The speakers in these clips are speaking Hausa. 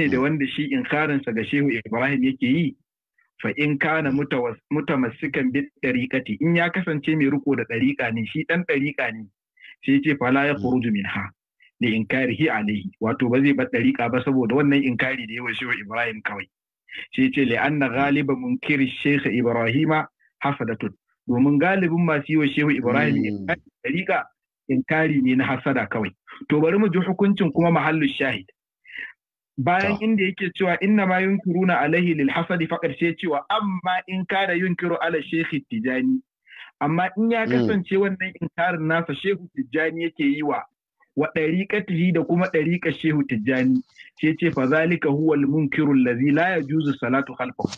ne da wanda shi inkarinsa ga Shehu Ibrahim yake yi fa in kana mutamassikan bi dariqati in ya kasance mai riko da dariqa ne shi dan dariqa ne sai ce fala ya khuruju minha li inkarihi alayhi wato ba zai bar dariqa ba saboda wannan inkari da yawa Shehu Ibrahim kawai sai ce li anna ghaliba munkiri Shehu Ibrahima hasadatun domin galibin masu yi wa Shehu Ibrahim dariqa hmm. inkari ne na hasada kawai to bari mu ji hukuncin kuma muhallin shahid bayan inda yake cewa inna ma na alaihi lil hasadi faqad sai cewa amma in kana yunkiru ala shehi tijani amma in ya mm. kasance wannan inkarin nasa shehu tijani yake yi wa wa ɗariƙatihi da kuma ɗariƙa shehu tijjani sai ce fa zalika huwa al-munkirul ladhi la yajuzu salatu khalfahu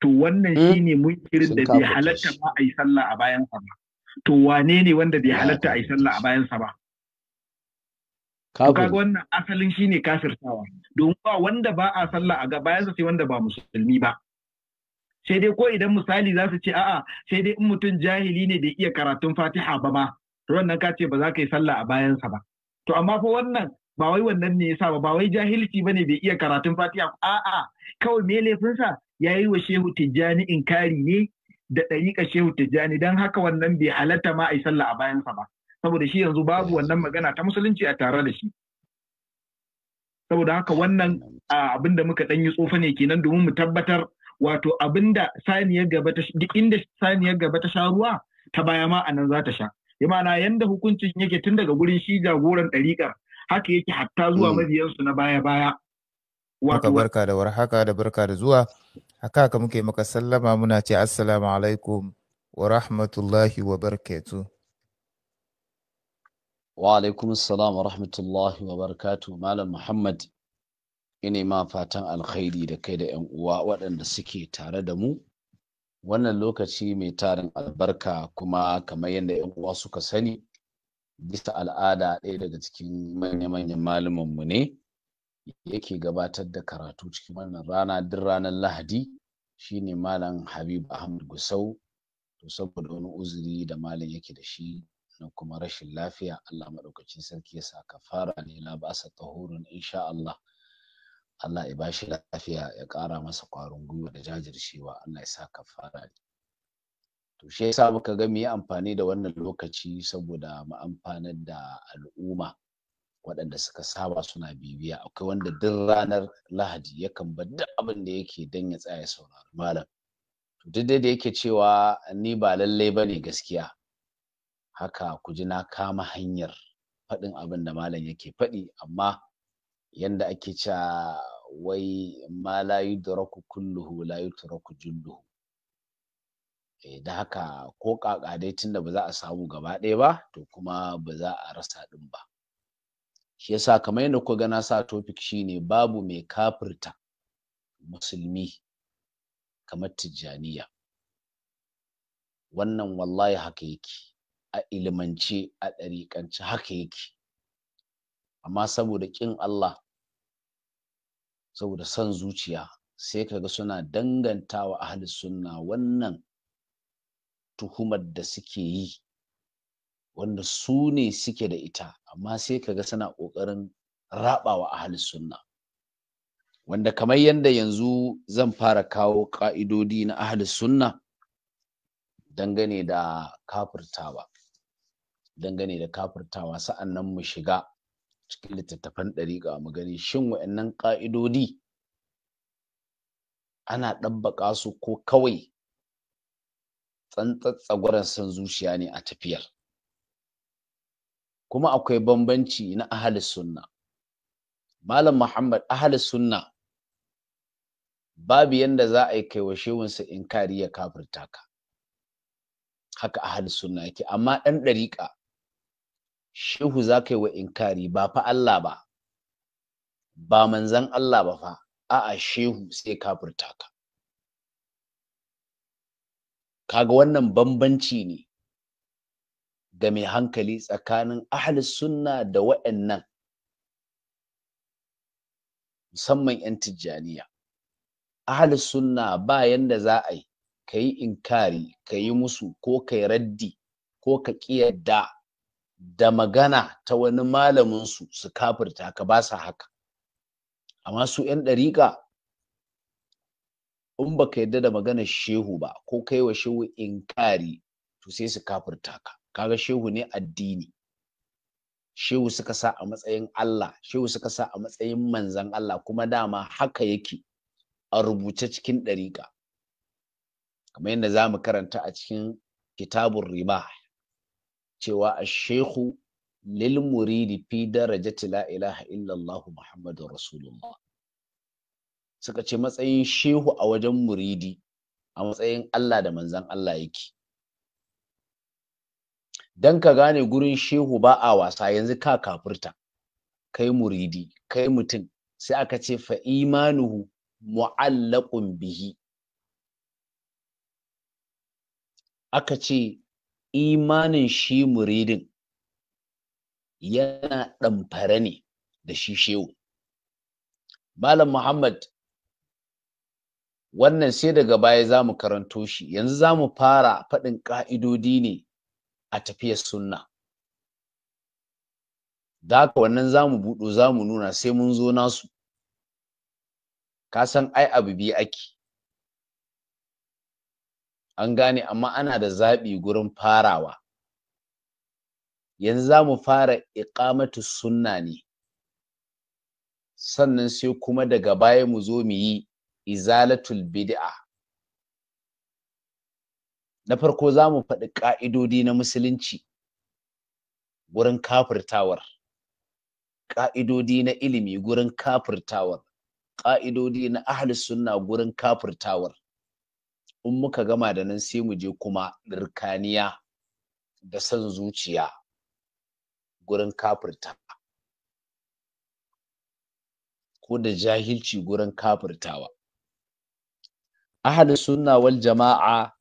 to wannan mm. shine munkirin da bai halatta ba ai sallah a bayan sa ba to wane ne wanda bai halatta ai sallah a bayan sa ba kaga wannan asalin shine kafirtawa domin ba wanda ba a sallah a gaba bayansa sai wanda ba musulmi ba sai dai ko idan misali za su ce a'a sai dai in mutum jahili ne da iya karatun fatiha ba ma wannan ka ce ba za ka yi sallah a bayansa ba to amma fa wannan ba wai wannan ne yasa ba ba wai jahilci bane bai iya karatun fatiha a'a kawai me laifinsa yi wa shehu tijjani inkari ne da ɗariƙa shehu tijjani don haka wannan bai halatta ma a yi sallah a bayansa ba saboda shi yanzu babu wannan magana ta musulunci a tare da shi saboda haka wannan abin muka ɗanyi yi tsofa ne kenan domin mu tabbatar wato abin saniyar gaba ta duk inda saniyar gaba ta sha ruwa ta baya ma anan za ta sha ya ma'ana yanda hukuncin yake tun daga gurin shi jagoran ɗariƙar haka yake hatta zuwa mm. mabiyansu na baya baya Haka barka da haka da barka da zuwa haka haka muke maka sallama muna ce assalamu alaikum wa rahmatullahi wa barakatuh wa alaikum salam wa rahmatullahi wa barakatu malam muhammad ina ma fatan alkhairi da kai da yan uwa waɗanda suke tare da mu wannan lokaci mai tarin albarka kuma kamar yadda yan uwa suka sani bisa al'ada ɗaya daga cikin manya-manyan mu ne yake gabatar da karatu cikin wannan rana duk ranar lahadi shine malam habib ahmad gusau to saboda wani uzuri da malam yake da shi da kuma rashin lafiya Allah maɗaukacin sarki yasa ka fara ne na ba sa tahurun insha Allah Allah ya bashi lafiya ya ƙara masa ƙwarin gwiwa da jajircewa Allah ya sa ka fara ne to shi yasa muka ga mu yi amfani da wannan lokaci saboda mu amfana da al'umma waɗanda suka saba suna bibiya akwai wanda duk ranar lahadi yakan bar duk abin da yake dan ya tsaya saurari malam to duk da yake cewa ni ba lallai bane gaskiya haka ku ji na kama hanyar faɗin abin da malam yake faɗi amma yanda ake cewa wai ma la yudraku kulluhu la yutraku julluhu eh, da haka ko kaka dai tunda ba za a samu gaba ɗaya ba to kuma ba za a rasa ɗin ba shi yasa kamar yadda kuka ga na sa topic shine babu mai kafirta musulmi kamar tijjaniya wannan wallahi haka yake a ilimance a ɗariƙance haka yake amma saboda ƙin Allah saboda son zuciya sai kaga suna dangantawa ahli sunna wannan tuhumar da suke yi wanda su ne suke da ita amma sai kaga suna ƙoƙarin raɓawa ahli sunna wanda kamar yadda yanzu zan fara kawo ƙa'idodi na ahli sunna dangane da kafirtawa dangane da kafirtawa sa'annan mu shiga cikin littattafan ɗariƙa mu gani shin wa'annan ƙa'idodi ana ɗabbaƙa su ko kawai tsantsatsagwaran son zuciya ne a tafiyar kuma akwai bambanci na ahalis sunna malam muhammad ahalis sunna babu yadda za a yi kai kaiwa shewunsa in kariya kafurta kafirta ka haka ahalis sunna yake amma ɗan ɗariƙa shehu za ka yi wa inkari ba fa Allah ba ba manzan Allah ba fa a'a shehu sai ka kafirta ka kaga wannan bambanci ne ga mai hankali tsakanin ahlus sunna da wa'annan musamman 'yan tijjaniya ahlus sunna ba yanda za a yi ka inkari ka yi musu ko ka raddi ko ka ƙi yadda da magana ta wani malaminsu su kafirta ka ba sa haka amma su 'yan ɗariƙa in baka yadda da magana shehu ba ko kai wa shehu inkari to sai su kafirta ka kaga shehu ne addini shehu suka sa a matsayin Allah shehu suka sa a matsayin manzan Allah kuma dama haka yake a rubuce cikin ɗariƙa kamar yadda za mu karanta a cikin kitabun riba cewa a ashehu lil muridi fi darajati la ilaha illallah muhammadur rasulullah suka ce matsayin shehu a wajen muridi a matsayin Allah da manzan Allah yake dan ka gane gurin shehu ba a wasa yanzu ka kafirta kai muridi kai mutum sai aka ce fa imanuhu mu'allaqun bihi aka ce imanin shi muridin yana ɗamfare ne da shi shehu malam muhammad wannan sai daga baya za mu karanto shi yanzu za mu fara faɗin ƙa'idodi ne a tafiyar sunna da haka wannan za mu buɗo za mu nuna sai mun zo nasu ka san ai abu biyu ake an gane amma ana da zaɓi gurin farawa yanzu za mu fara iƙamatu sunna ne sannan sai kuma daga baya mu zo mu yi izalatul bid'a na farko za mu faɗi ƙa'idodi na musulunci gurin kafirtawar ƙa'idodi na ilimi gurin kafirtawar ƙa'idodi na ahli sunna gurin kafirtawar in muka gama da nan sai mu je kuma ɗirkaniya da son zuciya gurin kafirta ko da jahilci gurin kafirtawa ahalin sunna wal jama'a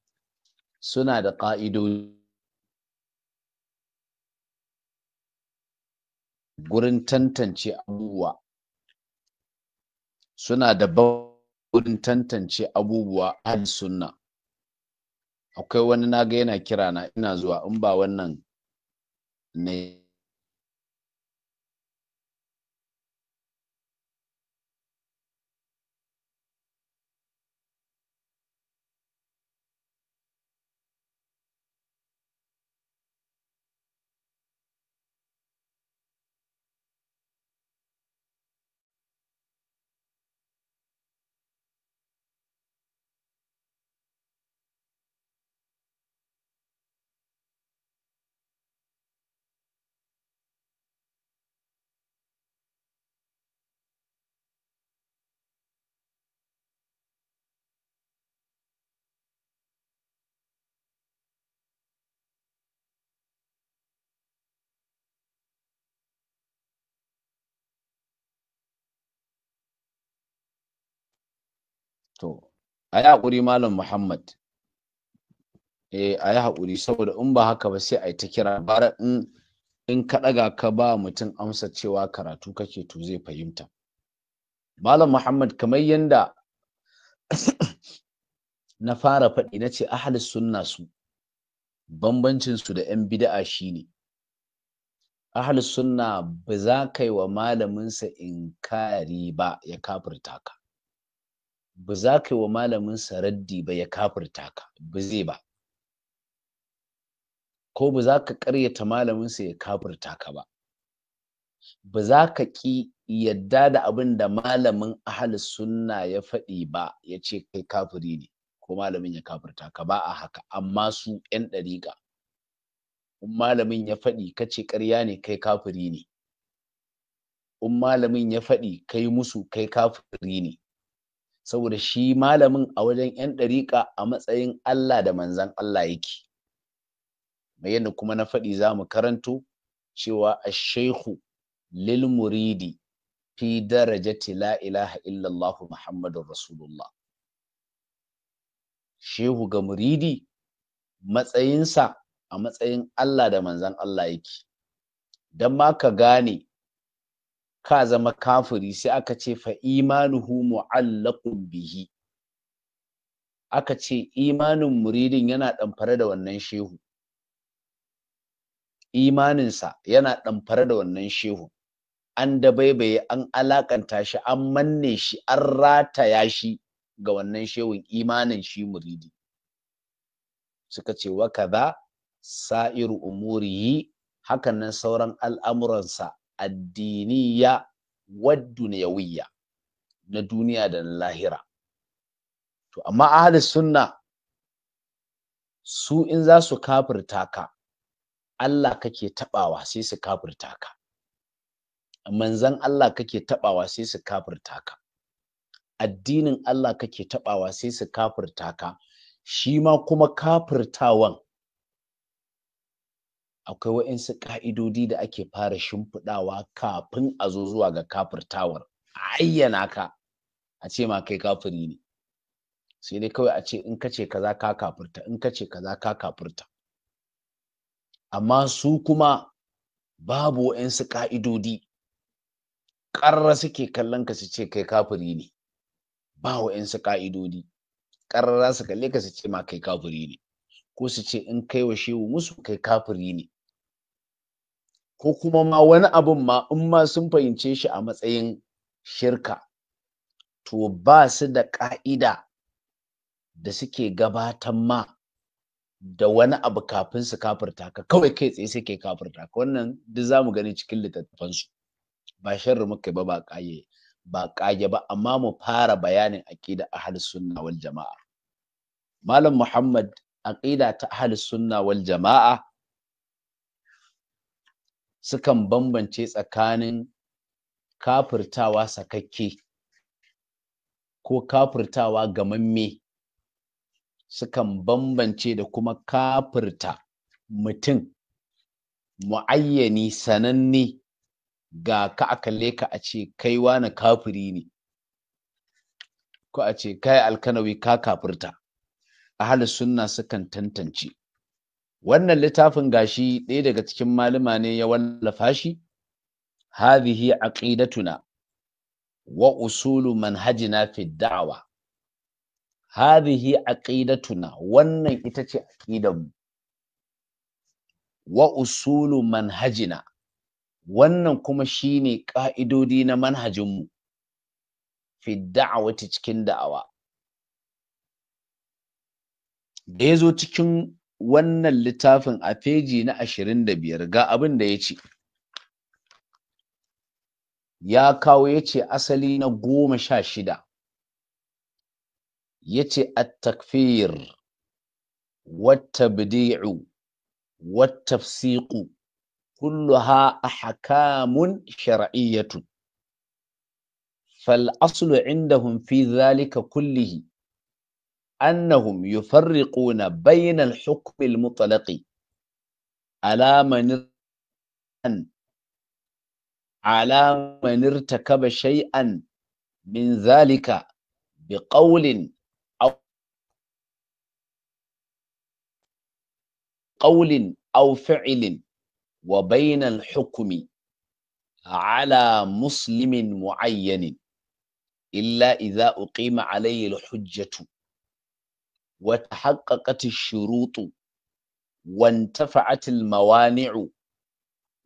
suna da ƙa'idoji gurin tantance abubuwa suna da wurin tantance abubuwa ahli sunna akwai wani naga yana kira na ina zuwa in ba wannan ne to a yi haƙuri malam muhammad eh a yi haƙuri saboda in ba haka ba sai a yi ta kira bara in ka ɗaga ka ba mutum amsa cewa karatu kake to zai fahimta malam muhammad kamar yadda na fara faɗi na ce ahalis sunna su bambancinsu da 'yan bida'a shine ahalis sunna ba za ka yi wa malaminsa inkari ba ya kafirta ka ba za ka yi wa malamin saraddi ba ya kafirta ka ba zai ba ko ba za ka ƙaryata malaminsa ya kafirta ka ba ba za ka ƙi yadda da abin da malamin ahal sunna ya faɗi ba ya ce kai kafiri ne ko malamin ya kafirta ka ba a haka amma su 'yan ɗariƙa in malamin ya faɗi ka ce ƙarya ne kai kafiri ne in malamin ya faɗi kai musu kai kafiri ne saboda shi malamin a wajen 'yan ɗariƙa a matsayin Allah da manzan Allah yake. Mai yadda kuma na faɗi za mu karanto cewa a Shehu lil muridi fi darajati la ilaha illallah Muhammadun Rasulullah. Shehu ga muridi matsayinsa a matsayin Allah da manzan Allah yake. Don ma ka gane ka zama kafiri sai aka ce fa imanuhu mu'allaqun bihi aka ce imanin muridin yana ɗamfare da wannan shehu imaninsa yana ɗamfare da wannan shehu an baibaye an alakanta shi an manne shi an rataya shi ga wannan shehun imanin shi muridi suka ce wa kaza sa'iru umurihi hakan nan sauran al'amuransa addiniya wadduniyawiyya na duniya da na lahira to amma ahli sunna su in za su kafirta ka Allah kake tabawa sai su kafirta ka manzan Allah kake tabawa sai su kafirta ka addinin Allah kake tabawa sai su kafirta ka shi ma kuma kafirtawan akwai wa'insu ƙa'idodi da ake fara shimfiɗawa kafin a zo zuwa ga kafirtawar ayyana ka a ce ma kai kafiri ne sai dai kawai a ce in ka ce kaza ka kafirta in ka ce kaza ka kafirta amma su kuma babu wa'insu ƙa'idodi ƙarra suke kallon ka su ce kai kafiri ne ba wa'insu ƙa'idodi ƙarra su kalle ka su ce ma kai kafiri ne ko su ce in kai wa shehu musu kai kafiri ne ko kuma ma wani abun ma in ma sun fahimce shi a matsayin shirka to ba su da ƙa'ida da suke gabatan ma da wani abu kafin su kafirta ka kawai kai tsaye suke kafirta ka wannan duk za mu gani cikin littattafansu ba sharri muka ba ba ba ƙage ba amma mu fara bayanin aƙida ahal sunna wal jama'a malam muhammad aƙida ta ahal sunna wal jama'a sukan bambance tsakanin kafurtawa sakakke ko kafirtawa gamamme sukan bambance da kuma kafurta mutum mu'ayyani sananne ga ka a kalle ka a ce kai wani kafiri ne ko a ce kai alkanawi ka kafirta ahalus sunna sukan tantance wannan littafin gashi ɗaya daga cikin malama ne ya wallafa shi hadhihi aqidatuna wa usulu manhajina fi da'wa hadhihi aqidatuna wannan ita ce mu wa usulu manhajina wannan kuma shine ƙa'idodi na manhajinmu fi da'awati cikin da'awa da ya zo cikin wannan littafin a feji na ashirin da biyar ga abin da ya ce ya kawo ya ce asali na goma sha shida ya ce attakfir wata bidi'u wata siƙu hakamun shara'iyyatu. Fal فالأصل عندهم fi zalika kullihi. أنهم يفرقون بين الحكم المطلق على من على من ارتكب شيئا من ذلك بقول أو قول أو فعل وبين الحكم على مسلم معين إلا إذا أقيم عليه الحجة wa tahaqqaqat ash-shurut wa intafa'at al-mawani'u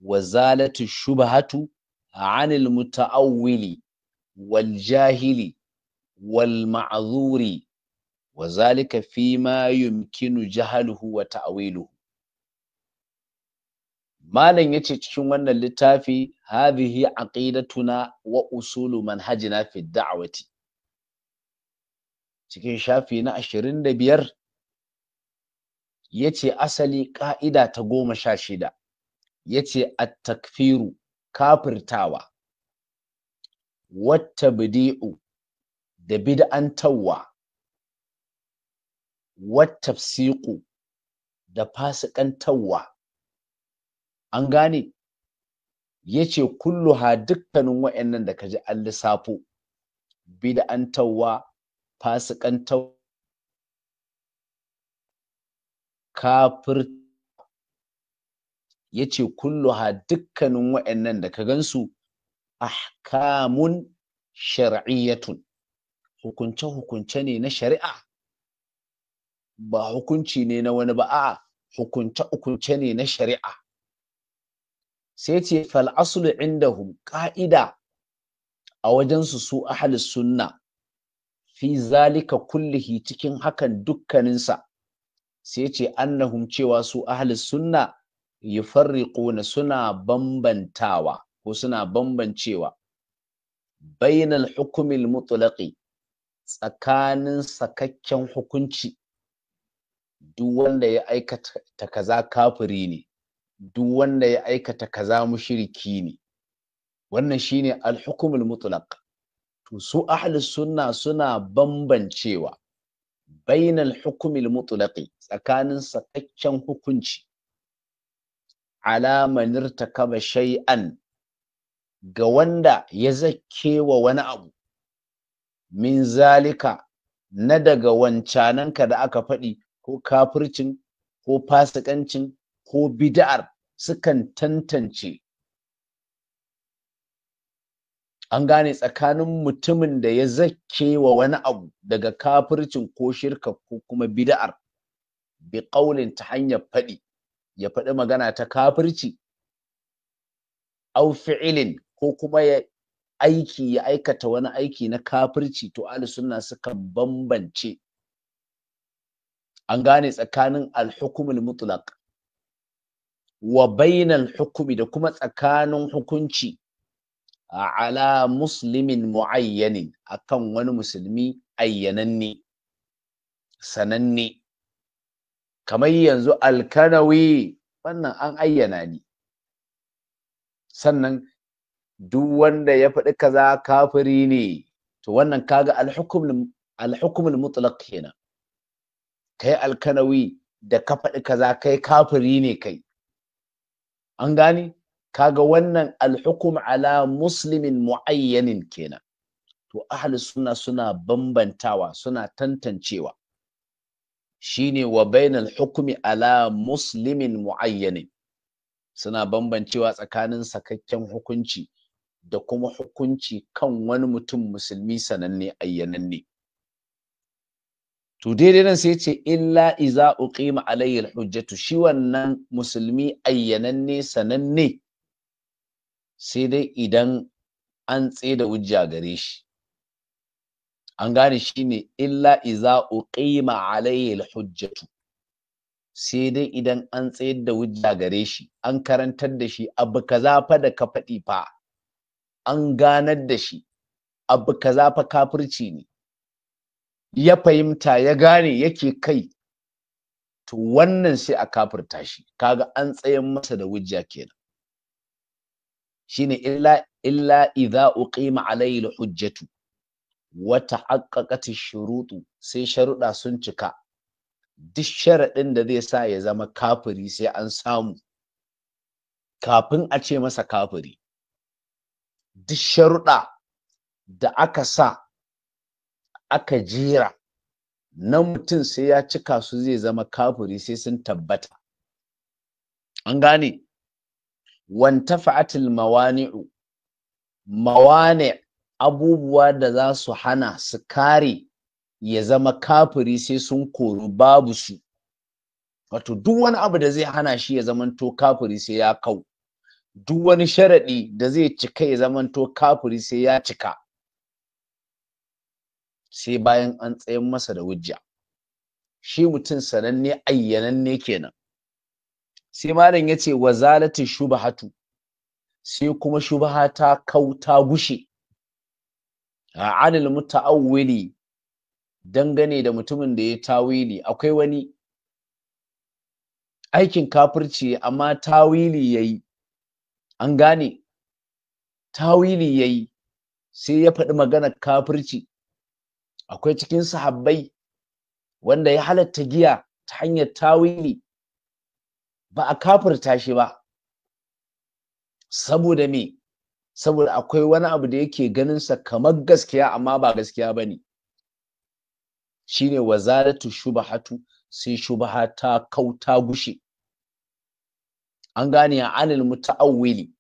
wa zalat ash-shubhatu 'an al-muta'awwili wal-jahili wal-ma'dhuri wa zalika fima yumkinu jahaluhu wa ta'wiluhu malam yace cikin wannan littafi hadhihi aqidatuna wa usulu manhajina fi da'wati cikin shafi na ashirin da biyar ya ce asali ƙa'ida ta goma sha shida ya ce takfiru kafirtawa wata bidi'u da bid'antawa wata fsiku da fasikantawa an gane ya ce kulluha dukkanin wa'yannan da ka ji an lissafo bid'antawa fasikantar kafir ya ce kulluha dukkanin wa'annan da ka gansu ahkamun shar'iyyatun hukunce-hukunce ne na shari'a ba hukunci ne na wani ba a hukunce-hukunce ne na shari'a sai ce fal'asulu indahum ƙa'ida a wajensu su ahalis sunna fi zalika kullihi cikin hakan dukkaninsa sai ce annahum cewa su ahli sunna yufarriquna suna bambantawa ko suna bambancewa bainal hukumil mutlaqi tsakanin sakakken hukunci duk wanda ya aikata kaza kafiri ne duk wanda ya aikata kaza mushriki ne wannan shine al hukmul mutlaq to su ahli sunna suna bambancewa bainal hukumil mutlaqi tsakanin sakaccen hukunci ala man kaba shay'an ga wanda ya zakke wa wani abu min zalika na daga wancananka da aka faɗi ko kafircin ko fasikancin ko bid'ar sukan tantance an gane tsakanin mutumin da ya zake wa wani abu daga kafircin ko shirka ko kuma bida'ar bi ƙaunin ta hanyar faɗi ya faɗi magana ta kafirci au fi'ilin ko kuma ya aiki ya aikata wani aiki na kafirci to suna sunna suka bambance an gane tsakanin alhukumul mutlaq wa bainal hukumi da kuma tsakanin hukunci ala muslimin mu'ayyanin akan wani musulmi ayyananne sananne kamar yanzu alkanawi wannan an ayyana ni sannan duk wanda ya faɗi kaza kafiri ne to wannan kaga alhukumul mutlaq kenan kai alkanawi da ka faɗi kaza kai kafiri ne kai an gane kaga wannan alhukum ala muslimin muayyanin kenan to ahli sunna suna bambantawa suna tantancewa shine wa bainal hukmi ala muslimin muayyanin suna bambancewa tsakanin sakakken hukunci da kuma hukunci kan wani mutum musulmi sananne ayyananne to daidai nan sai ce illa iza uqima alayhi alhujjatu shi wannan musulmi ayyananne sananne sai dai idan an tsaye da hujja gare shi an gane shi ne illa iza uqima alayhi alhujjatu sai dai idan an tsayar da hujja gare shi an karantar da shi abu kaza fa da ka faɗi fa an ganar da shi abu kaza fa kafirci ne ya fahimta ya gane yake kai to wannan sai a kafirta shi kaga an tsayar masa da hujja kenan shine illa illa idza uqima alayhi alhujjatu hujjatu wa tahaqqaqat ash-shurutu sai sharuda sun cika duk sharadin da zai sa ya zama kafiri sai an samu kafin a ce masa kafiri duk sharuda da aka sa aka jira nan mutum sai ya cika su zai zama kafiri sai sun tabbata an gane wantafa'atil mawani'u mawani abubuwa da za su hana su kare ya zama kafiri sai sun koru babu su wato duk wani abu da zai hana shi ya zamanto kafiri sai ya kau duk wani sharaɗi da zai cika ya zamanto kafiri sai ya cika sai bayan an tsayin masa da wujja shi mutum sananne ayyananne kenan sai malam ya ce wa zalati shubahatu sai kuma shubaha ta kauta gushe anil muta'awwili dangane da mutumin da ya tawili akwai wani aikin kafirci amma tawili yayi an gane tawili yayi sai ya faɗi maganar kafirci akwai cikin sahabbai wanda ya halatta giya ta hanyar tawili ba a kafirta shi ba saboda me saboda akwai wani abu da yake ganinsa kamar gaskiya amma ba gaskiya ba ne shine wazaratu shubahatu sai shubaha ta kauta gushe an gane a anil muta'awwili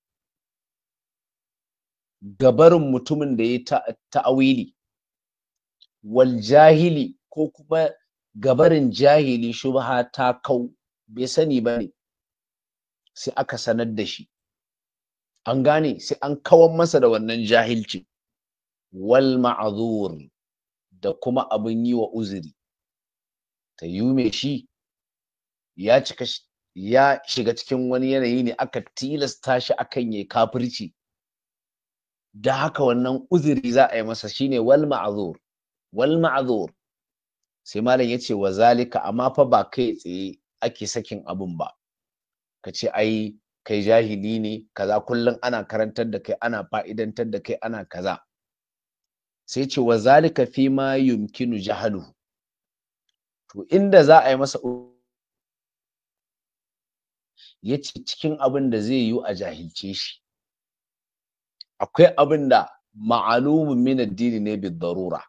gabarin mutumin da ya ta'awili wal jahili ko kuma gabarin jahili shubaha ta kau bai sani ba ne sai aka sanar da shi an gane sai an kawar masa da wannan jahilci wal ma'azur da kuma abin yi wa uzuri ta me shi ya cika ya shiga cikin wani yanayi ne aka tilasta shi akan yi kafirci da haka wannan uzuri za a yi masa shine wal ma'azur wal ma'azur sai malam yace wa zalika amma fa ba kai tsaye ake sakin abun ba ka ce ai kai jahili ne kaza kullum ana karantar da kai ana fa'idantar da kai ana kaza sai ce wa zalika fi ma yumkinu jahalu to inda za a yi masa ya ce cikin abin da zai yi a jahilce shi akwai abin da ma'alumin min addini ne bi darura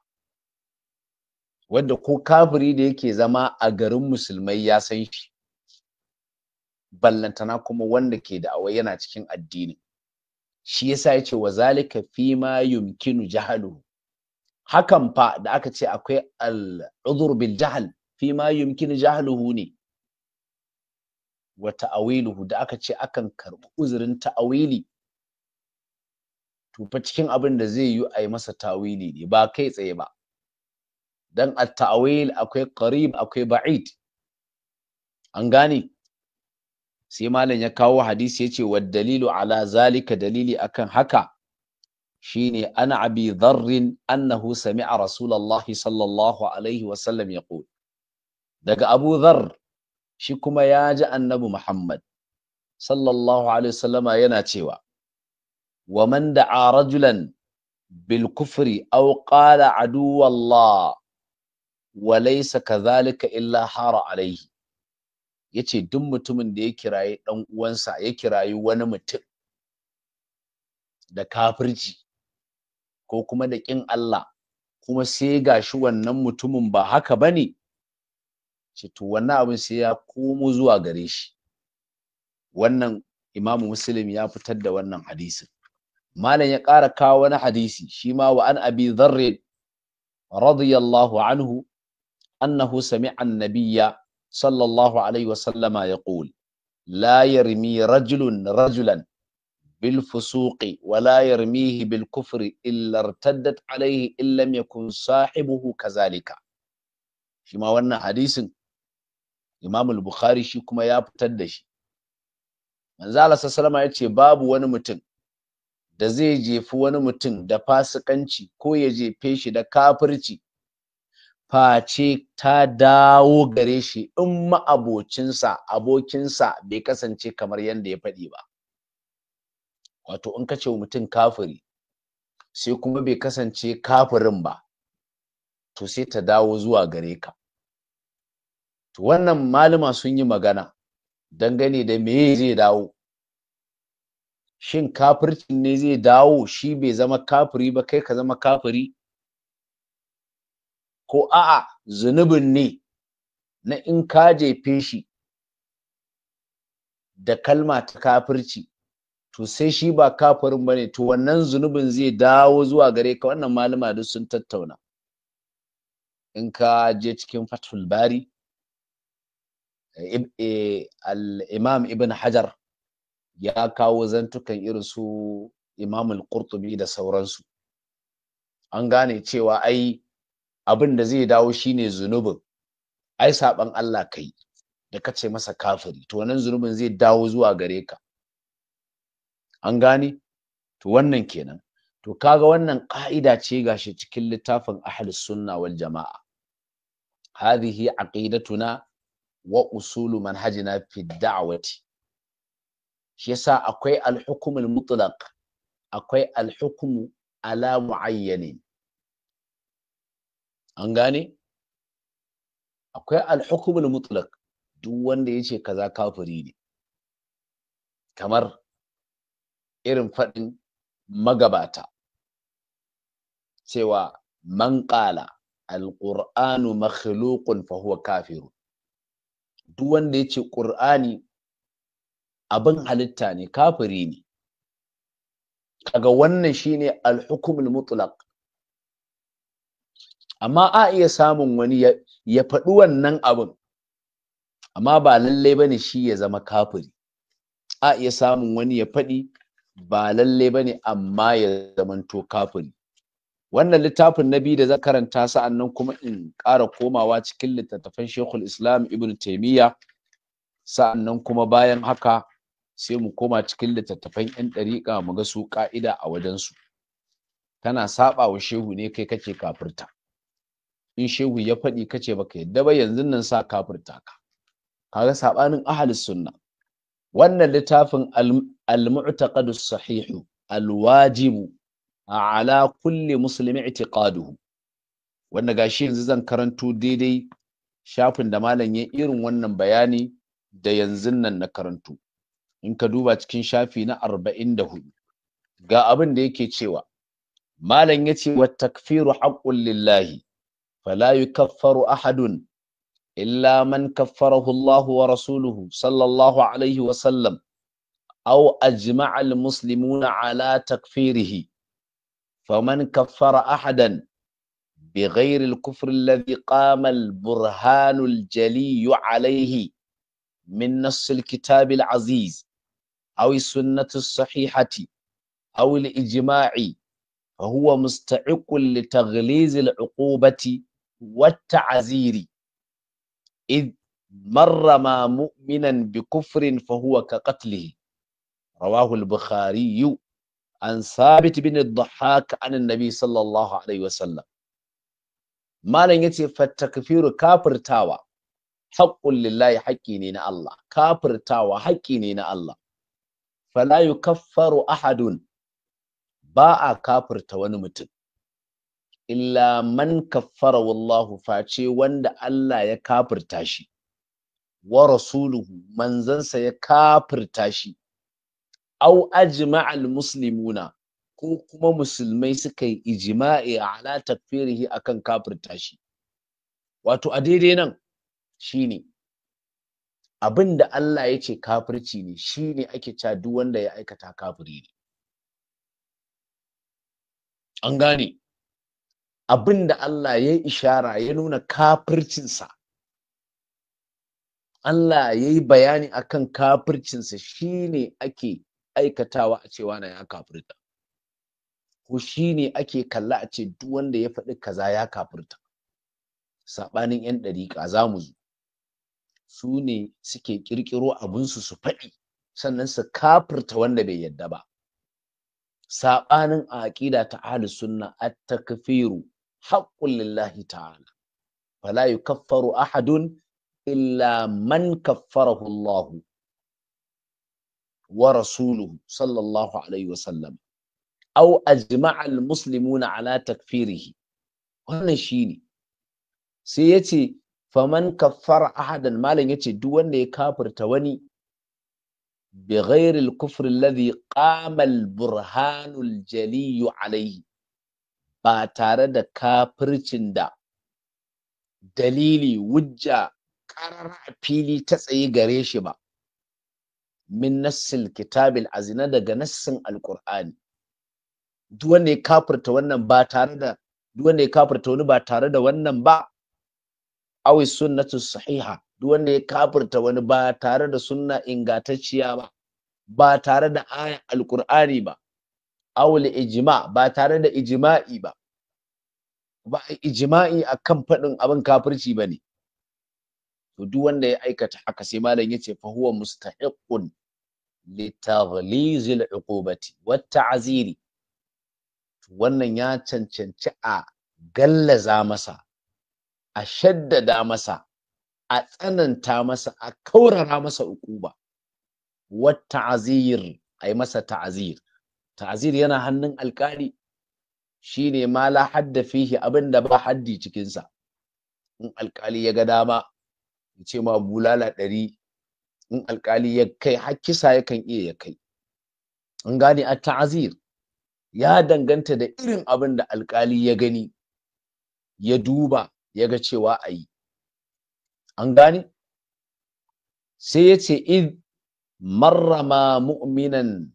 wanda ko kafiri da yake zama a garin musulmai ya san shi ballantana kuma wanda ke da'awai yana cikin addini shi yasa yace wa zalika fi ma yumkinu jahalu hakan fa da aka ce akwai udhur bil jahl fi ma yumkinu jahluhu ne wa ta'awiluhu da aka ce akan karɓi uzurin ta'awili to fa cikin abin da zai yi a yi masa tawili ne ba kai tsaye ba dan at-ta'wil akwai qarib akwai ba'id an gane sai malam ya kawo hadisi yace wa dalilu ala zalika dalili akan haka shine ana abi dharrin annahu sami'a rasulullahi sallallahu alaihi wa sallam yaqul daga abu dhar shi kuma ya ji annabi muhammad sallallahu alaihi wasallama yana cewa wa man da'a rajulan bil kufri aw qala aduwallah wa laysa kadhalika illa hara alaihi ya ce duk mutumin da ya kirayi ɗan uwansa ya kirayi wani mutum da kafirci ko kuma da ƙin Allah kuma sai ga shi wannan mutumin ba haka bane. ne to wannan abin sai ya komo zuwa gare shi wannan imamu muslim ya fitar da wannan hadisin malam ya ƙara kawo wani hadisi shi ma wa an abi dharr radiyallahu anhu annahu sami'a nabiyya صلى الله عليه وسلم يقول لا يرمي رجل رجلا بالفسوق ولا يرميه بالكفر إلا ارتدت عليه إن لم يكن صاحبه كذلك شما وانا حديث إمام البخاري شي كما يابتد شي من زال سلama ya ce babu wani mutum da zai jefi wani mutum da fasikanci ko ya jefe shi da kafirci face ta dawo gare shi in ma'abocinsa abokinsa bai kasance kamar yadda ya faɗi ba wato in ka ce mutum kafiri sai kuma bai kasance kafirin ba to sai ta dawo zuwa gare ka to wannan malama sun yi magana dangane da me zai dawo shin kafircin ne zai dawo shi bai zama kafiri ba kai ka zama kafiri ko a'a zunubin ne na in ka jefe shi da kalma ta kafirci to sai shi ba kafirin bane to wannan zunubin zai dawo zuwa gare ka wannan malama duk sun tattauna in ka je cikin fathul bari e, al-imam ibn hajar ya kawo zantukan irin su imam al-qurtubi da sauransu an gane cewa ai abin da zai dawo shine zunubin ai saban Allah kai da ka ce masa kafiri to wannan zunubin zai dawo zuwa gare ka an gane to wannan kenan to kaga wannan ka'ida ce gashi cikin littafin ahlus sunna wal jama'a hadhihi aqidatuna wa usulu manhajina fi da'wati shi yasa akwai al-hukm al-mutlaq akwai al-hukm ala muayyanin an gane akwai alhukumul mutlak duk wanda ya ce kaza kafiri ne kamar irin faɗin magabata cewa man ƙala alƙur'anu makhluqun fa huwa kafiru duk wanda ya ce ƙur'ani abin halitta ne kafiri ne kaga wannan shine alhukumul mutlaq amma a iya samun wani ya faɗi wannan abin amma ba lallai bane shi ya zama kafiri a iya samun wani ya faɗi ba lallai bane amma ya zamanto kafiri wannan littafin na biyu da zan karanta sa'an nan kuma in ƙara komawa cikin littattafan shekul islam ibn taimiyya sa'an kuma bayan haka sai mu koma cikin littattafan yan ɗariƙa mu ga su ƙa'ida a wajensu tana saɓa wa shehu ne kai kake kafirta in shehu ya faɗi kace baka yadda ba yanzu nan sa kafirta ka kaga sabanin ahli sunna wannan littafin al-mu'taqad as-sahih al-wajib ala kulli muslimi i'tiqaduhu Wannan gashi yanzu zan karanto daidai shafin da malam ya irin wannan bayani da yanzu nan na karanto in ka duba cikin shafi na 44 ga abin da yake cewa malam yace wa takfiru haqqul lillahi فلا يكفر أحد إلا من كفره الله ورسوله صلى الله عليه وسلم أو أجمع المسلمون على تكفيره فمن كفر أحدا بغير الكفر الذي قام البرهان الجلي عليه من نص الكتاب العزيز أو السنة الصحيحة أو الإجماع فهو مستحق لتغليظ العقوبة والتعزير إذ مر ما مؤمنا بكفر فهو كقتله رواه البخاري عن ثابت بن الضحاك عن النبي صلى الله عليه وسلم ما لن يتي فالتكفير كافر تاوى حق لله حقينين الله كافر تاوى حقينين الله فلا يكفر أحد باء كافر تاوى نمتن illa man kaffara wallahu face wanda Allah ya kafirta shi wa rasuluhu manzansa ya kafirta shi au ajma'al muslimuna ko kuma musulmai suka yi ijma'i ala takfirihi akan kafirta shi wato a daidai nan shine abin da Allah ya ce kafirci ne shine ake cewa duk wanda ya aikata kafiri ne an gane abin da Allah ya ishara ya nuna kafircinsa Allah ya yi bayani a kan kafircinsa shine ake aikatawa a cewa na ya kafirta ko shine ake kalla a ce duk wanda ya faɗi kaza ya kafirta saɓanin 'yan ɗariƙa za mu zo su ne suke ƙirƙiro abinsu su faɗi sannan su kafirta wanda bai yadda ba saɓanin a aƙida ta ahlus sunna at-takfiru Haƙƙun lillahi ta'ala fala yukaffaru ahadun illa man kaffarahu Allah wa rasuluhu sallallahu alaihi wasallam aw ajma'a almuslimuna ala takfirihi wannan shine sai yace faman kaffara ahadan malam yace duk wanda ya kafirta wani بغير الكفر الذي قام Burhanul Jaliyu عليه ba tare da kafircin da dalili wujja ƙarar a fili ta tsaye gare shi ba min nassil kitabil azina daga nassin alkur'ani duk wanda ya kafirta wannan ba tare da duk wanda ya kafirta wani ba tare da wannan ba awi sunnatu sahiha duk wanda ya kafirta wani ba tare da sunna ingantacciya ba ba tare da ayan alkur'ani ba awul ijma ba tare da ijma'i ba ba a ijma'i kan faɗin abin kafirci ba ne to duk wanda ya aikata haka sai malam yace fa huwa mustahiqun litaghliz al'uqubati wat ta'ziri wannan ya cancanci a gallaza masa a shaddada masa a tsananta masa a kaurara masa uquba wat ta'zir ai masa ta'zir ta'zir yana hannun alƙali shine ma la hadda fihi abin da ba haddi cikinsa in alkali ya ga dama ya ce ma bulala ɗari in alkali ya kai har kisa yakan iya ya kai an gane a ta'azir ya danganta da irin abin da alkali ya gani ya duba ya ga cewa ayi. yi an gane sai ya ce id marrama mu'minan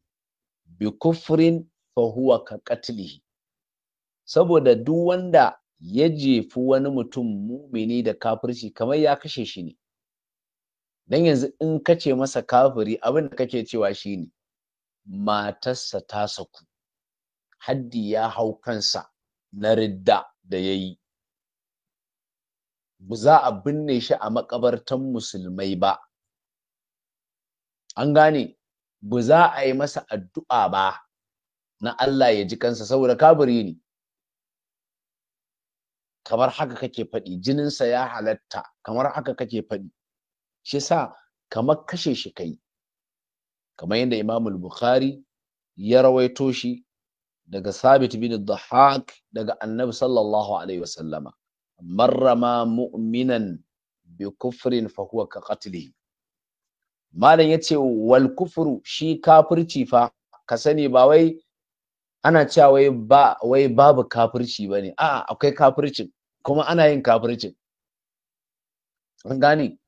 bi kufrin fa huwa ka katlihi saboda duk wanda ya jefi wani mutum mumini da kafirci kamar ya kashe shi ne dan yanzu in ka ce masa kafiri abin da kake cewa shi ne matarsa ta saku haddi ya hau kansa na ridda da ya yi ba za a binne shi a makabartan musulmai ba an gane ba za a yi masa addu'a ba na Allah ya ji kansa saboda kafiri ne kamar haka kake faɗi jininsa ya halatta kamar haka kake faɗi shi sa kamar kashe shi kai kamar yadda imam bukhari ya rawaito shi daga sabit bin dhahak daga annabi sallallahu alaihi wasallama marrama mu'minan bi kufrin fa huwa ka qatlihi malam yace wal kufru shi kafirci fa ka sani ba wai ana cewa wai ba wai babu kafirci bane a'a akwai kafircin kuma ana yin kafircin an gane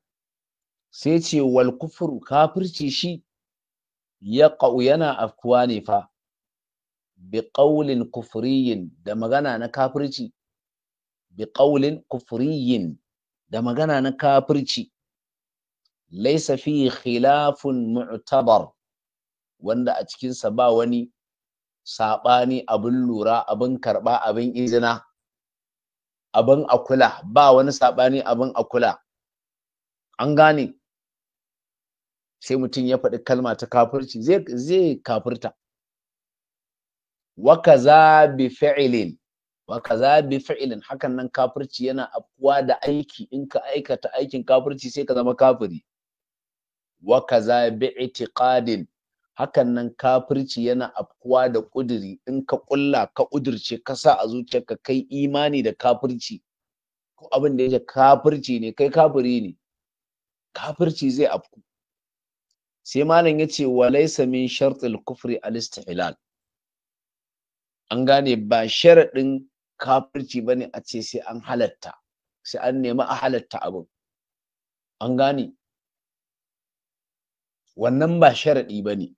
sai ce wal kufru kafirci shi ya yana afkuwa ne fa bi ƙaulin kufuriyin da magana na kafirci bi ƙaulin kufuriyin da magana na kafirci laisa fi khilafun mu'tabar wanda a cikinsa ba wani saɓani abin lura abin karɓa abin izina abin akula ba wani saɓani abin akula an gane sai mutum ya faɗi kalma ta kafirci zai kafirta wakaza bi fi'ilin wakaza bi fi'ilin hakan nan kafirci yana afkuwa da aiki in ka aikata aikin kafirci sai ka zama kafiri wakaza bi itiqadin hakan nan kafirci yana afkuwa da ƙuduri in ka ƙulla ka ƙudurce ka sa a zuciyarka kai imani da kafirci ko abin da yake kafirci ne kai kafiri ne kafirci zai afku sai malam ya ce wa laisa min shartil kufri al istihlal an gane ba sharaɗin kafirci bane a ce sai an halatta sai an nemi a halatta abin an gane wannan ba sharaɗi ba ne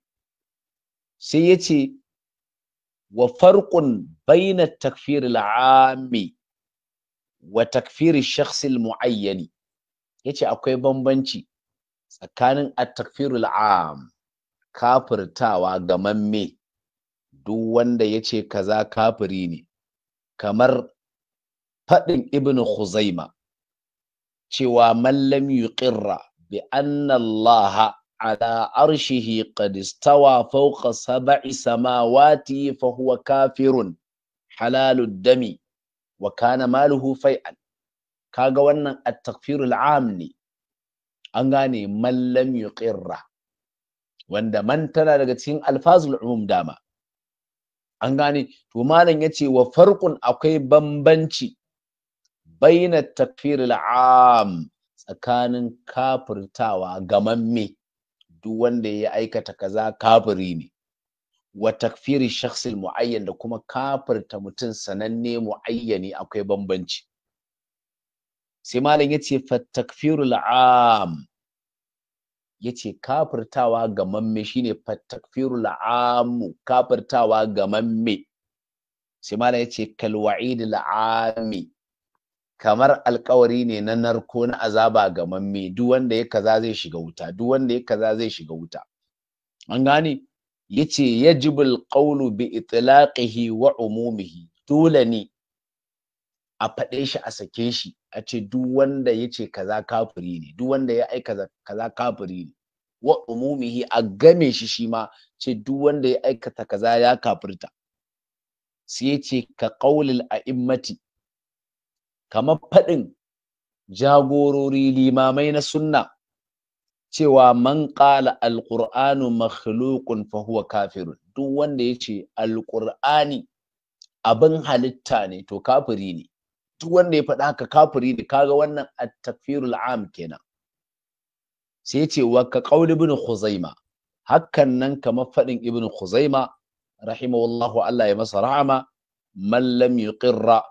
sai ya ce wa farkun baina takfir al'ami wa takfir shakhs al-mu'ayyani yace akwai bambanci tsakanin at-takfir al'am kafirtawa ga mamme duk wanda yace kaza kafiri ne kamar faɗin ibnu khuzaima cewa man lam yuqirra bi anna allaha على عرشه قد استوى فوق سبع سماوات فهو كافر حلال الدم وكان ماله فيئا kaga wannan at-takfirul am ne an gane man lam yuqirra wanda man tana daga cikin alfazul umum dama an gane to malam yace wa farqun akwai bambanci baina takfirul am tsakanin kafirtawa gamamme duk wanda ya aikata kaza kafiri ne wa takfiri shakhsil muayyan da kuma kafirta mutum sananne muayyani akwai bambanci sai malam yace fa takfiru al'am yace kafirtawa ga mamme shine fa takfiru al'am kafirtawa ga mamme sai malam yace kal wa'id al'ami kamar alkawari ne na narko na azaba ga mamme duk wanda ya kaza zai shiga wuta duk wanda ya kaza zai shiga wuta an gane yace yajibul qawlu bi itlaqihi wa umumihi dole ne a faɗe shi a sake shi a ce duk wanda yace kaza kafiri ne duk wanda ya aika kaza kafiri ne wa umumihi a game shi shi ma ce duk wanda ya aikata kaza ya kafirta sai yace ka qaulil a'immati kamar faɗin jagorori limamai na sunna cewa man ƙala alƙur'anu makhluqun fa huwa kafirun duk wanda ya ce alƙur'ani abin halitta ne to kafiri ne duk wanda ya faɗa haka kafiri ne kaga wannan at-takfirul am kenan sai ce wa ka qaul ibn khuzaima hakan nan kamar faɗin ibn khuzaima rahimahullahu Allah ya masa rahama man lam yuqirra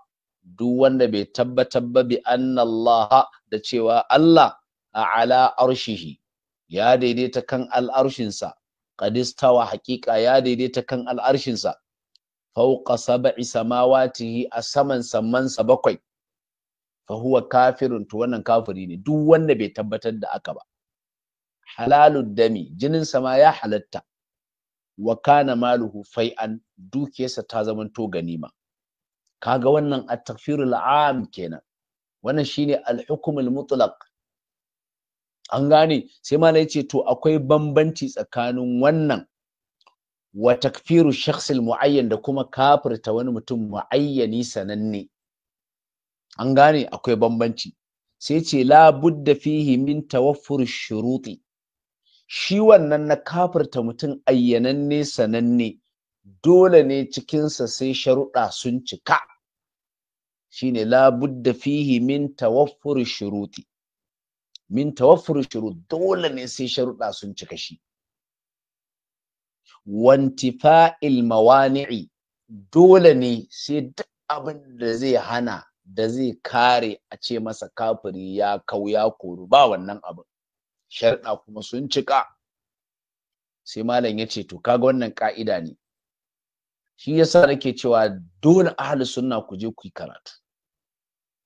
duk wanda bai tabbatar ba bi annallaha da cewa Allah a ala arshihi ya daidaita kan al'arshinsa qadistawa haƙiƙa ya daidaita kan al'arshinsa fauqa sab'i samawatihi a saman sammansa bakwai fa huwa kafirun wannan kafiri ne duk wanda bai tabbatar da aka ba halalud dami jinin sama ya halatta wa kana maluhu fai'an dukiyarsa ta zamanto ganima kaga wannan at-takfir al-am kenan wannan shine al-hukm al-mutlaq an gane sai malai yace to akwai bambanci tsakanin wannan wa takfiru shakhs al-muayyan da kuma kafirta wani mutum muayyani sananne an gane akwai bambanci sai yace la budda fihi min tawaffur shuruti shi wannan na kafirta mutum ayyananne sananne dole ne cikinsa sai sharuɗa sun cika shine la budda fihi min tawaffuri shuruti min tawaffuri shurut dole ne sai sharuɗa sun cika shi wantifa'il mawani'i dole ne sai duk abin da zai hana da zai kare a ce masa kafiri ya kau ya koru ba wannan abin sharɗa kuma sun cika sai malam ya ce to kaga wannan ka'ida ne shi yasa nake cewa dole ahli sunna ku je ku yi karatu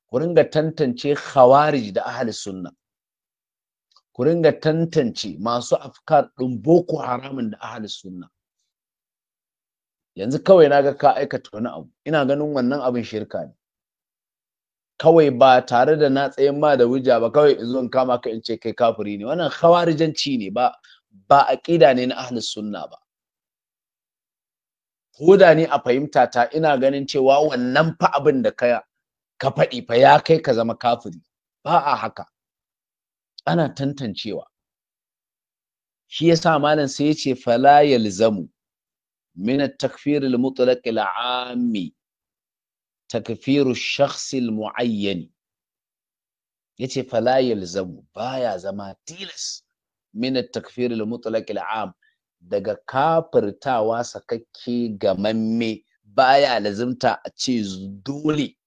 ku ringa tantance khawarij da ahli sunna ku ringa tantance masu afkar din boko haramun da ahli sunna yanzu kawai naga ka aikata wani abu ina ganin wannan abin shirka ne kawai ba tare da na tsayin ma da wuja ba kawai in zo in kama ka in ce kai kafiri ne wannan khawarijanci ne ba ba aqida ne na ahli sunna ba hoda ne a fahimta ta ina ganin cewa wannan fa abin da ka ka faɗi fa ya kai ka zama kafiri ba a haka ana tantancewa shi yasa malam sai ya ce fala yalzamu min at-takfir al-mutlaq al-ammi takfir ash-shakhs al-mu'ayyan yace fala yalzamu baya zama tilas min at-takfir al-mutlaq al-am daga kafirtawa sakakke gamamme baya lazimta a ce dole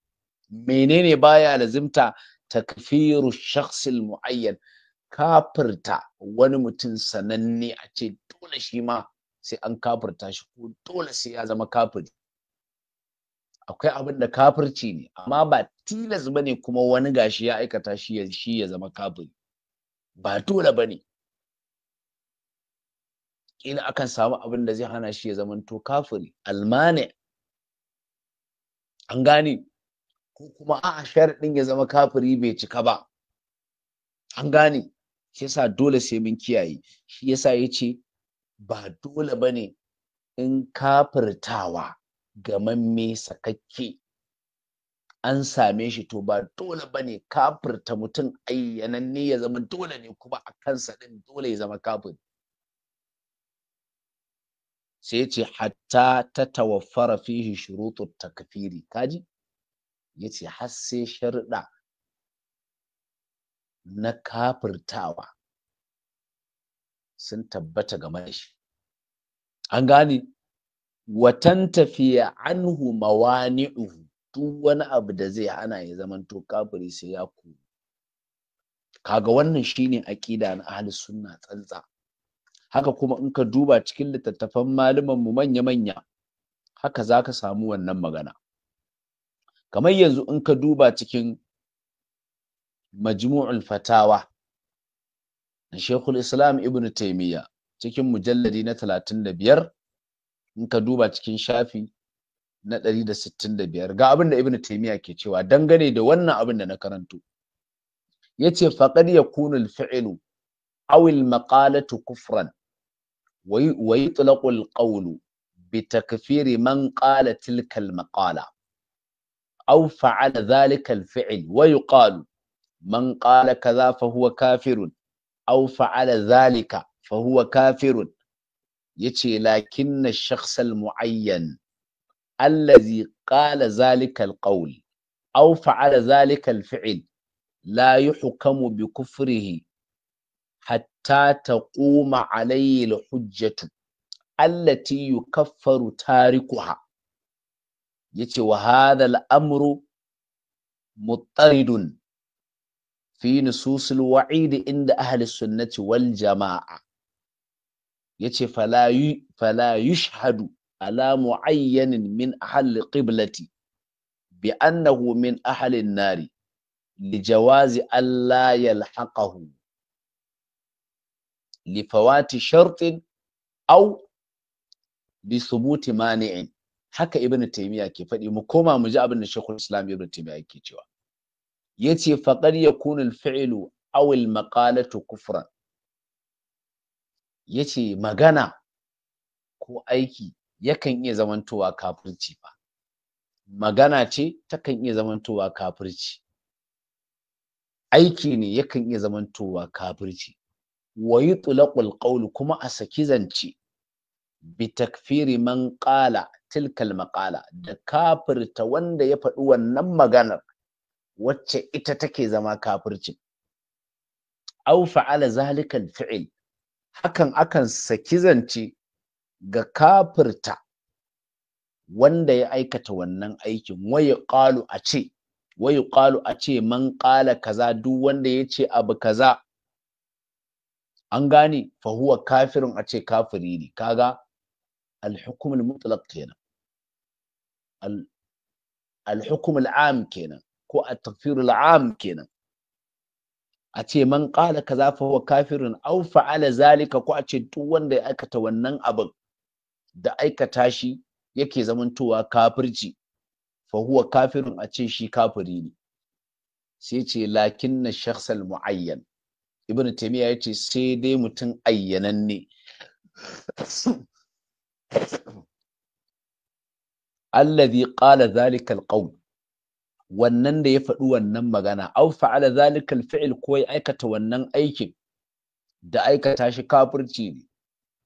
menene baya lazimta takfiru shakhsil muayyan kafirta wani mutum sananne a ce dole shi ma sai an kafirta shi ko dole sai ya zama kafiri akwai abin da kafirci ne amma ba tilas bane kuma wani gashi ya aikata shi shi ya zama kafiri ba dole bane kila akan samu abin da zai hana shi ya zamanto kafiri almane an gane ko kuma a'a din ya zama kafiri bai cika ba an gane shi yasa dole sai mun kiyaye shi yasa ya ce ba dole ba ne in kafirtawa mamme sakakke an same shi to ba dole ba ne kafirta mutum ayyananne ya zama dole ne kuma a kansa din dole ya zama kafiri sai ce hatta ta tawaffara fihi shurutu takfiri kaji yace har sai sharuɗa na kafirtawa sun tabbata game da shi an gane watan tafiya anhu mawani'uhu duk wani abu da zai hana ya zamanto kafiri sai ya ku kaga wannan shine aƙida na ahli sunna tsantsa haka kuma in ka duba cikin littattafan malaman mu manya-manya haka za ka samu wannan magana kamar yanzu in ka duba cikin majmu'ul fatawa na shekul islam ibn taimiyya cikin mujalladi na 35 in ka duba cikin shafi na 165 ga abin da ibn taimiyya ke cewa dangane da wannan abin da na karanto ya ce faƙar ya kunul fi'ilu awil maƙalatu kufran ويطلق القول بتكفير من قال تلك المقالة أو فعل ذلك الفعل ويقال من قال كذا فهو كافر أو فعل ذلك فهو كافر يتي لكن الشخص المعين الذي قال ذلك القول أو فعل ذلك الفعل لا يحكم بكفره hatta ta ƙoma al-hujjatu allati yukaffaru tarikuha yace wa hadha al-amru muttaridun fi nususil wa'id inda ahli sunnati wal jama'a yace fala fala yushhadu ala mu'ayyanin min ahli qiblati bi annahu min ahli an-nari li jawazi alla lifawati shartin au bi subuti mani'in haka ibn taymiya ke faɗi mu koma mu ji abin da shekul islam ibn taymiya yake cewa yace faqad yakunu al-fi'lu aw al-maqalatu kufran yace magana ko aiki yakan iya zamantowa kafirci fa magana ce takan iya zamantowa kafirci aiki ne yakan iya zamantowa kafirci wa tulaqul qawl kuma a saki zance bi takfiri man qala tilkal maƙala, da kafirta wanda ya faɗi wannan maganar wacce ita take zama kafircin aw fa'ala zalikal fi'l hakan akan saki zance ga kafirta wanda ya aikata wannan aikin waye ƙalu a ce waye ƙalu a ce man ƙala kaza duk wanda ya ce abu kaza an gane fa huwa kafirun a ce kafiri ne kaga al mutlaq kenan al am kenan ko at-takfir am kenan a ce man qala kaza fa huwa kafirun aw fa'ala zalika ko a ce duk wanda ya aikata wannan abin da aikata shi yake zamantowa kafirci fa huwa kafirun a ce shi kafiri ne sai ce lakinna shakhsal muayyan ibn ya ce sai dai mutum ayyananne zai qala zalika ƙau, wannan da ya faɗi wannan magana au fa'ala zalika alfi'l ko ya aikata wannan aikin da aikata shi kafirci ne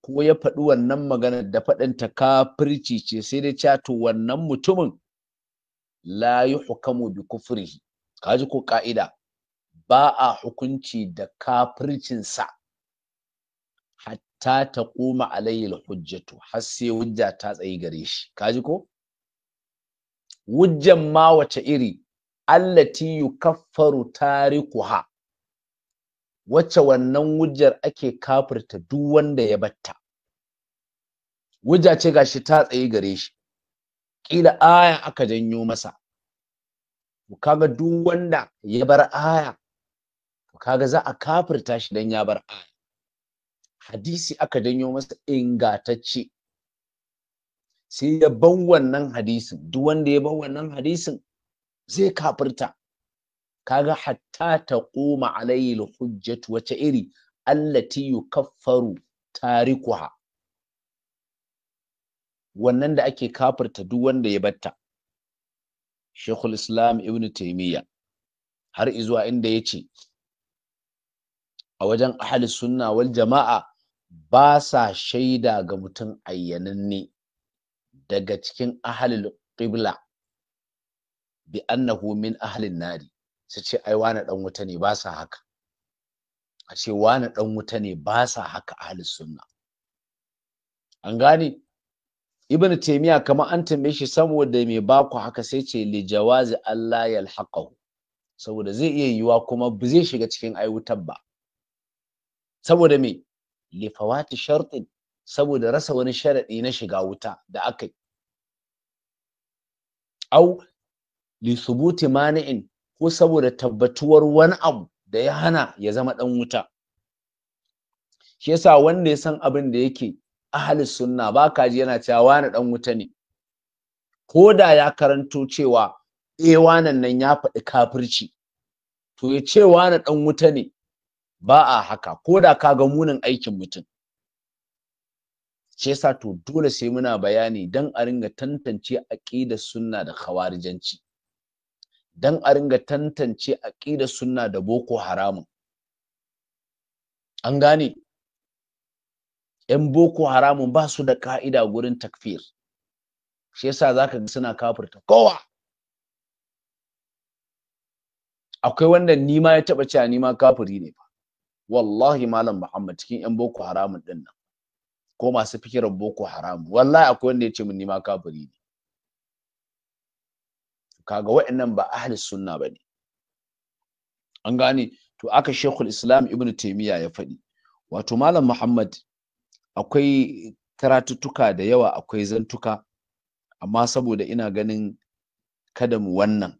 ko ya faɗi wannan magana da faɗinta kafirci ce sai dai cato wannan mutumin la yuhkamu bi kufrihi kaji ko ka'ida ba a hukunci da kafircinsa hatta ta koma alayyil hujjatu har sai hujja ta tsayi gare shi kaji ko wujjan ma wace iri allati yukaffaru tarikuha Wace wannan wujjar ake kafirta duk wanda ya batta wujja ce gashi ta tsayi gare shi kila aya aka janyo masa kaga duk wanda ya bar aya to kaga za a kafirta shi dan ya bar aya hadisi aka danyo masa ingatacce sai ya ban wannan hadisin duk wanda ya ban wannan hadisin zai kafirta kaga hatta ta koma alayhi hujjatu wace iri allati yukaffaru tarikuha wannan da ake kafirta duk wanda ya batta Sheikhul Islam Ibn Taymiyyah har izuwa inda yace a wajen ahli sunna wal jama'a ba sa shaida ga mutum ayyananne daga cikin ahalil qibla bi annahu min ahlin nari su ce ai wani dan wuta ne ba sa haka a ce wani dan wuta ne ba sa haka sunna an gane ibnu taymiya kamar an tambaye shi saboda me ba ku haka sai ce li jawazi Allah yalhaqahu saboda zai iya yiwa kuma ba zai shiga cikin ai wutar ba saboda me lifawati shartin saboda rasa wani sharaɗi na shiga wuta da aka yi au li subuti mani'in ko saboda tabbatuwar wani abu da ya hana ya zama ɗan wuta shi yasa wanda ya san abin da yake ahli sunna ba kaji ji yana cewa wani ɗan wuta ne ko da ya karanto cewa eh wanan nan ya faɗi kafirci to ya ce wani ɗan wuta ne ba a haka ko da ka ga munin aikin mutum shi yasa to dole sai muna bayani dan a ringa tantance aqida sunna da khawarijanci dan a ringa tantance aqida sunna da boko haramun an gane yan boko haramun ba su da ka'ida gurin takfir shi yasa zaka ga suna kafirta kowa akwai wanda Nima ya taba cewa nima kafiri ne wallahi malam muhammad cikin yan boko haramun din nan ko masu fikirar boko haram wallahi akwai wanda ya ce min nima kafiri ne kaga wa'annan ba ahli sunna ba ne an gane to aka shekul islam ibn taimiyya ya faɗi wato malam muhammad akwai karatuttuka da yawa akwai zantuka amma saboda ina ganin kada mu wannan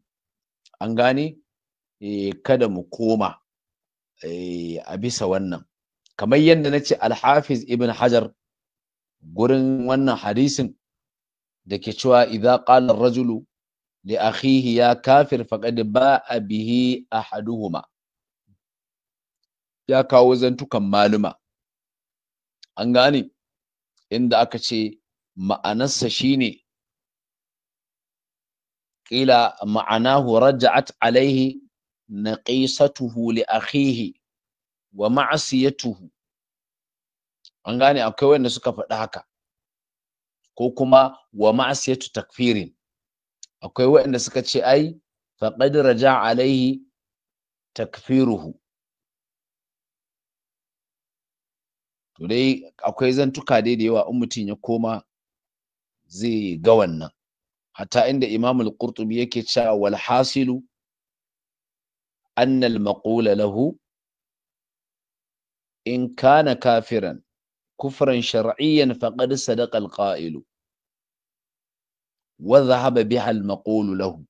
an gane eh, kada mu koma Eh, a bisa wannan kamar yadda na ce alhafiz ibn hajar gurin wannan hadisin da ke cewa idan ƙalar rajulu li akhihi ya kafir faƙad ba a bihi a huma ya kawo zantukan maluma an gane inda aka ce ma'anarsa shine ƙila ma'anahu raja'at alaihi naqisatuhu li akhihi wa ma'siyatuhu an gane akwai wanda suka faɗi haka ko kuma wa ma'asiyatu takfirin akwai wanda suka ce ai faqad raja'a alaihi takfiruhu to dai akwai zantuka dai da yawa in mutum ya koma zai ga wannan hatta inda imamul qurtubi yake cewa wal hasilu أن المقول له إن كان كافرا كفرا شرعيا فقد صدق القائل وذهب بها المقول له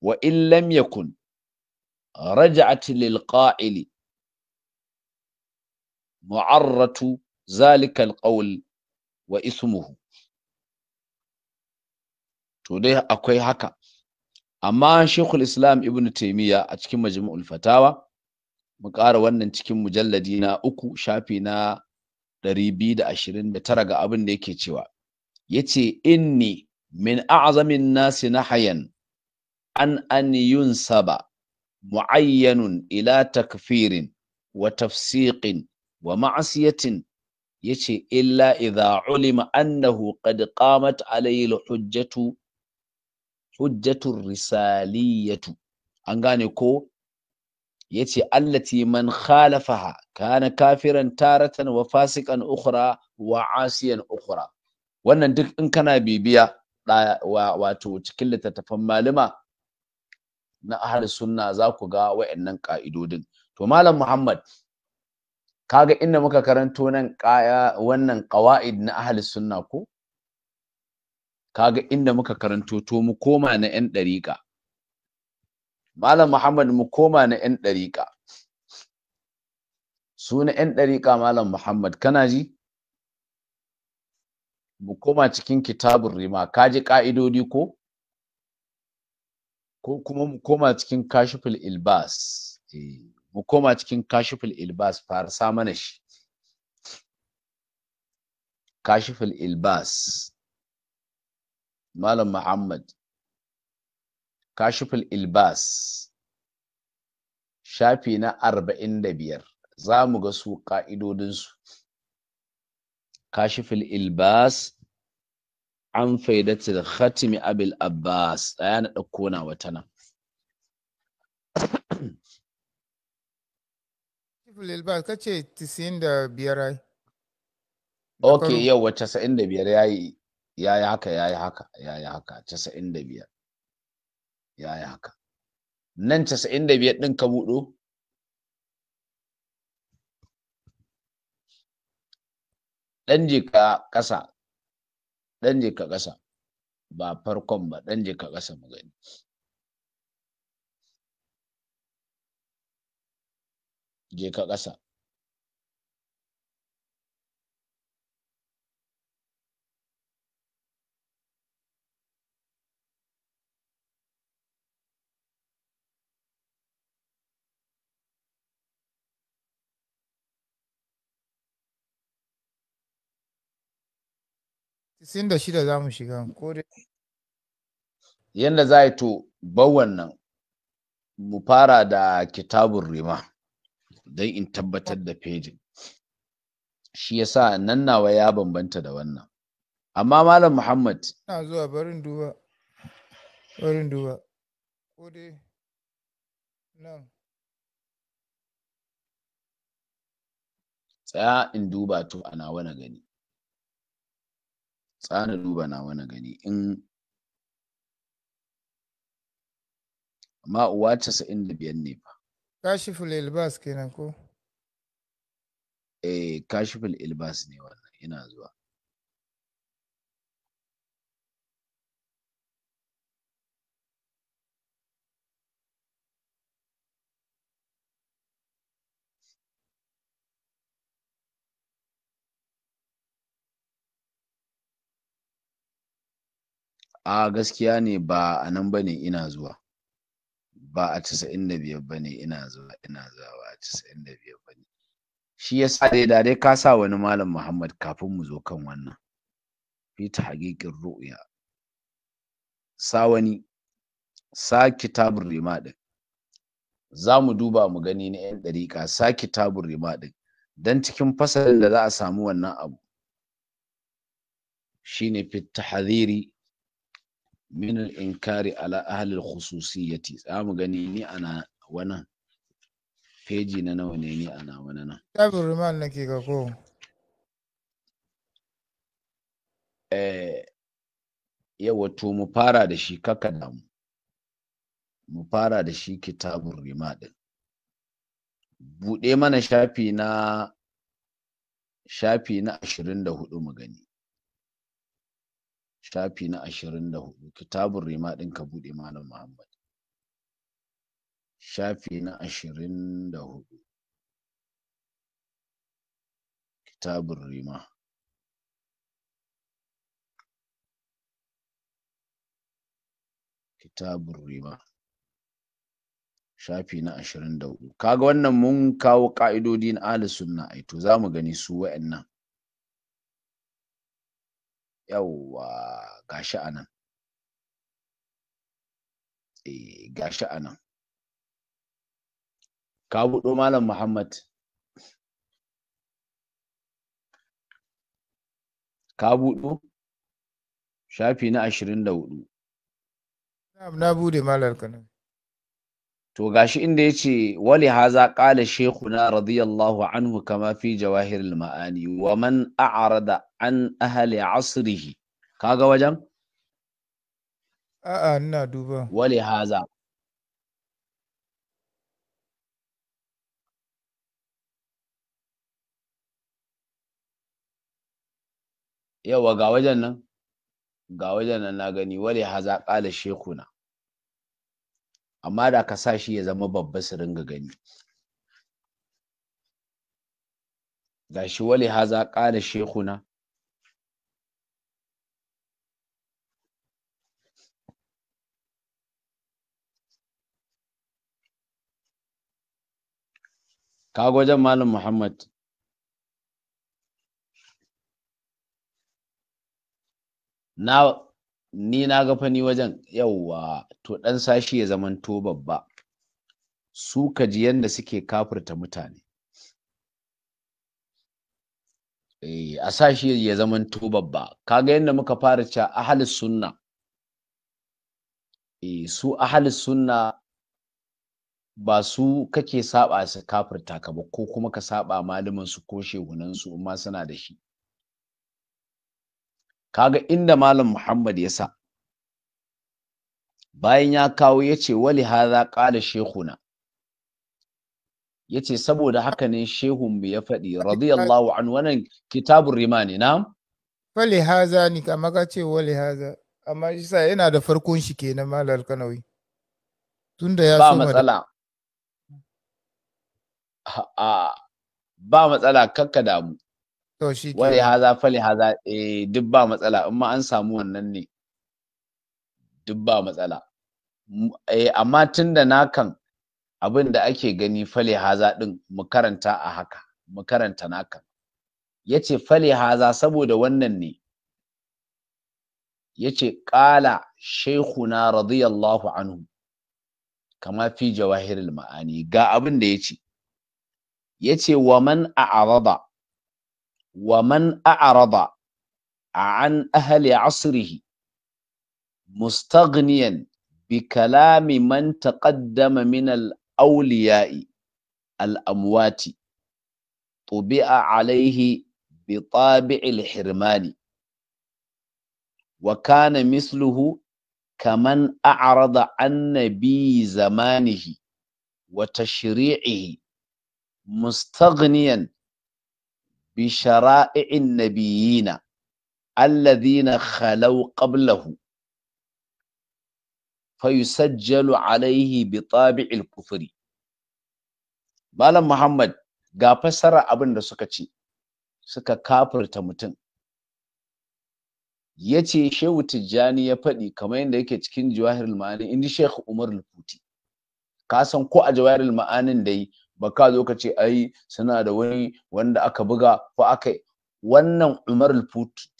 وإن لم يكن رجعت للقائل معرة ذلك القول وإثمه to dai akwai haka amma shekul islam ibn taimiyya a cikin majmu'ul fatawa mu ƙara wannan cikin mujalladi na uku shafi na 229 ga abin da yake cewa yace inni min a'zamin nasi nahayan an an yunsaba mu'ayyanun ila takfirin wa tafsiqin wa ma'asiyatin yace illa idha ulima annahu qad qamat alayhi hujjatu hujjatur risaliyatu an gane ko yace allati man khalafaha kana kafiran taratan wa fasikan ukhra wa asiyan ukhra wannan duk in kana bibiya wato cikin littattafan malama na ahli sunna za ku ga wa'annan ka'idodin to malam muhammad kaga inda muka karanto nan wannan qawaid na ahli sunna ko kaga inda muka karanto to mu koma na yan ɗariƙa malam muhammad mu koma na yan ɗariƙa su na yan ɗariƙa malam muhammad kana ji mu koma cikin kitabun rima ka ji ƙa'idodi ko ko kuma mu koma cikin kashiful ilbas eh, mu koma cikin kashiful ilbas fara sa mana shi kashiful ilbas Malam Muhammad kashiful ilbas shafi na arba'in da biyar za mu ga su ƙa'idodinsu kashiful ilbas an faidatul khatimi abil abbas ɗaya na ɗauko na wata nan kashiful ilbas kace 95 ai ok yau 95 yayi ya yi haka ya yi haka ya yi haka casa'in da biyar ya yi haka nan casa'in da biyar ɗin ka buɗo ɗan jika ƙasa ɗan jika ƙasa ba farkon ba ɗan jika ƙasa mu gani je ka ƙasa Tisin za mu shiga Yanda za a yi to bawan nan mu fara da kitabun rima don in tabbatar da fejin. Shi yasa nan nawa ya bambanta da wannan. Amma Malam Muhammad. na zuwa barin duba. Barin duba. Ko dai nan. Tsaya in duba to ana wani gani. tsara duba nawa na gani in amma uwa casa'in da biyar ne fa kashiful ilbas kenan ko eh kashiful ilbas ne wannan ina zuwa a gaskiya ne ba a nan ba ne ina zuwa ba a casa'in da biyar ba ne ina zuwa ina zuwa ba a casa'in da biyar ba ne shi ya sa dai da dai ka sa wani malam muhammad kafin mu zo kan wannan fi ta haƙiƙin ru'ya sa wani sa kitabun rima za mu duba mu gani na 'yan ɗariƙa sa kitabun rima don cikin fasalin da za a samu wannan abu shine fi hadiri. min al-inkari ala ahli al-khususiyyati za mu gani ni ana wannan peji na nawa ne ni ana wani nan tabin rumal nake ga ko eh yawa to mu fara da shi kaka damu mu fara da shi kitabun rima din buɗe mana shafi na shafi na ashirin da hudu mu gani shafi na ashirin da hudu kitabun rima ɗin ka buɗe malam muhammad shafi na ashirin da hudu kitabun rima kitabun rima shafi na ashirin da hudu kaga wannan mun kawo ka'idodi na ahli sunna ai to za mu gani su wa'annan yawwa gashi a nan eh gashi a nan ka buɗo malam muhammad ka buɗo shafi na ashirin da hudu na bude malar kanan to gashi inda yace wali haza qala shekuna, radiyallahu anhu kama fi jawahir al-ma'ani wa man a'rada an ahli asrihi kaga wajen a'a ina duba wali haza yawa ga wajen nan ga wajen nan na gani wali haza qala shaykhuna amma da ka sa shi ya zama babba su ringa gani gashi wali haza ƙala shekuna kagwajen wajen malam muhammad na ni na ga fani wajen yauwa to ɗan sashi ya zaman to babba su ka ji yadda suke kafirta mutane eh, a sashi ya zaman to babba kaga yadda muka fara cewa ahalis sunna eh, su ahalis sunna ba su kake saba su kafirta ka ba ko kuma ka saba malaman su ko shehunansu in ma suna da shi kaga inda malam muhammad ya sa bayan ya kawo ya ce wali haza ƙala shehuna ya ce saboda haka ne shehunmu ya faɗi radiyallahu an wannan kitabun rima ne na? wali haza ni kama ka ce wali haza amma isa yana da farkon shi ke na malar kanawi tunda ya ba matsala ba matsala kakka damu To shi haza fale haza e duk ba matsala in ma an samu wannan ne. Duk ba matsala. e amma tunda na kan abin da ake gani fali haza din mu karanta a haka mu karanta na kan. ce fale haza saboda wannan ne. ya Yace ƙala shaykhuna radiyallahu anhu kama fi jawahiril ma'ani ga abin da ya ce wa man a'rada ومن أعرض عن أهل عصره مستغنيا بكلام من تقدم من الأولياء الأموات طبع عليه بطابع الحرمان وكان مثله كمن أعرض عن نبي زمانه وتشريعه مستغنيا bi shara'i'in nabiyina alladhina khalaw qablahu fayusajjalu alaihi bi tabi'il kufuri. malam muhammad ga fassara abin da suka ce suka kafirta mutum ya ce shehu tijjani ya faɗi kamar yadda yake cikin jawahir ma'anin inda shehu umar lufuti ka san ko a jawahir ma'anin da yi ba ka zo ka ce ai suna da wani wanda aka buga ko aka wannan Umar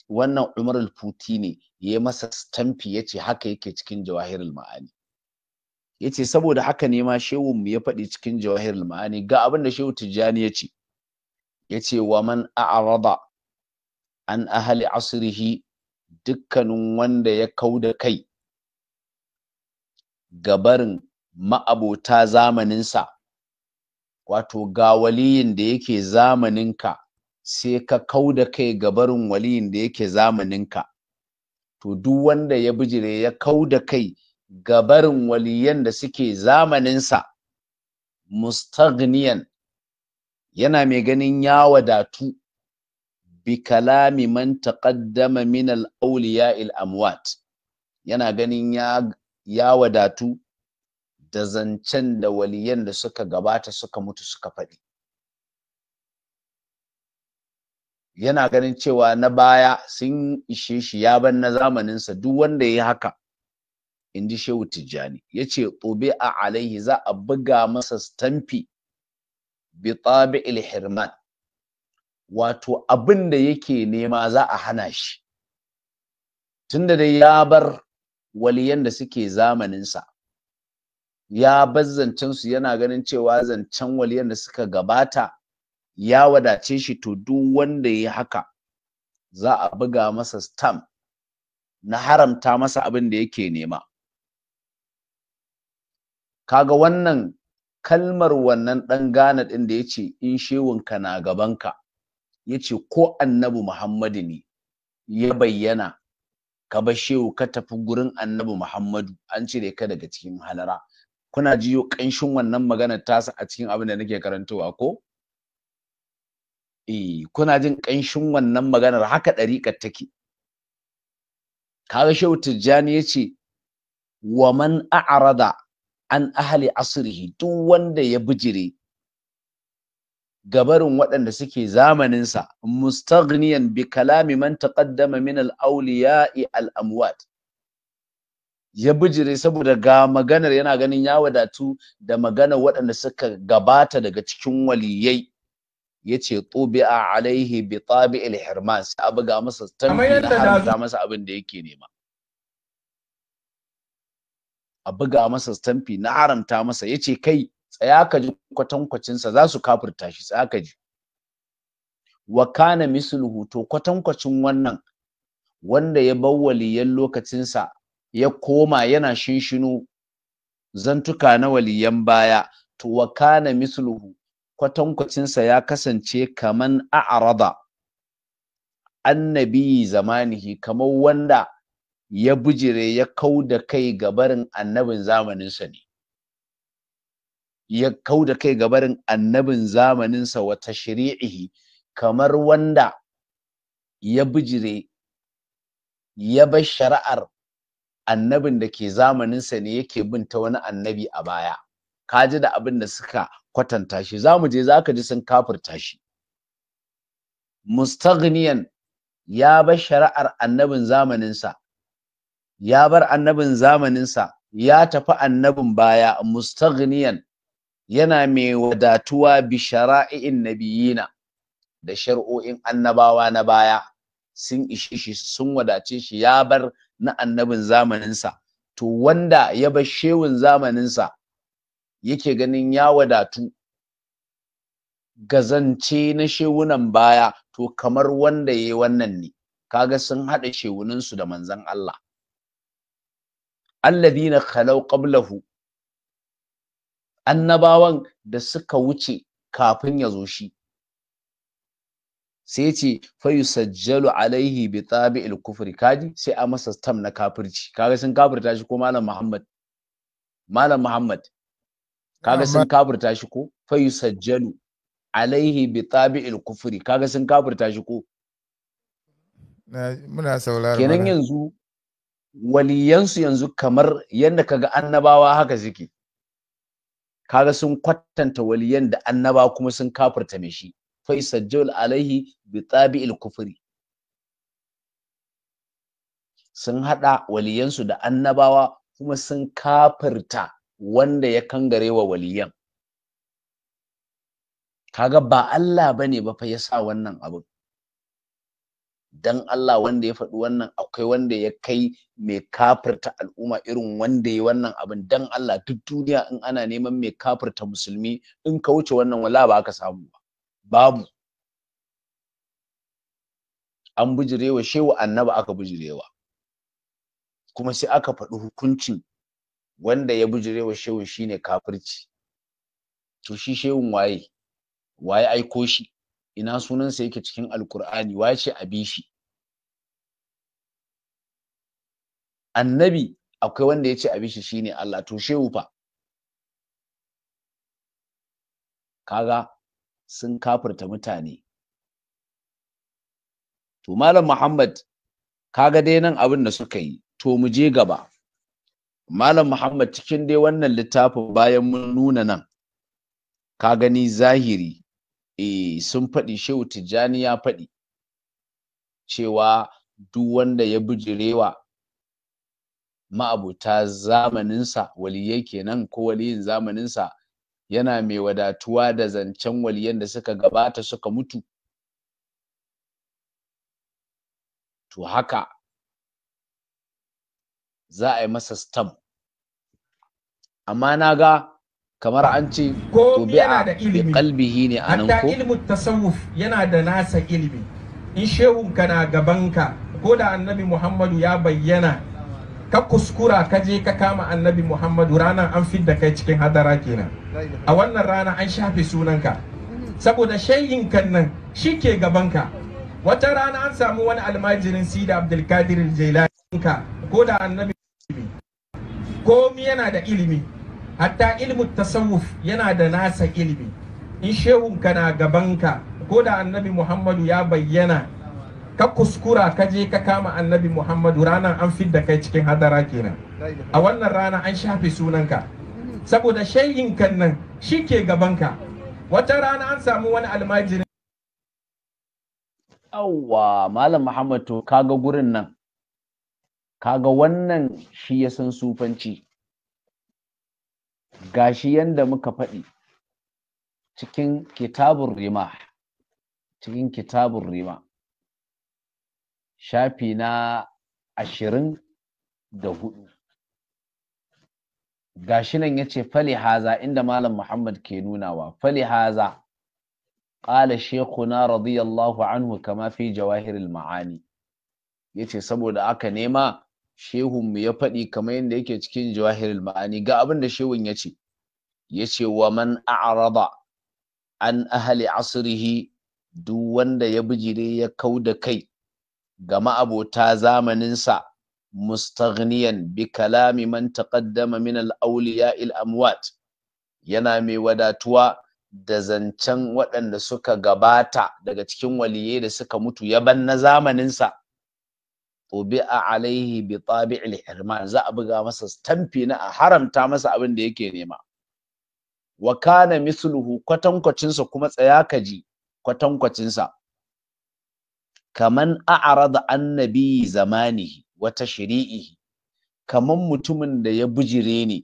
wannan Umar al-Futi ne ya masa ya yace haka yake cikin jawahirul ma'ani yace saboda haka ne ma shehu mu ya faɗi cikin jawahirul ma'ani ga abin da shehu Tijjani yace yace wa man a'rada an ahali asrihi dukkanin wanda ya da kai gabarin ma'abota zamaninsa wato ga waliyin da yake zamanin ka sai ka kau da kai ga barin waliyin da yake zamanin ka, to duk wanda ya bijire ya kau da kai ga barin waliyan da suke zamaninsa mustagniyan yana mai ganin ya wadatu bi kalami man taqaddama min al-awliya al-amwat yana ganin ya ya wadatu da zancen da waliyan da suka gabata suka mutu suka faɗi yana ganin cewa na baya sun ishe shi ya ban na zamaninsa duk wanda ya yi haka in shehu tijjani ya ce tsobe a alaihi za a buga masa stamfi bi tsabi hirman wato abin da yake nema za a hana shi tunda dai ya bar waliyan da suke zamaninsa ya bar zancensu yana ganin cewa zancen waliyan da suka gabata ya wadace shi to duk wanda ya yi haka za a buga masa stamp na haramta masa abin da yake nema kaga wannan kalmar wannan ɗan gana ɗin da ya ce in shewunka na gabanka ya ce ko annabi muhammadu ne ya bayyana ka bar shewu ka tafi gurin annabi muhammadu an cire ka daga cikin halara kuna jiyo ƙanshin wannan maganar tasa a cikin abin da nake karantowa ko eh kuna jin ƙanshin wannan maganar haka ɗariƙar take kaga shehu tijjani yace wa man a'rada an ahli asrihi duk wanda ya bijire gabarin waɗanda suke zamaninsa mustaghniyan bi kalami man taqaddama min al-awliya'i al-amwat ya bijire saboda ga maganar yana ganin ya wadatu da maganar waɗanda suka gabata daga cikin waliyai ya ce a alaihi bi tsabi hirman sai abu ga masa na yake nema a buga masa stamfi na haramta masa ya ce kai tsaya ka ji kwatankwacinsa za su kafirta shi tsaya ka ji wa kana misluhu to kwatankwacin wannan wanda ya bar waliyan lokacinsa ya koma yana shinshinu zantuka na waliyan baya to wa kana misluhu kwatankwacinsa ya kasance kaman a'rada annabi zamanihi kamar wanda ya bujire ya kau da kai gabarin annabin zamaninsa ne ya kau da kai gabarin annabin zamaninsa wa tashri'ihi kamar wanda ya bujire ya bar shari'ar annabin da ke zamaninsa ne yake bin ta wani annabi a baya ka ji da abin da suka kwatanta shi za mu je za ka ji sun kafirta shi mustaghniyan ya bar shari'ar annabin zamaninsa ya bar annabin zamaninsa ya tafi annabin baya mustaghniyan yana mai wadatuwa bi shara'i'in nabiyina da shari'o'in annabawa na baya sun ishe shi sun wadace shi ya bar na annabin zamaninsa to wanda ya bar shehun zamaninsa yake ganin ya wadatu gazance na shewunan baya to kamar wanda ya yi wannan ne kaga sun haɗa shewunansu da manzan Allah alladina khalau qablahu annabawan da suka wuce kafin ya zo shi sai ce fayu sajjalu alaihi bi tabi'il kufri kaji sai a masa stam na kafirci kaga sun kafirta shi ko malam muhammad malam muhammad kaga sun kafirta shi ko fayu sajjalu alaihi bi tabi'il kufri kaga sun kafirta shi ko muna saurara kenan yanzu waliyansu yanzu kamar yadda kaga annabawa haka suke kaga sun kwatanta waliyan da annaba kuma sun kafirta mai shi fa alaihi bi tabi'il sun hada waliyansu da annabawa kuma sun kafirta wanda ya kangare wa waliyan kaga ba Allah bane ba fa yasa wannan abin dan Allah wanda ya faɗi wannan akwai wanda ya kai mai kafirta al'umma irin wanda ya wannan abin dan Allah duk duniya in ana neman mai kafirta musulmi in ka wuce wannan wala ba ka samu ba babu an bujirewa Shehu annaba aka bijirewa kuma sai aka faɗi hukuncin wanda ya bijirewa Shehu shine kafirci to shi shewun waye waye aiko shi ina sunansa yake cikin alkur'ani waye ce a annabi akwai wanda ya ce a shi shine Allah to Shehu fa kaga sun kafirta mutane to malam muhammad kaga dai nan abin da suka yi to mu je gaba malam muhammad cikin dai wannan littafin bayan mun nuna nan ka gani zahiri Eh sun faɗi shehu tijjani ya faɗi cewa duk wanda ya bijirewa ma'abuta zamaninsa waliyai kenan ko waliyin zamaninsa yana mai wadatuwa da zancen waliyan da suka gabata suka mutu to haka za a yi masa stam amma na ga kamar an ce to bi'a bi kalbihi ne anan ko ilmu tasawuf yana da nasa ilimi in shehunka na gabanka ko da annabi Muhammadu ya bayyana ka kuskura ka je ka kama annabi muhammadu ranar an fidda kai cikin hadara kenan a wannan rana an shafe sunanka saboda shayin kan nan shi ke gabanka wata rana an samu wani almajirin sida abdulkadir jailaninka ko da annabi komi yana da ilimi hatta ilmin tasawuf yana da nasa ilimi in shehunka na gabanka ko da annabi muhammadu ya bayyana ka kuskura ka je ka kama annabi muhammadu ranar an fidda kai cikin hadara kenan a wannan rana an shafe sunanka saboda shayin kan nan shi ke gabanka wata rana an samu wani almajiri Yawwa, Malam Muhammad to kaga gurin nan, kaga wannan shi ya san sufanci. Gashi yanda muka faɗi cikin kitabun rima, cikin kitabun rima. shafi na ashirin da hudu gashi nan ya ce fali haza inda malam muhammad ke nunawa fali haza ƙala shekuna radiyallahu anhu kama fi jawahiril ma'ani ya ce saboda aka nema mu ya faɗi kamar yadda yake cikin jawahiril ma'ani ga abin da shehun ya ce ya ce wa man a'rada an ahali asirihi duk wanda ya bijire ya kau da kai ga ma'abota zamaninsa mustaghniyan bi kalami man taqaddama min al-awliya al-amwat yana mai wadatuwa da zancen waɗanda suka gabata daga cikin waliyai da suka mutu ya ban na zamaninsa tubi'a alaihi bi tabi'il hirman za a buga masa stamfi na a haramta masa abin da yake nema wa kana misluhu kwatankwacinsa kuma tsaya kaji kwatankwacinsa kaman a'rada annabi zamanihi wata shiri'ihi kaman mutumin da ya bujire ne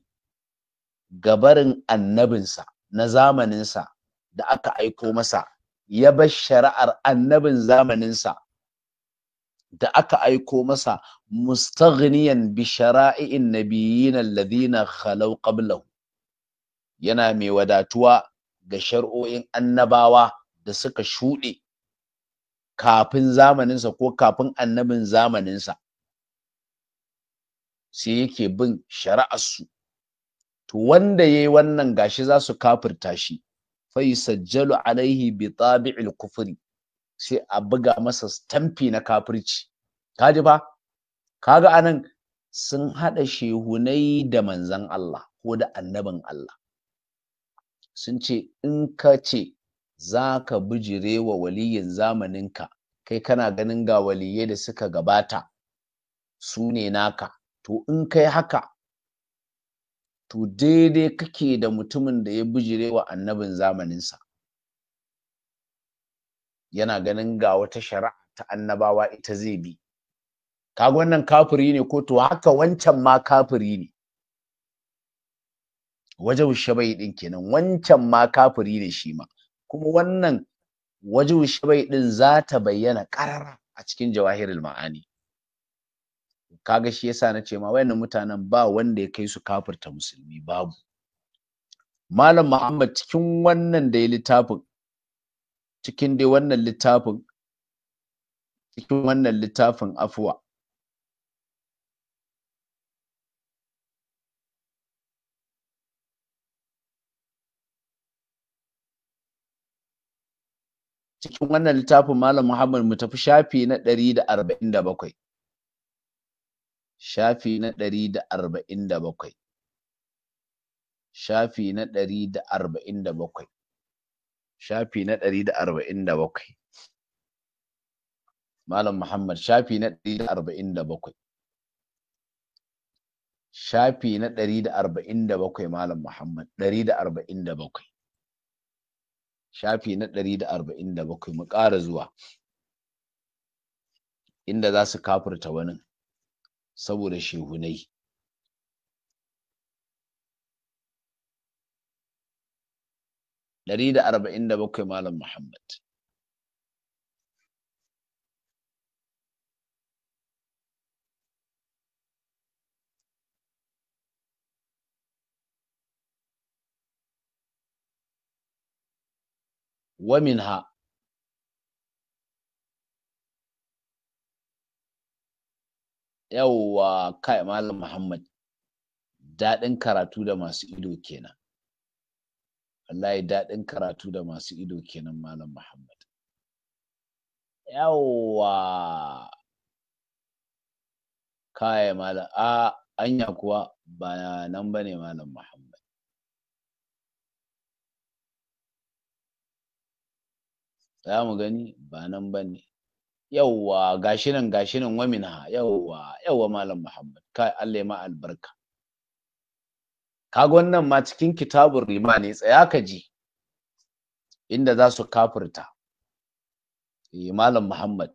gabarin annabinsa na zamaninsa da aka aiko masa ya bar shari'ar annabin zamaninsa da aka aiko masa mustaghniyan bi shara'i'in nabiyyin alladhina khalaw qablahu yana mai wadatuwa ga shar'o'in annabawa da suka shuɗe kafin zamaninsa ko kafin annabin zamaninsa sai yake bin shari'arsu to wanda yayi wannan gashi za su kafirta shi fa yusajjalu alaihi bi tabi'il kufri sai a buga masa stamfi na kafirci kaji fa kaga anan sun hada shehunai da manzan Allah ko da annabin Allah sun ce in ka ce za ka bijire wa waliyin zamaninka kai kana ganin ga waliye da suka gabata su ne naka to in kai haka to daidai kake da mutumin da ya bijire wa annabin zamaninsa yana ganin ga wata shari'a ta annabawa ita zai bi kaga wannan kafiri ne ko to haka wancan ma kafiri ne wajen shabai ɗin kenan wancan ma kafiri ne shi ma kuma wannan wajen shabai din za ta bayyana ƙarara a cikin jawahirul ma'ani kaga shi yasa na ce ma wayannan mutanen ba wanda ya kai su kafirta musulmi babu malam muhammad cikin wannan dai littafin cikin dai wannan littafin cikin wannan littafin afuwa cikin wannan littafin Malam Muhammad mu tafi shafi na 147 Shafi na 147 Shafi na 147 Shafi na 147 Malam Muhammad shafi na 147 Shafi na 147 Malam Muhammad 147 shafi na ɗari da arba'in da bakwai mu ƙara zuwa inda za su kafirta wani saboda shehunai ɗari da arba'in da bakwai malam muhammad wa ha, yawwa kai malam muhammad daɗin karatu da masu ido kenan wallahi daɗin karatu da masu ido kenan malam muhammad yawwa kai malam a anya kuwa ba bane malam muhammad za mu gani ba nan ba ne yawwa gashi nan gashi nan wamina yawwa yawwa malam muhammad kai allah ma albarka kaga wannan ma cikin kitabun rima ne tsaya ka ji inda za su kafirta eh, malam muhammad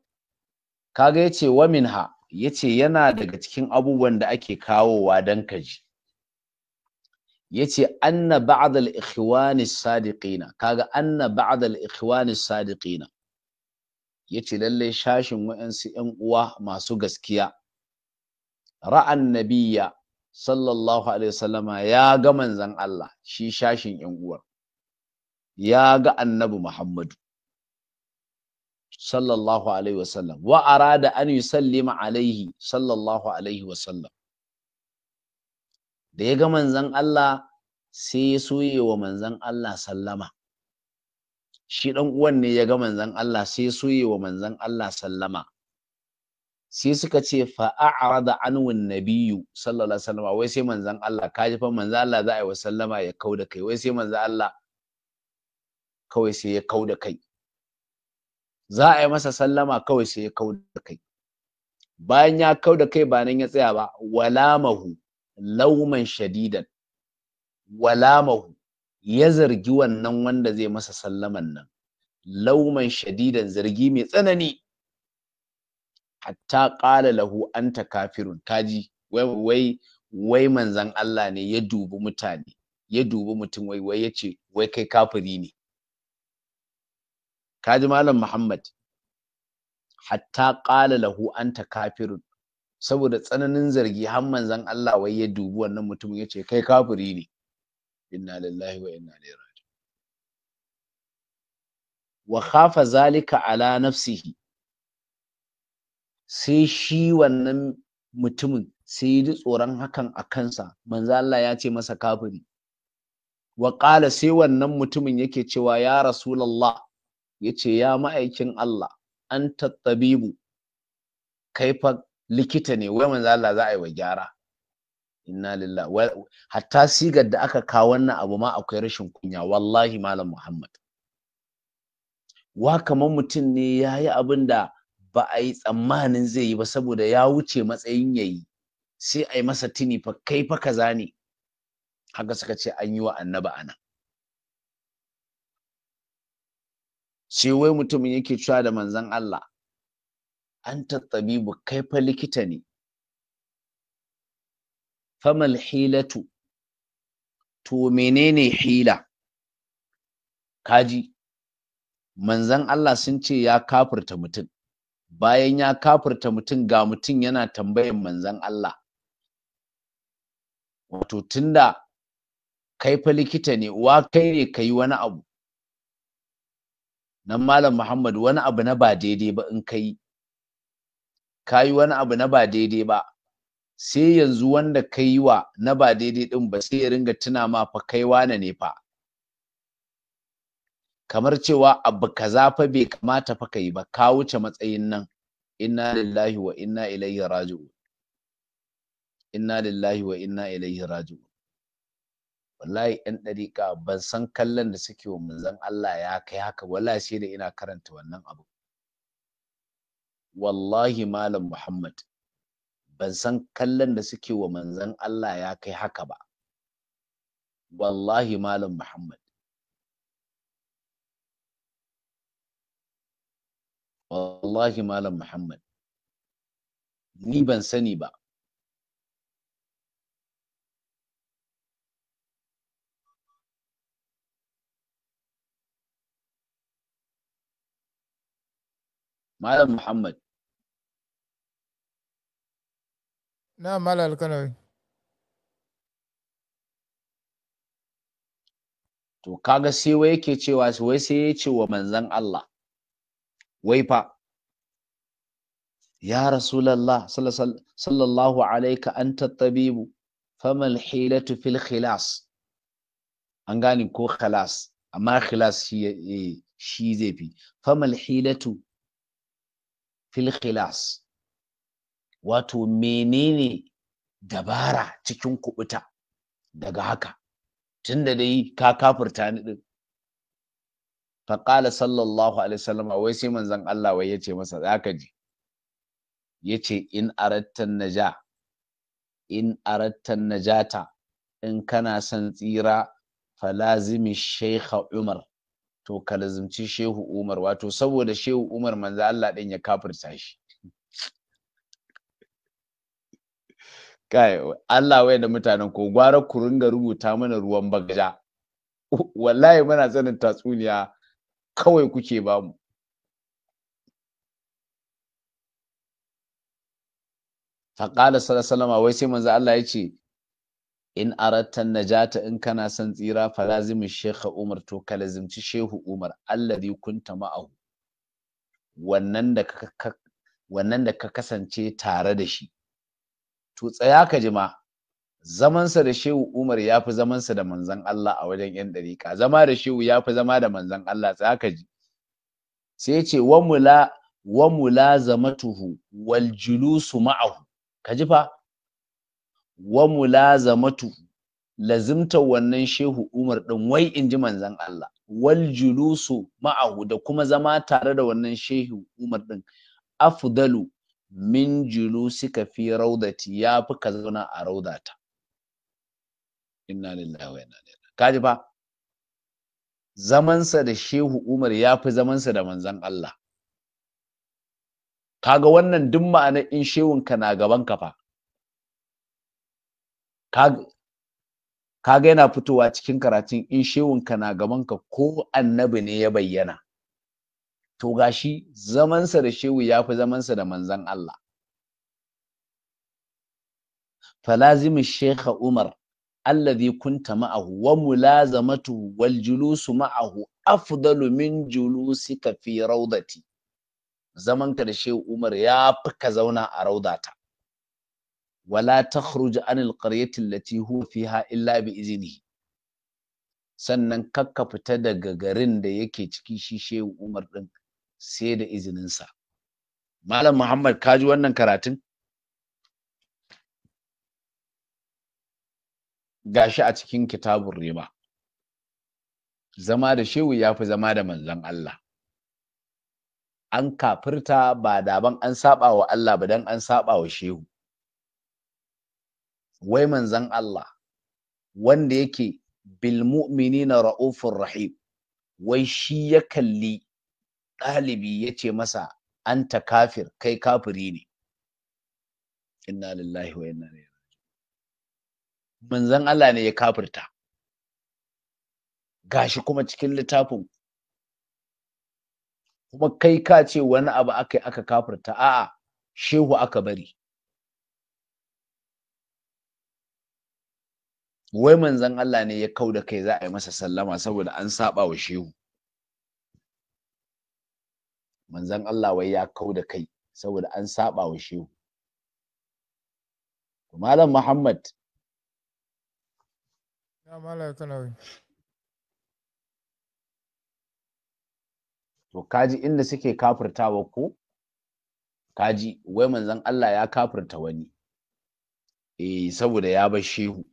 kaga yace waminha yace yana daga cikin abubuwan da ake kawowa dan ka ji yace anna ba'd Ikhwanis Sadiqina, as-sadiqin kaga anna ba'd Ikhwanis Sadiqina as-sadiqin yace lalle shashin wayansu ƴan uwa masu gaskiya ra'an nabiyya sallallahu alaihi wasallama ya ga manzon Allah shi shashin ƴan uwar ya ga annabi Muhammadu sallallahu alaihi wasallam wa arada an yusallima alaihi sallallahu alaihi wasallam da ya ga manzan Allah sai ya soye wa manzan Allah sallama shi ɗan uwan ne ya ga manzan Allah sai ya soye wa manzan Allah sallama sai suka ce fa'a'arada anwun nabiyyu sallallahu alaihi wasallam wai sai manzan Allah ka ji fa manzan Allah za a yi wa sallama ya kau da kai wai sai manzan Allah kawai sai ya kau da kai za a yi masa sallama kawai sai ya kau da kai bayan ya kau da kai ba nan ya tsaya ba walamahu lauman shadidan walamahu ya zargi wannan wanda zai masa sallaman nan lauman shadidan zargi mai tsanani hatta ƙala lahu anta kafirun kaji wai wai wai manzan Allah ne ya dubi mutane ya dubi mutum wai wai ya ce wai kai kafiri ne kaji malam Muhammad hatta ƙala lahu anta kafirun saboda tsananin zargi har manzon Allah wai ya dubi wannan mutumin ya ce kai kafiri ne inna lillahi wa inna ilaihi raji'un wa khafa zalika ala nafsihi sai shi wannan mutumin sai yi tsoron hakan a kansa manzo Allah ya ce masa kafiri wa qala sai wannan mutumin yake cewa ya rasulullah yace ya ma'aikin Allah an tabibu kai fa likita ne wai manzo Allah za a yi wa gyara inna lillahi hatta sigar da aka kawo wannan abu ma akwai rashin kunya wallahi malam Muhammad wa kamar mutum ne ya yi abin da ba a yi tsammanin zai yi ba saboda ya wuce matsayin ya yi sai a yi masa tuni fa kai fa kaza ne haka suka ce an yi wa annaba ana sai wai mutumin yake cewa da manzon Allah anta tabibu kai fa likita ne famal hilatu to menene hila kaji manzan Allah sun ce ya kafirta mutum bayan ya kafirta mutum ga mutum yana tambayan manzan Allah wato tunda kai fa likita ne wa kai ne ka wani abu nan malam Muhammad wani abu na ba daidai ba in ka ka yi wani abu na ba daidai ba sai yanzu wanda ka yi wa na ba daidai din ba sai ya ringa tuna ma fa kai wane ne fa kamar cewa abu kaza fa bai kamata fa ka ba ka wuce matsayin nan inna lillahi wa inna ilaihi raji'u inna lillahi wa inna ilaihi raji'u wallahi yan ɗariƙa ban san kallon da suke wa manzon Allah ya kai haka wallahi sai da ina karanta wannan abu wallahi malam Muhammad ban san kallon da suke wa manzan Allah ya kai haka ba wallahi malam Muhammad wallahi malam Muhammad ni ban sani ba Malam Muhammad na mala alkanawi to kaga sai wai ke cewa wai sai ya ce wa manzan Allah wai fa ya rasulallah sallallahu alaika anta tabibu famal hilatu fil khilas an gane ko khalas amma khilas eh, shi zai fi famal hilatu fil khilas wato menene dabara cikin kubuta daga haka tunda dai ka kafirta ni din faƙala sallallahu alaihi wasallam wai sai manzon Allah wai yace masa zaka ji yace in aratta naja in aratta najata in kana son tsira falazimi shaykha umar to ka lazimci shehu umar wato saboda shehu umar manzo Allah din ya kafirta shi kai Allah wai da mutanen ko gwara ku ringa rubuta mana ruwan bagaja wallahi muna sanin tatsuniya kawai kuke bamu qala salama wai sai manzo Allah ya ce in aratta najata in kana son tsira fa lazimi shekha umar to ka lazimci shehu umar alladhi kunta ma'ahu wannan da ka wannan da ka kasance tare da shi to tsaya ka jima zamansa da shehu umar ya fi zamansa da Manzon Allah a wajen yan ɗariƙa zama da shehu ya fi zama da Manzon Allah tsaya ka ji sai ce wa mula wa mulazamatuhu wal julusu ma'ahu ka ji fa wa mulazamatuhu lazimta wannan shehu umar ɗin wai in ji Manzon Allah wal julusu ma'ahu da kuma zama tare da wannan shehu umar ɗin afdalu min suka fi raudati ya fi ka zauna a raudata inna lillahi wa inna ilaihi kaji fa zamansa da shehu umar ya fi zamansa da manzan Allah kaga wannan duk ma'ana in shehunka na gaban ka fa kaga yana fitowa cikin karatun in shehunka na gaban ka ko annabi ne ya bayyana to gashi zamansa da shehu ya fi zamansa da manzan Allah falazimi shekha umar alladhi kunta ma'ahu wa mulazamatu wal julusu ma'ahu afdalu min julusika fi raudati zamanka da shehu umar ya fi ka zauna a raudata wala takhruj an alqaryati allati huwa fiha illa bi izini. sannan kakka fita daga garin da yake ciki shi shehu umar din sai da izininsa malam muhammad kaji wannan karatun gashi a cikin kitabun riba zama da shehu ya fi zama da manzon Allah an kafirta ba daban an saba wa Allah ba dan an saba wa shehu wai manzon Allah wanda yake bil mu'minina ra'ufur rahim wai shi ya kalli ɗalibi ya ce masa an ta kafir kai kafiri ne inna lillahi wa inna ilaihi manzon Allah ne ya kafirta gashi kuma cikin littafin kuma kai ka ce wani abu aka aka kafirta a'a shehu aka bari wai manzon Allah ne ya kauda kai za a yi masa sallama saboda an saba wa shehu manzon Allah wai ya kau da kai saboda an saba wa shehu malam Muhammad ya malam kanawi to kaji inda suke kafirtawa ko kaji wai manzon Allah ya kafirta wani eh saboda ya bar shehu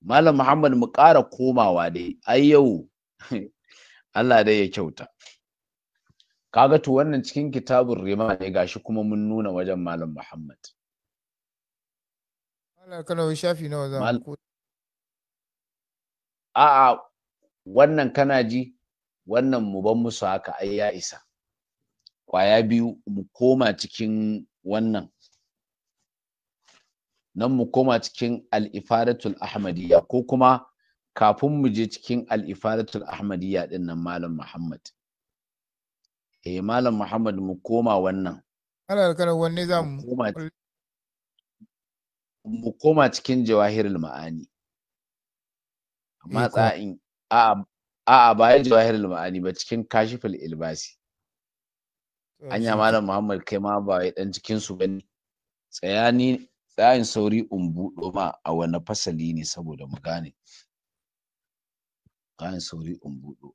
malam Muhammad mu ƙara komawa dai ai yau Allah dai ya kyauta kaga to wannan cikin kitabun rima ne gashi kuma mun nuna wajen malam muhammad a'a wannan kana ji wannan mu ban musu haka ai ya isa kwaya biyu mu koma cikin wannan nan mu koma cikin al'ifadatul ahmadiyya ko kuma kafin mu je cikin al'ifaratul ahmadiyya din nan malam muhammad eh malam muhammad mu koma wannan kala kana wanne za mu mu koma cikin jawahirul ma'ani amma eh, tsa'in a a bayan jawahirul ma'ani ba cikin kashiful ilbasi anya malam muhammad kai ma ba wai dan cikin su bane tsayani tsayin sauri in buɗo ma a wani fasali ne saboda mu gane tsayin sauri in buɗo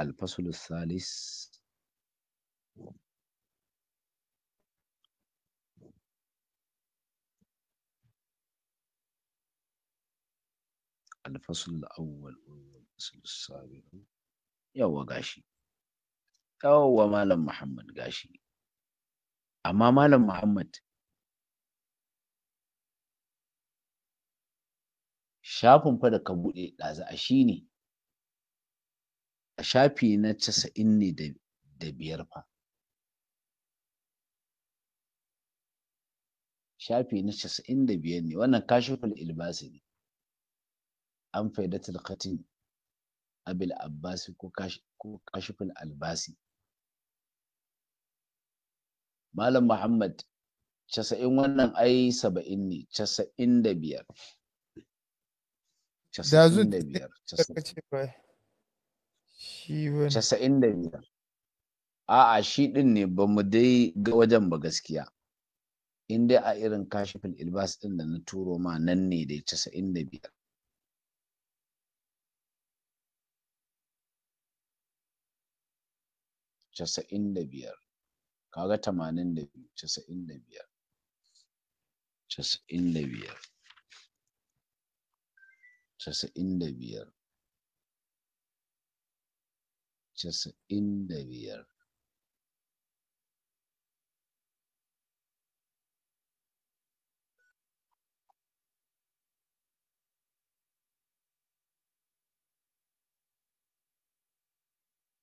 الفصل الثالث الفصل الأول والفصل السابع يوا gashi yawwa malam Muhammad gashi amma malam Muhammad shafin fa da ka buɗe ɗaza a shi ne A shafi na casa'in ne da biyar fa shafi na casa'in da biyar ne wannan kashiful ilbasi ne an faidatul khatin abil abbasi ko kashiful albasi malam muhammad casa'in wannan ai saba'in ne casa'in da biyar casa'in da biyar Casa'in da biyar. A'a shi ɗin ne ba mu dai ga wajen ba gaskiya. In dai a irin kashifin ilbas ɗin da na turo ma nan ne dai casa'in da biyar. Casa'in da biyar. Kaga tamanin da biyu, casa'in da biyar. Casa'in da biyar. Casa'in da biyar. casa'in da biyar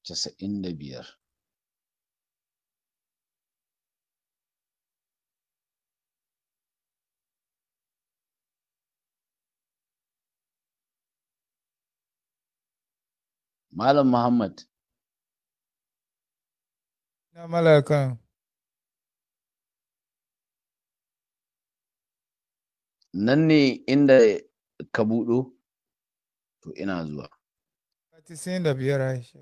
casa'in da biyar Malam Muhammad nan ne inda ka buɗo to ina zuwa aisha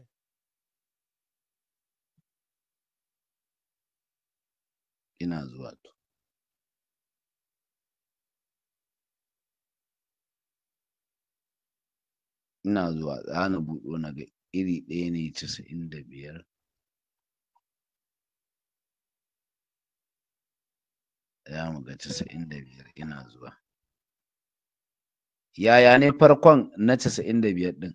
ina zuwa to ina zuwa za na buɗo na ga iri ɗaya ne casa'in da biyar za mu ga 95 ina zuwa yaya ne farkon na 95 din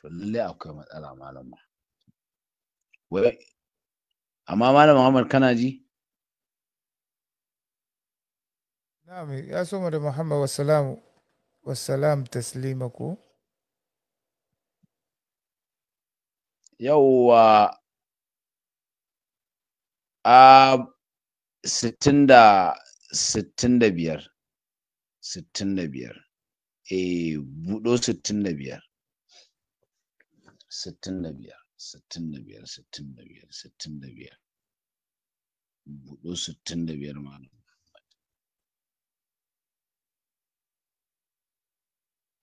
to lalle akwai matsala malama wai amma malama muhammad kana ji na'am ya soma da muhammad wasalamu wassalam taslima ko yauwa a sittin da sittin da biyar sittin da biyar E, buɗo sittin da biyar sittin da biyar sittin da biyar sittin da biyar sittin da biyar buɗo sittin da biyar malam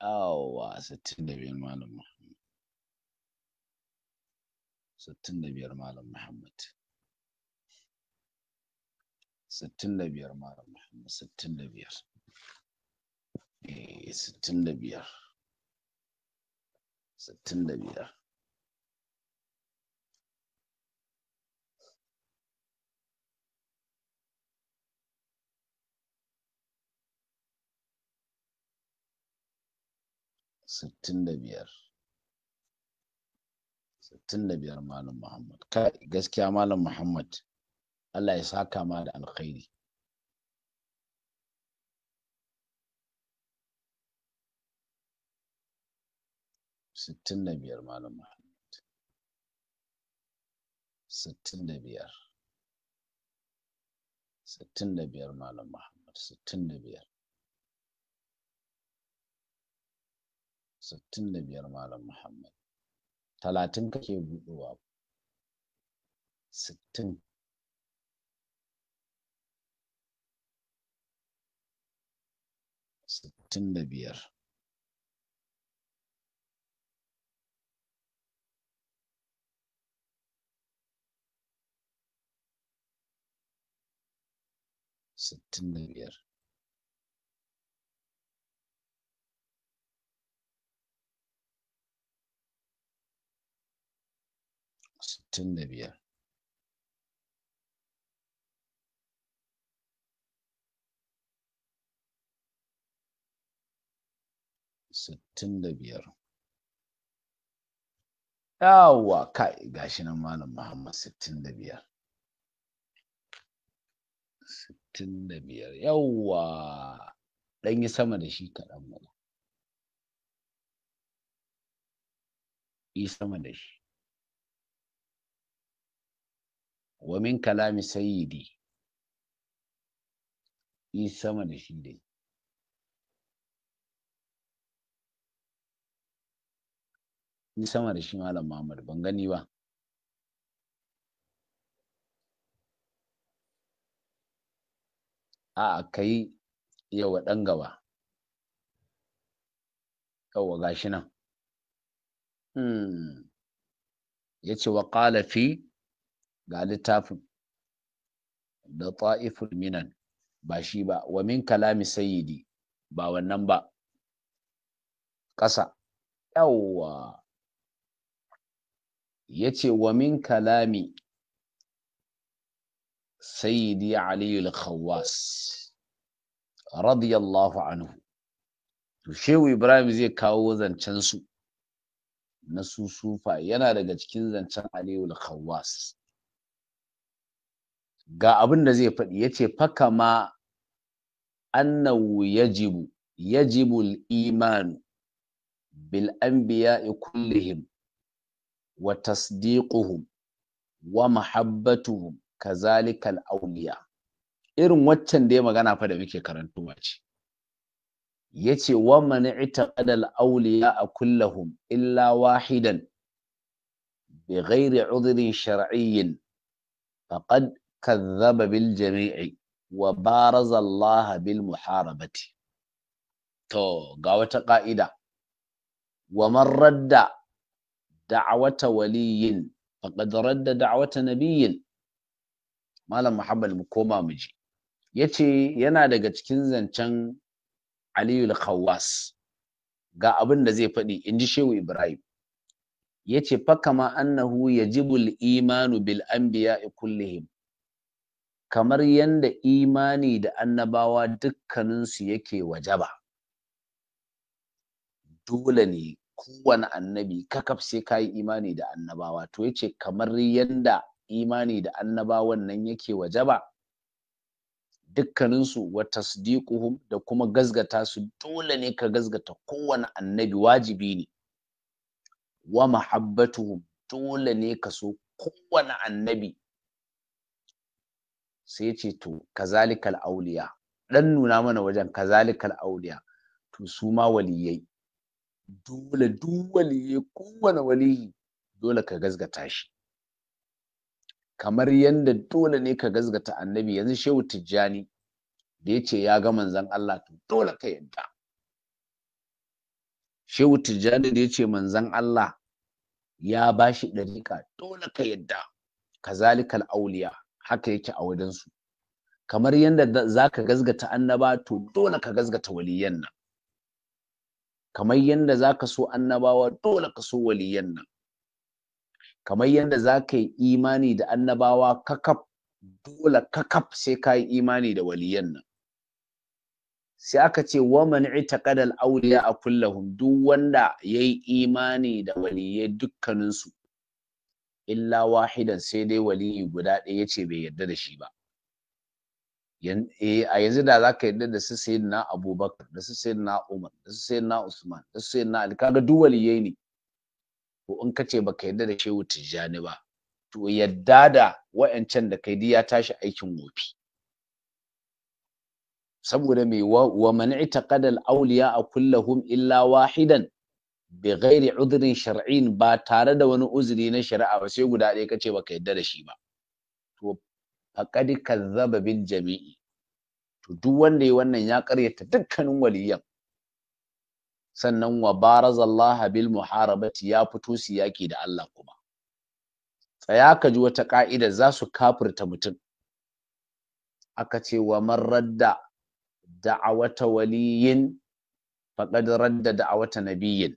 yawwa sittin da biyar malam muhammad sittin da biyar malam muhammad sittin da biyar malam muhammad sittin da biyar sittin da biyar sittin da biyar sittin da biyar malam muhammad gaskiya malam muhammad allah ya saka ma da alkhairi sittin da biyar malam muhammad sittin da biyar sittin da biyar malam muhammad sittin da biyar sittin da biyar malam muhammad talatin kake buɗewa sittin sittin da biyar sittin da biyar sittin da biyar sittin da biyar yawwa kai gashi nan malam muhammad sittin da biyar sittin da biyar yawwa ɗan yi sama da shi kaɗan mana yi sama da shi wa min kalami sayyidi yi sama yi sama da shi malam Muhammad ban gani ba a'a kai wa ɗan gaba yawa gashi nan hmm. ya ce wa ƙala fi ga littafin da ta'iful minan ba shi ba wa min kalami sayyidi ba wannan ba ƙasa yawwa ya ce wa min kalami sayyidi aliyul khawwas radiyallahu anhu to shehu ibrahim zai kawo zancen su na susufa yana daga cikin zancen aliyul khawwas ga abin da zai faɗi ya ce fakama annahu yajibu yajibu imanu bil anbiya'i kullihim wa tasdiquhum wa mahabbatuhum kazalika al irin waccan da ya magana fa da muke karantowa ce yace wa ita ƙadal auliya a kullahum illa wahidan bi ghairi عذر shar'iyyin faƙad kazzaba bil jami'i wa baraza Allah bil muharabati to ga wata ka'ida wa man radda da'wata waliyin faqad radda da'wata nabiyyin malam muhammad mu koma mu ji yace yana daga cikin zancen aliyul khawwas ga abin da zai faɗi in ji shehu ibrahim yace fa kama annahu yajibu al-imanu bil anbiya'i kullihim kamar yanda imani da annabawa dukkaninsu yake wajaba dole ne kowane annabi kakaf sai ka yi imani da annabawa to yace kamar yanda imani da annabawan nan yake wajaba dukkaninsu wa tasdiquhum da kuma gazgata su dole ne ka gazgata kowane annabi wajibi ne wa mahabbatuhum dole ne ka so kowane annabi sai ce to kazalikal auliya dan nuna mana wajen kazalikal auliya to su ma waliyai dole duk waliyai kowane waliyi dole ka gazgata shi kamar yadda dole ne ka gazgata annabi yanzu shehu tijjani da ya ce ya ga manzan Allah to dole ka yadda shehu tijjani da ya ce manzan Allah ya ba shi ɗariƙa dole ka yadda kazalikal auliya haka yake a wajensu kamar yadda za ka gazgata annaba to dole ka gazgata waliyan nan kamar yadda za ka so annabawa dole ka so waliyan nan kamar yadda za ka yi imani da annabawa kakaf dole kakaf sai ka yi imani da waliyan nan sai aka ce wa man itaqada al awliya a kullahum duk wanda yayi imani da waliyai dukkaninsu illa wahidan sai dai waliyi guda ɗaya yace bai yarda da shi ba eh, a yanzu da za ka yarda da su sayyidina abubakar da su sayyidina umar da su sayyidina usman da su sayyidina ali kaga duk waliyai ne to in ka ce baka yarda da shehu tijjani ba to yarda da wa'ancan da kai ya tashi aikin wofi saboda mai wa man itaqada al awliya kullahum illa wahidan bi ghairi udhrin shar'in ba tare da wani uzuri na shari'a ba sai guda ɗaya kace baka yadda da shi ba to faqad kazzaba bil jami'i to duk wanda yi wannan ya karyata dukkanin waliyan sannan wa barazallaha bil muharabati ya fito siyaki da Allah kuma tsaya ka ji wata ƙa'ida za su kafirta mutum aka ce wa man radda da'awata waliyin faqad radda da'awata nabiyyin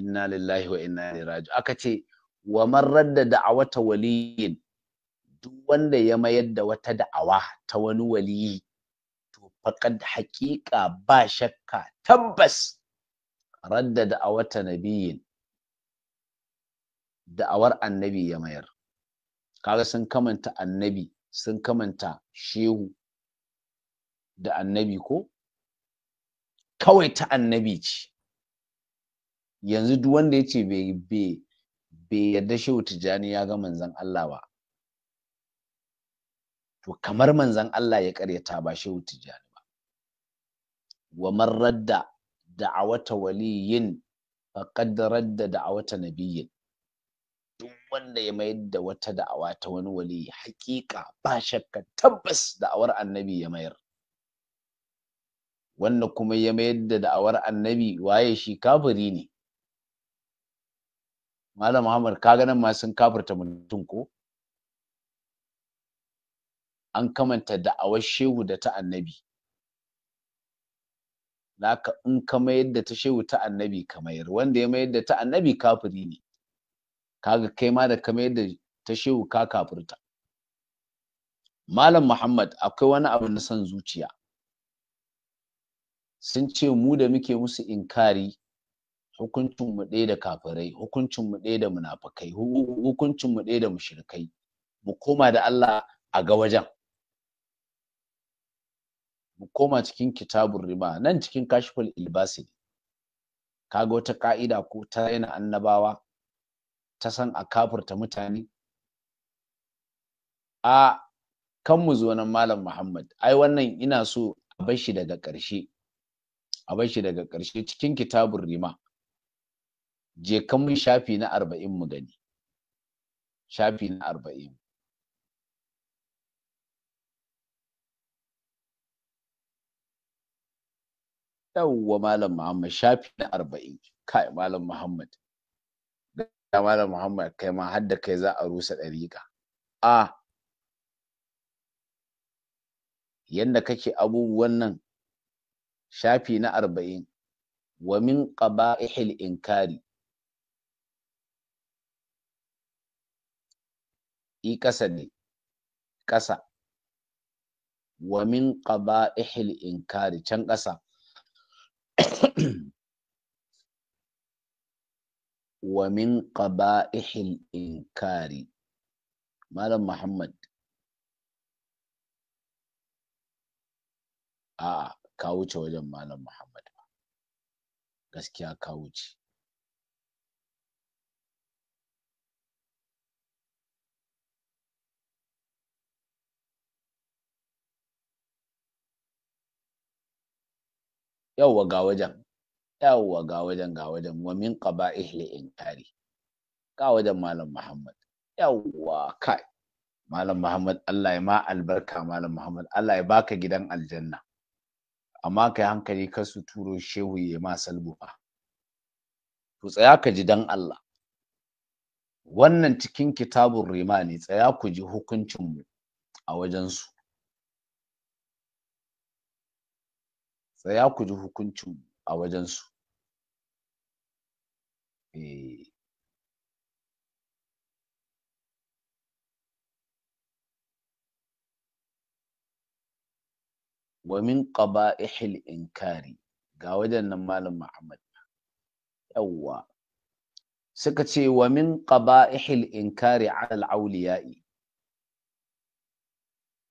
inna lillahi wa inna ilaihi raji'un aka ce wa man radda da'awata waliyin duk wanda ya mayar da wata da'awa ta wani waliyi to faqad haƙiƙa ba shakka tabbas radda da'awata nabiyin da'awar annabi ya mayar kaga sun kamanta annabi sun kamanta shehu da annabi ko kawai ta annabi ce yanzu duk wanda ya ce bai yarda shehu tijjani ya ga manzan Allah ba to kamar manzan Allah ya karyata ba shehu tijjani ba wa man radda da'awata waliyin faqad radda da'awata nabiyyin duk wanda ya mayar da wata da'awa ta wani wali hakika ba shakka tabbas da'awar annabi ya mayar wanda kuma ya mayar da da'awar annabi waye shi kafiri ne Malam Muhammad ka nan ma sun kafirta mutum ko? An kamanta da'awar shehu da ta annabi. Naka in ka mayar da ta shehu ta annabi ka mayar, wanda ya mayar da ta annabi kafiri ne. Kaga kai ma da ka mayar da ta shehu ka kafirta. Malam Muhammad akwai wani abu na son zuciya. Sun ce mu da muke musu inkari hukuncin mu ɗaya da kafirai hukuncin ɗaya da munafukai hukuncin ɗaya da mushrikai mu koma da Allah a ga wajen mu koma cikin kitabun rima nan cikin kashful ilbasi kaga wata ka'ida ko ta raina annabawa ta san a kafurta mutane a kan mu zo nan malam muhammad ai wannan ina so a bar daga ƙarshe a bashi daga ƙarshe cikin kitabun rima je kan mun shafi na arba'in mu gani shafi na arba'in yawwa malam muhammad shafi na arba'in kai malam muhammad da malam muhammad kai ma har da kai za a rusa ɗariƙa a yadda kake abubuwan nan shafi na arba'in wa min qaba'ihil inkari i ƙasa ne ƙasa wa min qaba'ihil inkari can ƙasa wa min qaba'ihil inkari malam muhammad a ka wuce wajen malam muhammad gaskiya ka wuce yawwa ga wajen yawwa ga wajen ga wajen wa min qaba'ih li inkari ga wajen malam muhammad yawwa kai malam muhammad Allah ya ma albarka malam muhammad Allah ya baka gidan aljanna amma kai hankali ka su turo shehu ya ma salbu fa to tsaya ka ji dan Allah wannan cikin kitabun rima ne tsaya ku ji hukuncin mu a wajensu tsaya ku ji hukuncin a wajensu eh wa min qaba'ihil inkari ga wajen nan malam Muhammad yawwa suka ce wa min qaba'ihil inkari ala al-awliya'i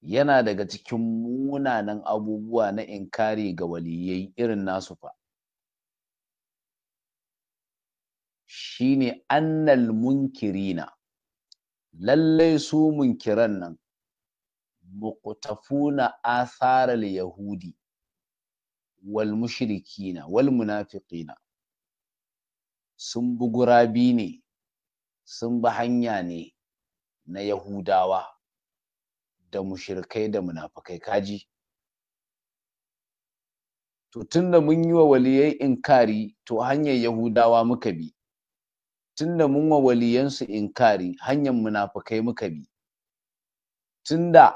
yana daga cikin munanan abubuwa na inkari ga waliyyai irin nasu fa shine annal munkirina lallai su munkiran nan muqtafuna asarar yahudi wal mushrikina wal munafiqina sun bi gurabi ne sun bi hanya ne na yahudawa da mushirkai da munafukai kaji to tunda mun yi wa waliyai inkari to hanyar yahudawa muka bi tunda mun wa waliyansu inkari hanyar munafukai muka bi tunda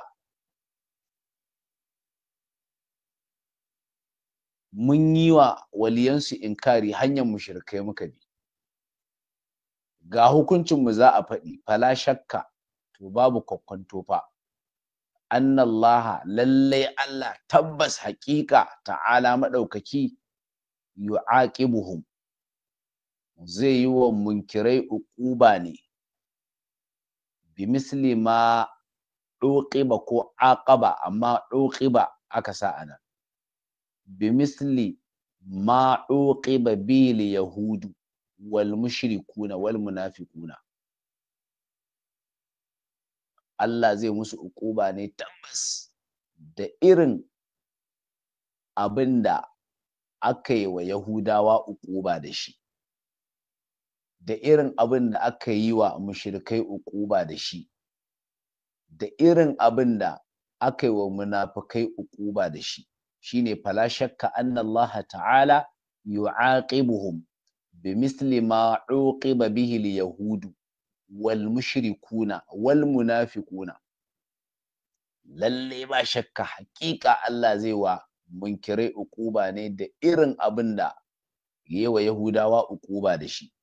mun yi wa waliyansu inkari hanyar mushrikai muka bi ga hukuncinmu za a faɗi fala shakka to babu kwakwanto fa annallaha lallai Allah tabbas haƙiƙa ta'ala maɗaukaki yu'aqibuhum zai yi wa munkirai uquba ne bi misli ma ɗoƙiba ko aqaba amma ɗoƙiba aka sa anan bi misli ma ɗoƙiba bil yahudu wal mushrikuna wal munafiquna Allah zai musu ukuba ne tabbas da irin abin da aka yi wa Yahudawa ukuba da shi, da irin abin da aka yi wa mushrikai ukuba da shi, da irin abin da aka yi wa munafukai ukuba da shi, shine fala shakka Allah ta'ala yu'aqibuhum bi misli ma uqiba bihi yahudu wal mushrikuna wal munafiquna lalle ba shakka haƙiƙa Allah zai wa munkirai ukuba ne da irin abin da yewa Yahudawa ukuba da shi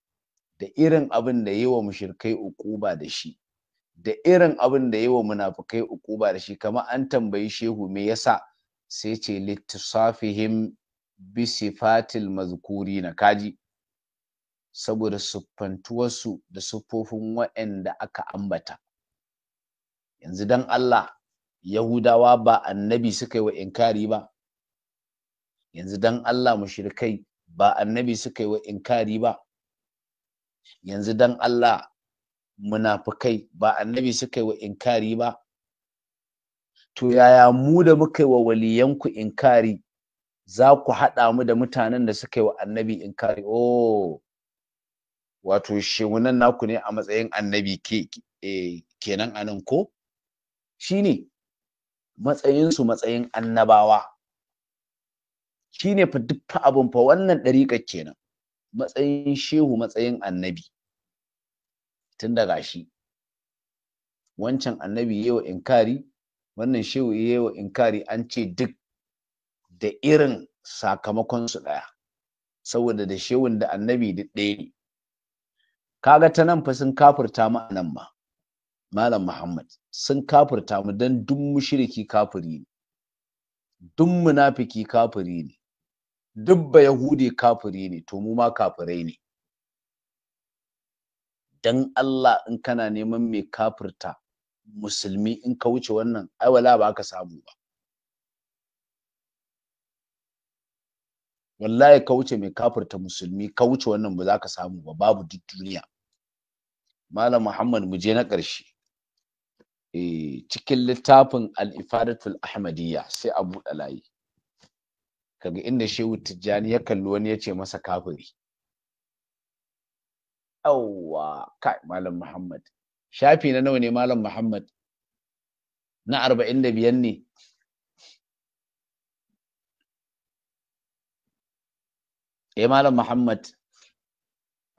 da irin abin da yewa mushrikai ukuba da shi da irin abin da yewa munafikai ukuba da shi kamar an tambayi shehu me yasa sai ce littisafihim bi sifatil mazkurina kaji saboda siffantuwarsu da siffofin waɗanda aka ambata yanzu don Allah Yahudawa ba annabi suka yi wa inkari ba yanzu don Allah mushrikai ba annabi suka yi wa inkari ba yanzu don Allah munafukai ba annabi suka yi wa inkari ba to yaya mu da muka yi wa waliyanku inkari za ku haɗa mu da mutanen da suka yi wa annabi inkari oh wato shehunan naku ne a matsayin annabi ke eh, kenan anan ko shine matsayinsu matsayin annabawa shine fa duk fa abun fa wannan ɗariƙar kenan matsayin shehu matsayin annabi tun daga shi wancan annabi wa inkari wannan shehu wa inkari an ce duk da irin sakamakon su ɗaya saboda da shehun da annabi duk ɗaya ne kaga ta nan fa sun kafirta mu nan ma malam muhammad sun kafirta mu dan duk mushriki kafiri ne duk munafiki kafiri ne duk ba yahudi kafiri ne to mu ma kafirai ne dan Allah in kana neman mai kafirta musulmi in ka wuce wannan ai wala ba ka samu ba wallahi ka wuce mai kafirta musulmi ka wuce wannan ba za ka samu ba babu duk duniya malam muhammad mu je na ƙarshe eh, cikin littafin al-ifadatul ahmadiyya sai a buɗe layi kaga inda shehu tijjani ya kalli wani ya ce masa kafiri yawwa kai malam muhammad shafi na nawa ne malam muhammad na arba'in da biyan ne eh malam muhammad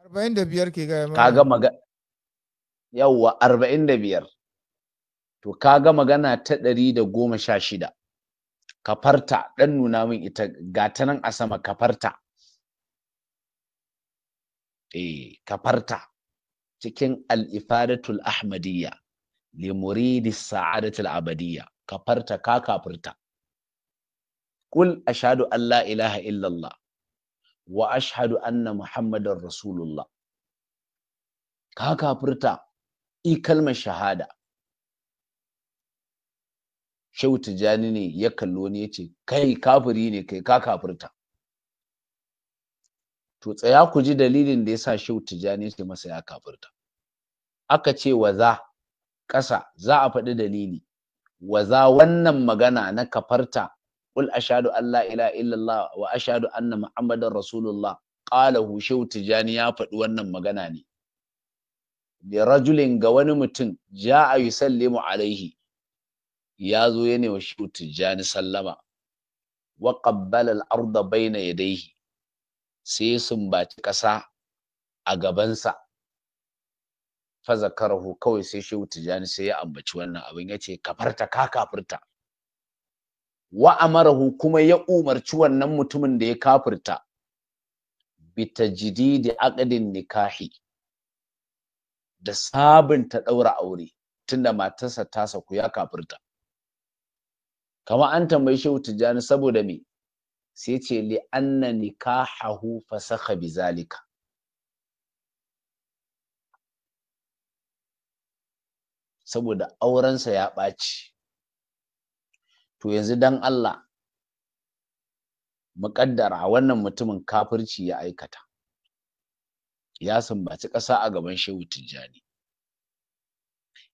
arba'in da biyar ke gaya kaga magana yawwa arba'in da biyar to ka ga magana ta ɗari da goma sha shida kafarta ɗan nuna min ita gata nan a sama kafarta eh kafarta cikin alifadatul ahmadiyya li muridi sa'adatul abadiyya kafarta ka kafirta Kul ashadu an la ilaha illallah wa وأشهد أن محمد رسول الله i kalmar shahada shehu tijjani ne ya kallo wani ya ce kai kafiri ne kai ka kafirta to tsaya ku ji dalilin da ya sa shehu tijjani ce masa ya kafirta aka ce wa za ƙasa za a faɗi dalili wa za wannan magana na kafarta qul Ashadu Allah, ila ilaha illallah wa Ashadu anna Muhammadan rasulullah ƙalahu shehu tijjani ya faɗi wannan magana ne li rajulin ga wani mutum ja a yi ja'a yusallimu alaihi ya zo ya wa shi tijjani sallama wa qabbala al ya na yadaihi sai ya sumbaci ƙasa a gabansa fa karahu kawai sai shi tijjani sai ya ambaci wannan abin yace kafarta ka kafirta wa amarahu kuma ya umarci wannan mutumin da ya kafirta bitajdidi aƙadin nikahi da sabunta ɗaura aure tunda matarsa ta saku ya kafirta kama an tambayi shehu tijjani saboda me sai ce li anna nikahahu fasakha bizalika saboda aurensa ya ɓaci to yanzu dan Allah muƙaddara wannan mutumin kafirci ya aikata ya sumbaci ƙasa a gaban shehu tijjani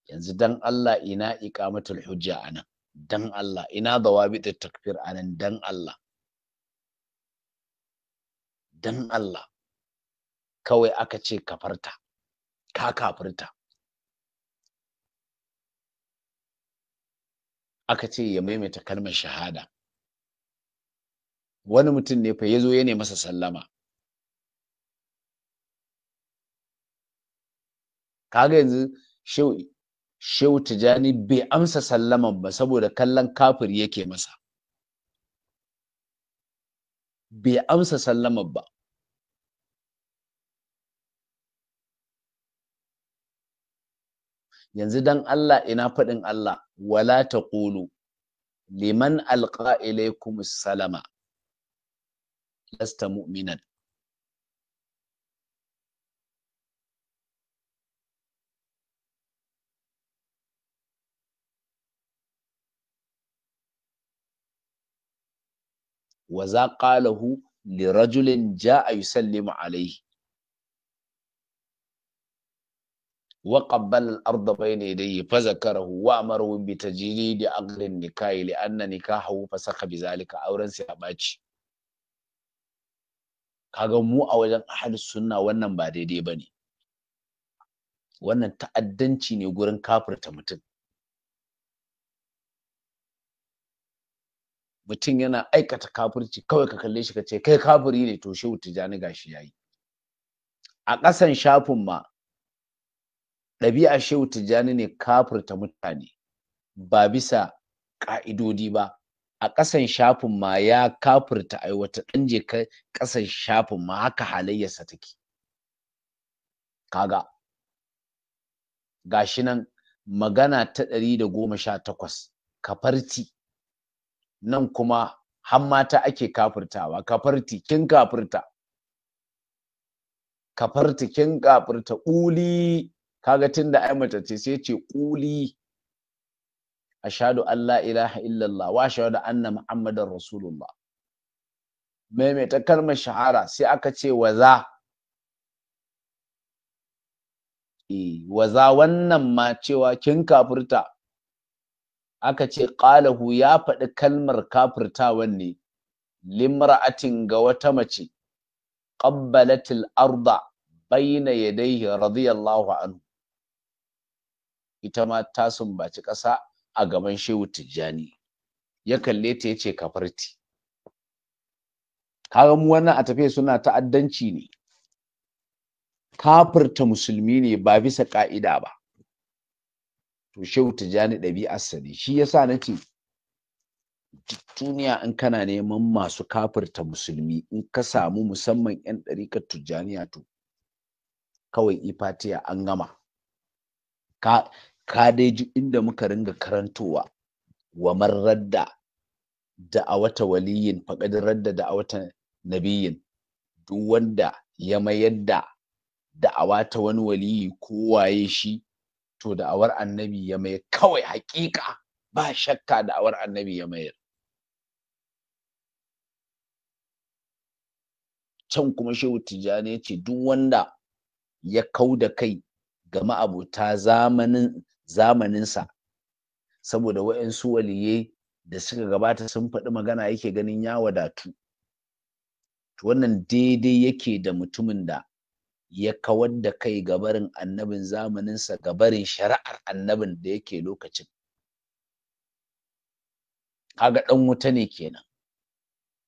yanzu dan Allah ina iqamatul hujja anan dan Allah ina dawabitut takfir anan dan Allah dan Allah kawai aka ce kafarta ka kafirta aka ce ya maimaita kalmar shahada wani mutum ne fa yazo ya ne masa sallama kaga yanzu shehu shehu tijani bai amsa sallaman ba saboda kallon kafir yake masa bai amsa sallaman ba yanzu dan Allah ina faɗin Allah wala taqulu liman alqa ilaykum salama lasta mu'minan wa za qalahu li rajulin a yusallimu alayhi wa qabbala al-ardha bayna yadayhi fa zakarahu wa amara bi tajridi aqlin nikahi li anna nikahahu fasakha bi zalika auren sai ya baci kaga mu a wajen ahli sunna wannan ba daidai bane wannan ta'addanci ne gurin kafirta mutum mutum yana aikata kafirci kawai ka kalle shi ka ce kai kafiri ne to shehu tijani gashi yayi a ƙasan shafin ma ɗabi'a shehu tijani ne kafirta mutane ba bisa ƙa'idodi ba a ƙasan shafin ma ya kafirta wata ɗan je ƙasan shafin ma haka halayyarsa take kaga gashi nan magana ta ɗari da goma sha takwas kafarci nan kuma har mata ake kafirtawa kafarti kin kafirta kafarti kin kafirta ƙuli kaga tunda ai mace ce sai ce ƙuli ashhadu an la ilaha illallah wa ashhadu anna muhammadar rasulullah maimaita kalmar shahara sai aka ce waza eh, waza wannan ma cewa kin kafirta aka ce qalahu ya faɗi kalmar kafirtawan ne limra'atin ga wata mace qabbalatil arda baina yadayhi radiyallahu anhu ita ma ta sumbaci ƙasa a gaban shehu tijjani ya kalle ta yace kafarti kaga mu wannan a tafiya suna ta'addanci ne kafirta musulmi ne ba bisa ƙa'ida ba to shehu tijani ɗabi'arsa ne shi yasa na ce duniya in kana neman masu kafirta musulmi in ka samu musamman 'yan ɗarikar tijjaniya to kawai ifatiya an gama ka, ka dai ji inda muka ringa karantowa wa man radda wata waliyin faƙad radda da a wata nabiyin duk wanda ya mayar da da'awa ta wani waliyi ko waye shi to da'awar annabi ya mayar kawai hakika ba shakka da'awar annabi ya mayar can kuma shehu tijjani ya ce duk wanda ya kau da kai ga ma'abuta zamanin zamaninsa saboda wa'yansu waliyai da suka gabata sun faɗi magana yake ganin ya wadatu wannan daidai yake da mutumin da ya kawar da kai gabarin annabin zamaninsa gabarin shari'ar annabin da yake lokacin kaga ɗan wuta ne kenan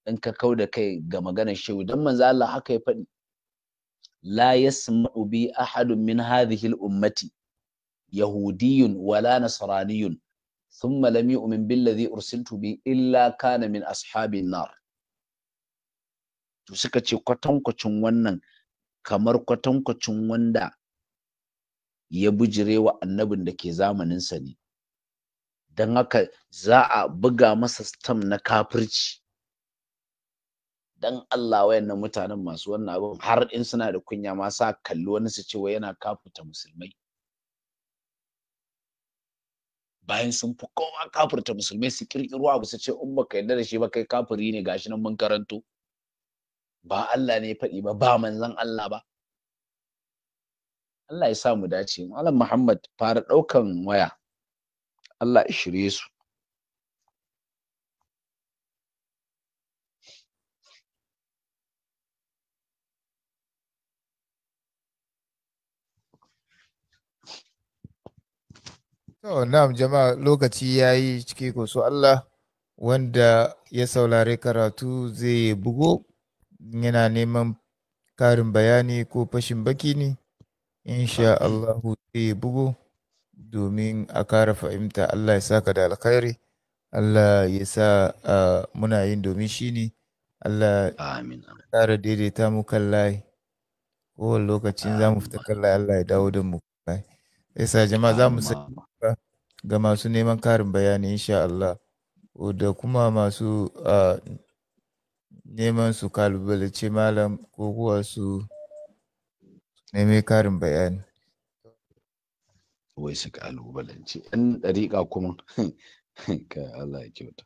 in ka kau da kai ga maganar shehu don manzo Allah haka ya faɗi la yasma'u bi ahadun min hadhihi al-ummati yahudiyyun wala nasraniyyun thumma lam yu'min billadhi ursiltu bi illa kana min ashabin nar to suka ce kwatankwacin wannan kamar kwatankwacin wanda ya bujire wa annabin da ke zamanin sa ne don haka za a buga masa stam na kafirci dan Allah wayannan mutanen masu wannan abin har in suna da kunya ma sa kalli wani su ce wai yana kafuta musulmai bayan sun fi kowa kafirta musulmai su kirkiro abu su ce in baka yarda da shi ba kai kafiri ne gashi nan mun karanto ba Allah ne faɗi ba ba manzon Allah ba Allah ya sa mu dace malam Muhammad fara ɗaukan waya Allah ya shirye su To, na'am jama'a lokaci ya yi cike ko so Allah wanda ya saurari karatu zai bugo yana neman karin bayani ko fashin baki ne insha Allahu zai bugo domin a kara fahimta Allah ya saka da alkhairi Allah ya sa muna yin domin shi ne Allah kara daidaita mu kan layi kowane lokacin za mu fita kan Allah ya dawo da mu layi jama'a za mu ga masu neman karin bayani insha Allah da kuma masu neman su kalubalace malam ko kuwa su neme karin bayani wai su kalubalance yan dariƙa kuma ka Allah ya kyauta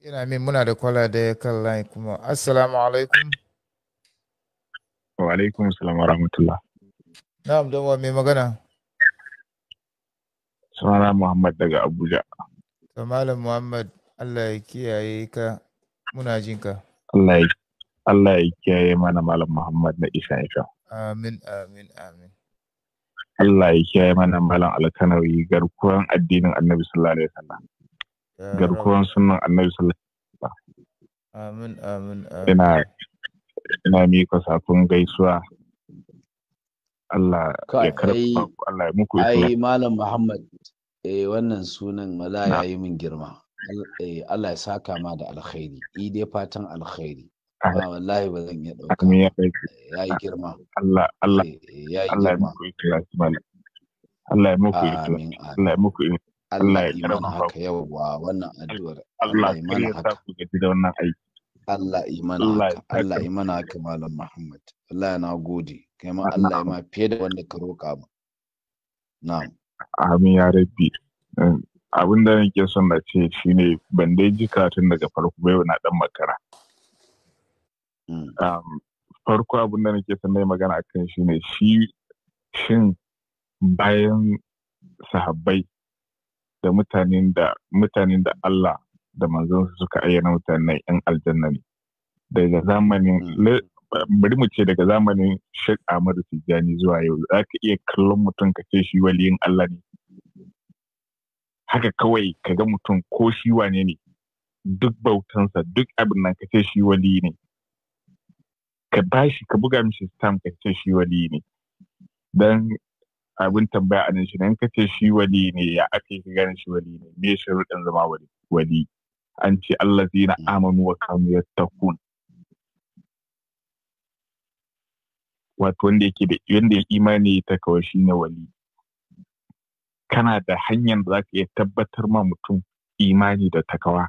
Ina min muna da kwala da ya kan line kuma. Assalamu alaikum. Wa alaikum salam wa rahmatullah. Na'am dan wa mai magana? Sunana Muhammad daga Abuja. To Malam Muhammad Allah ya kiyaye ka muna jin ka. Allah ya kiyaye mana Malam Muhammad na Isa Isa. Amin amin amin. Allah ya kiyaye mana Malam Alkanawi garkuwan addinin Annabi sallallahu alaihi wasallam. Garkuwan sunan Annabi sallallahu alaihi wasallam. Amin amin amin. Ina ina miƙa sakon gaisuwa Allah ya karfa Allah ya muku ai malam Muhammad eh wannan sunan mala ya yi min girma eh, Allah ya saka ma da alkhairi i dai fatan alkhairi Ba wallahi ba zan iya dauka ya yi girma Allah Allah eh, eh, ya yi girma Allah ya muku ikhlasi Allah ya muku Allah ya muku Allah ya karfa haka yau wa wannan addu'ar Allah ya mana haka da wannan aiki Allah imana Allah imana haka malam Muhammad Allah na gode kai ma Allah ya ma fiye da wanda ka roka mu na'am amin ya rabbi abin da nake son na ce shine ban dai ji katun daga farko bai na dan makara hmm. farko abin da nake son nayi magana akan shine shi shin bayan sahabbai da mutanen da mutanen da Allah da manzon suka ayyana mutane yan aljanna ne daga zamanin hmm. bari mu ce daga zamanin Sheikh Ahmadu Tijjani zuwa yau za ka iya kallon mutum ka ce shi waliyin Allah ne haka kawai ka ga mutum ko shi wane ne duk bautansa duk abin nan ka ce shi wali ne ka bashi ka buga mishi stamp ka ce shi wali ne dan abin tambaya a nan shi ne ka ce shi wali ne ya ake ka gane shi wali ne me sharuɗin zama wali an ce na mm. amanu wa kanu takun wato wanda yake da wanda ya imani ta kawai shine wali kana da hanyar da za ka iya tabbatar ma mutum imani da takawa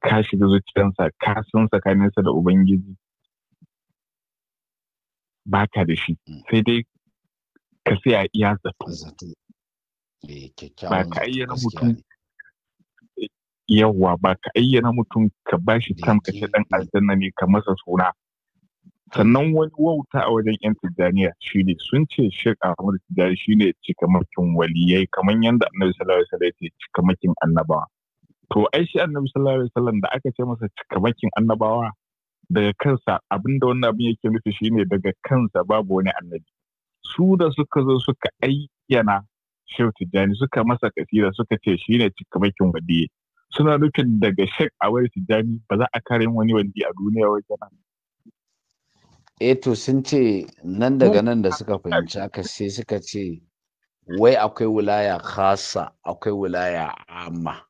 ka shiga zuciyarsa ka san tsakaninsa da ubangiji Ba ka da shi mm. sai dai ka sai a iya zato eh, ba ka iya mutum yawwa ba ka ayyana mutum ka ba shi tam ka ce dan aljanna ne ka masa suna sannan wani wauta a wajen yan tijjaniya shi ne sun ce shek wani tijjani ne cikamakin waliyai kamar yadda annabi sallallahu alaihi wasallam ya ce cikamakin annabawa to ai shi annabi sallallahu alaihi wasallam da aka ce masa cikamakin annabawa daga kansa abinda wannan abin yake nufi shi ne daga kansa babu wani annabi su da suka zo suka ayyana shek tijjani suka masa kasira suka ce shi shine cikamakin waliyai suna nufin daga shek a wani tijjani ba za a kare wani wandi a duniya wajen nan eh to sun ce nan daga nan da suka fahimci aka sai suka ce wai akwai wilaya khasa akwai wilaya amma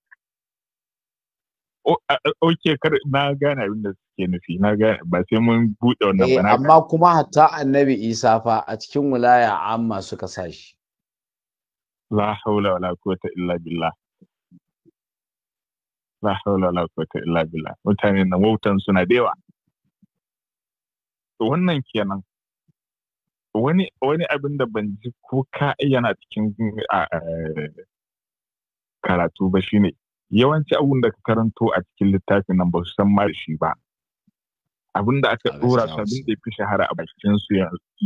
Ok kar na gane abin da suke nufi, na gane ba sai mun buɗe wannan ba. Eh, amma kuma hatta annabi Isa fa a cikin wilaya amma suka sa shi. La haula wala quwwata illa billah. la haula wala quwwata illa billah nan wautan suna da yawa to wannan kenan wani wani abin da ban ji ko ka yana cikin karatu ba shine yawanci abun da ka karanto a cikin littafin nan ba su san ma shi ba abin da aka dora su abin da ya fi shahara a bakin su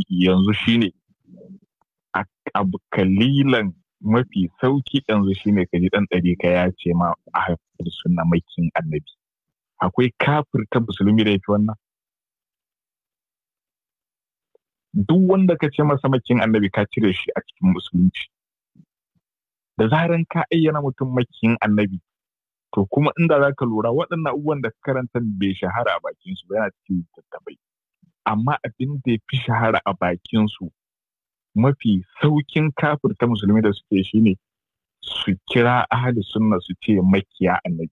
yanzu shine a kalilan mafi sauki yanzu shine ka ji ɗan ɗari ka ya ce ma a haifar suna makin annabi akwai kafirta musulmi da fi wannan duk wanda ka ce masa makin annabi ka cire shi a cikin musulunci da zaran ka ayyana mutum makin annabi to kuma inda za ka lura waɗannan abubuwan da karanta bai shahara a bakinsu ba yana cikin littattafai amma abin da ya fi shahara a bakinsu mafi saukin kafirta musulmi da suke shi ne su kira ahli sunna su ce makiya annabi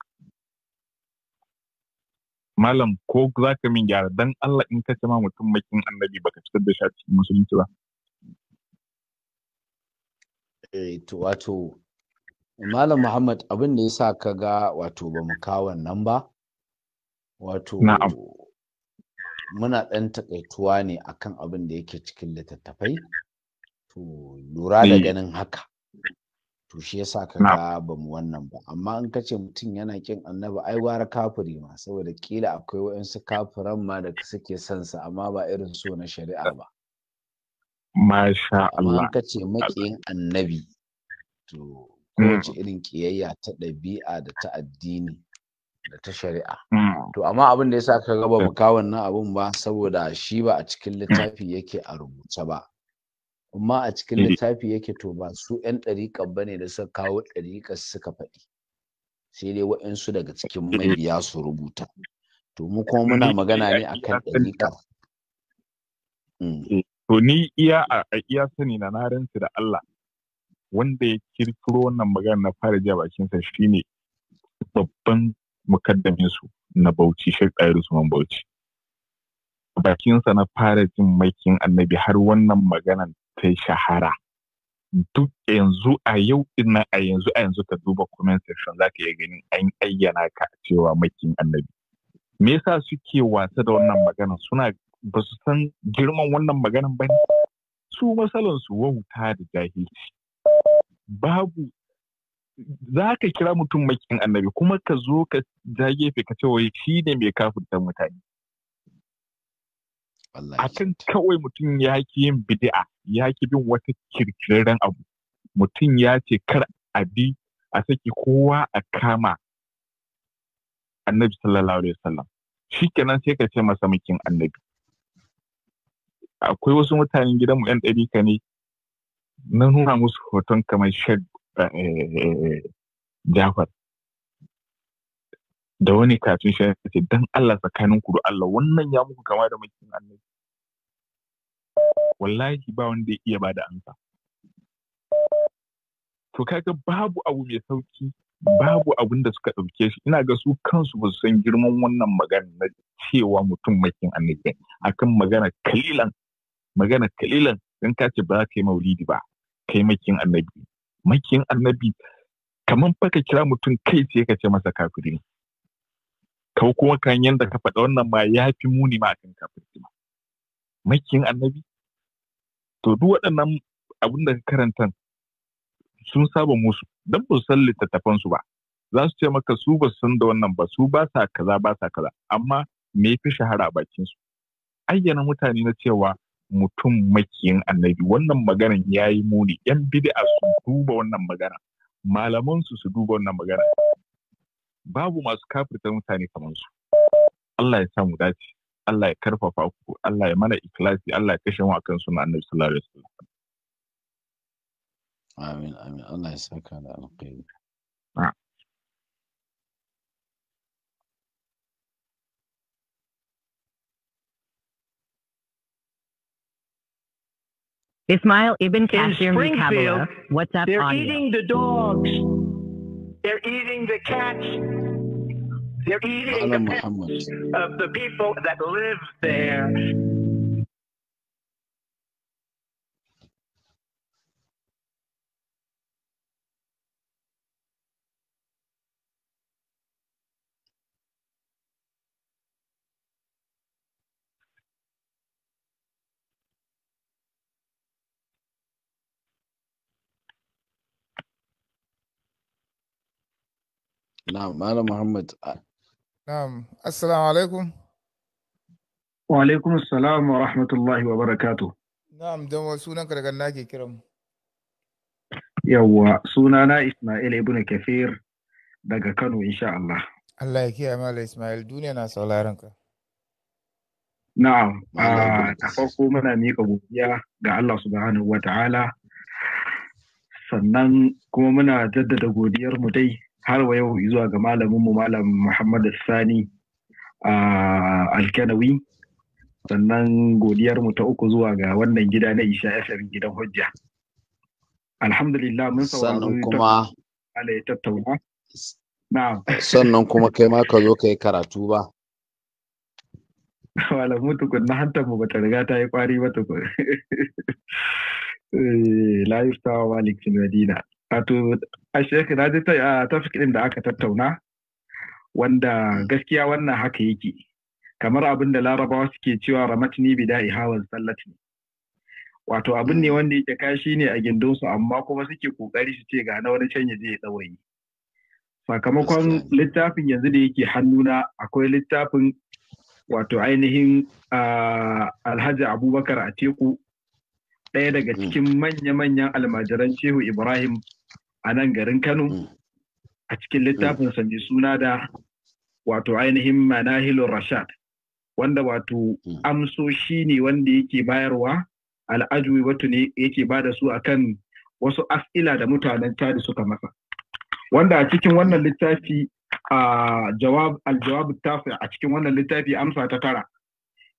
malam ko za ka min gyara dan Allah in ka ce ma mutum makin annabi baka fitar da shi cikin musulunci ba eh, to wato malam Muhammad abin da ya sa ka ga wato ba mu kawo wannan ba wato muna ɗan takaituwa ne akan abin da yake cikin littattafai to lura da eh. ganin haka to shi yasa ka ga bamu wannan ba amma in ka ce mutum yana kin annabi ai gwara kafiri ma saboda kila akwai waɗansu kafiran ma da suke son sa amma ba irin so na shari'a ba masha Allah In ka ce makiyin annabi to kowace hmm. irin kiyayya ta ɗabi'a da ta addini da ta shari'a hmm. to amma abin da yasa ka ga ba mu eh. kawo wannan abun ba saboda shi ba a cikin littafi yake a rubuce ba amma a cikin eh. littafi yake to ba su 'yan ɗariƙar ba ne da suka kawo ɗariƙar suka faɗi sai dai waɗansu daga cikin eh. mabiya su rubuta to mu kuma eh, muna magana ne akan ɗariƙar mm. to ni iya a iya sani na narinsu da Allah wanda ya kirkiro wannan magana na fara jiya bakinsa shine babban mukaddamin su na Bauchi Sheikh Ɗayar Usman Bauchi bakinsa na fara jin makin annabi har wannan maganan ta shahara duk yanzu a yau ina a yanzu a yanzu ka duba comment section za iya ganin an ayyana ka cewa makin annabi me yasa suke wasa da wannan magana suna ba su san girman wannan maganan ba ne su matsalan su wauta da jahilci babu za ka kira mutum makin annabi kuma ka zo ka jage gefe ka ce wai shi ne mai kafirta mutane akan kawai mutum ya ki yin bidi'a ya ki bin wata kirkirarren abu mutum ya ce kar a bi a saki kowa a kama annabi sallallahu alaihi wasallam shikenan sai ka ce masa mukin annabi akwai wasu mutanen gidan gidanmu yan ka ne na nuna musu hoton kamar eh, eh, eh jafar da wani kafin shi ya ce dan Allah tsakanin ku Allah wannan ya muku kama da makin annabi wallahi ba wanda ya iya bada amsa to kaga babu abu mai sauki babu abin da suka ɗauke shi ina ga su kansu ba su san girman wannan magana na cewa mutum makin annabi akan magana kalilan magana kalilan dan ka ce ba za ka yi maulidi ba kai makin annabi makin annabi kamar fa ka kira mutum kai sai ka ce masa kafiri kau kuma kan yadda ka faɗa wannan ma ya fi muni ma akan kafirci ma annabi to duk waɗannan abin da ka karanta sun saba musu don ba su san littattafan ba za su ce maka su ba san da wannan ba su ba sa kaza ba sa kaza amma me fi shahara a bakin su ayyana mutane na cewa mutum makiyin annabi wannan maganan ya yi muni yan bid'a su duba wannan magana Malamansu su su duba wannan magana babu masu kafirta mutane kamar su Allah ya samu dace Allah ya karfafa ku Allah ya mana ikilasi Allah ya kashe mu akan sunan Annabi sallallahu alaihi wasallam amin amin Allah ya saka da alkhairi Ismail Ibn Kashir Mukabala, what's up They're eating the dogs. They're eating the cats. They're eating the pets of the people that live there. Now, Madam Muhammad, Na'am, assalamu alaikum. Wa alaikum assalam wa rahmatullahi wa barakatuh. Na'am, dan wa sunan daga na ke kiran mu. Yawwa, sunana Ismail ibn Kafir daga Kano insha Allah. Allah ya kiyaye mala Ismail, duniya na sauraron ka. Na'am, a ah, farko muna mika godiya ga Allah subhanahu wa ta'ala sannan kuma muna jaddada godiyar mu dai har wa yau zuwa ga malaminmu malam Muhammad Sani a Alkanawi sannan godiyarmu ta uku zuwa ga wannan gida na Isha FM gidan hujja. Alhamdulillah mun sauraro kuma Allah ya tattauna. Sannan kuma kai ma ka zo ka yi karatu ba. Wala mu tukun na hantar mu bata riga ta yi kwari ba tukun. Eh, malik madina. wato a shekara da ta tafikin da aka tattauna wanda hmm. gaskiya wannan haka yake kamar abin da larabawa suke cewa ramatni bida'i hawan sallati wato abin ne hmm. wanda yake kashi ne a gindinsu amma kuma suke kokari su ce ga na wani can ya je ya sakamakon littafin yanzu da yake hannuna akwai littafin wato ainihin alhaji abubakar a teku ɗaya daga hmm. cikin manya-manyan almajiran shehu ibrahim a nan garin Kano mm. a cikin littafin mai suna da wato ainihin Manahil rashad wanda wato mm. shi ne wanda yake bayarwa al'ajwi wato ne yake ba da su akan wasu as'ila da mutanen tari suka masa wanda a cikin wannan littafi a jawab jawab tafi a cikin wannan littafi amsa ta tara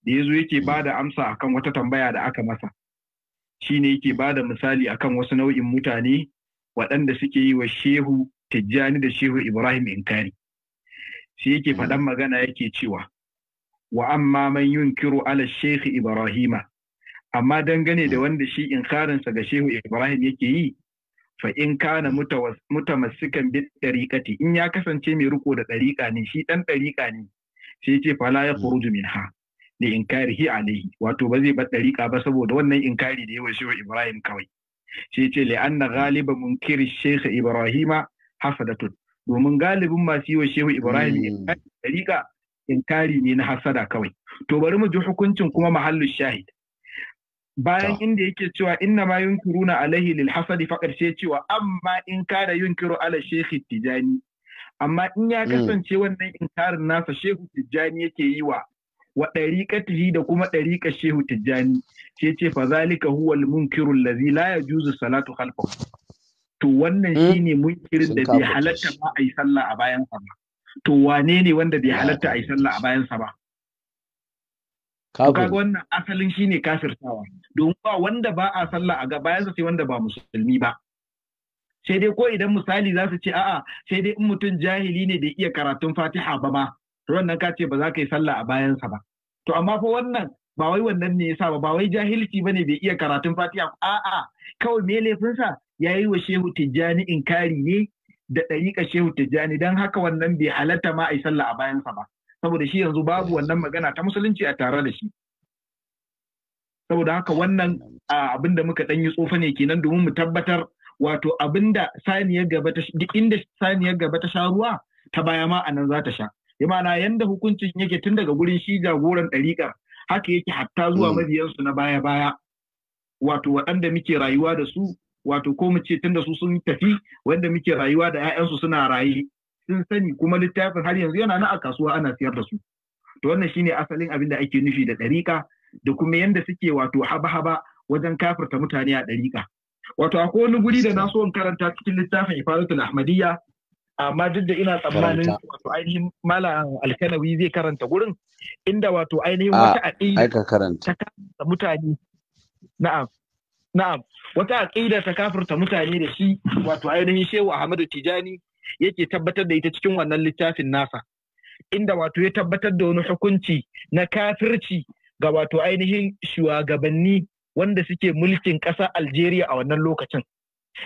da yazo yake bada da amsa akan wata tambaya da aka masa shine yake bada misali akan wasu nau'in mutane waɗanda suke yi wa shehu tijjani da shehu ibrahim inkari sai yake hmm. faɗan magana yake cewa wa amma man yunkiru ala shehu ibrahima amma dangane da hmm. wanda shi inkarinsa ga shehu ibrahim yake yi fa in kana mutamassikan bi dariqati in ya kasance mai riko da dariqa ne shi dan dariqa ne sai yace fala ya hmm. khuruju minha li inkarihi alaihi wato ba zai bar dariqa ba saboda wannan inkari da yawa shehu ibrahim kawai shi ce li'anna ghaliba munkiri Sheikh Ibrahima hasadatun domin galibin masu yi wa Shehu Ibrahim hmm. dariƙa inkari ne na hasada kawai to bari mu ji hukuncin kuma mahallu shahid bayan inda yake cewa inna ma yunkiruna alaihi lil hasadi fa karshe cewa amma in kana yunkiru ala Sheikh Tijani amma in ya hmm. kasance wannan inkarin nasa Shehu Tijani yake yi wa wa ɗariƙatihi da kuma ɗariƙar shehu tijjani sai ce fa zalika huwa al-munkiru allazi la yajuzu salatu khalfahu to wannan hmm. shine munkirin da bai halatta ba a yi sallah a bayan sa ba to wane ne wanda bai halatta a yi sallah a bayan sa ba kaga wannan asalin shine kafirtawa don ba wanda ba a sallah a ga bayan sa sai wanda ba musulmi ba sai dai ko idan misali za su ce a'a sai dai in mutum jahili ne da iya karatun fatiha ba ma to wannan ka ce ba za ka yi sallah a bayansa ba to amma fa wannan ba wai wannan ne yasa ba ba wai jahilci bane bai iya karatun fatiha a'a kawai me laifinsa ya yi wa shehu tijjani inkari ne da ɗariƙa shehu tijjani don haka wannan bai halatta ma a yi sallah a bayansa ba saboda shi yanzu babu wannan magana ta musulunci a tare da shi saboda haka wannan abin da muka ɗan yi tsofa ne kenan domin mu tabbatar wato abin da saniyar gaba ta duk inda saniyar gaba ta sha ruwa ta baya ma a nan za ta sha ya mana yanda hukuncin yake tun daga gurin shi jagoran ɗariƙar haka yake hatta zuwa hmm. mabiyansu na baya baya wato waɗanda muke rayuwa da su wato ko mu ce tun da su sun tafi wanda muke rayuwa da 'ya'yansu suna raye sun sani kuma littafin har yanzu yana na a kasuwa ana siyar da su to wannan shine asalin abin da ake nufi da ɗariƙa da kuma yadda suke wato haba-haba wajen kafirta mutane a ɗariƙa wato akwai wani guri da na so in karanta cikin littafin ifadatul ahmadiyya amma duk da ina tsammanin wato ainihin malam alkanawi zai karanta gurin inda wato ainihin ah, wata aqida ta kafarta mutane na'am na'am wata aqida ta kafirta mutane da shi wato ainihin shehu ahmadu tijani yake tabbatar da ita cikin wannan littafin nasa inda wato ya tabbatar da wani hukunci na kafirci ga wato ainihin shugabanni wanda suke mulkin ƙasar Algeria a wannan lokacin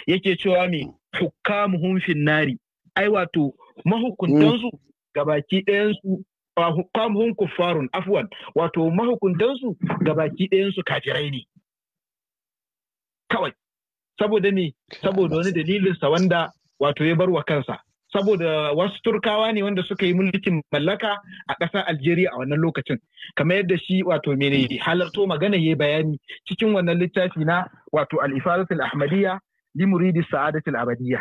yake cewa me hukamuhum finnari ai wato mahukuntansu gabaki ɗayansu kwamhun kuffarun afuwan wato mahukuntansu gabaki ɗayansu kafirai ne kawai saboda me saboda wani dalilinsa wanda wato ya bar wa kansa saboda wasu turkawa ne wanda suka yi mulkin mallaka a ƙasar Algeria a wannan lokacin kamar yadda shi wato mene halarto magana ya bayani cikin wannan littafi na wato al-ifadatul ahmadiyya limuridi sa'adatul abadiyya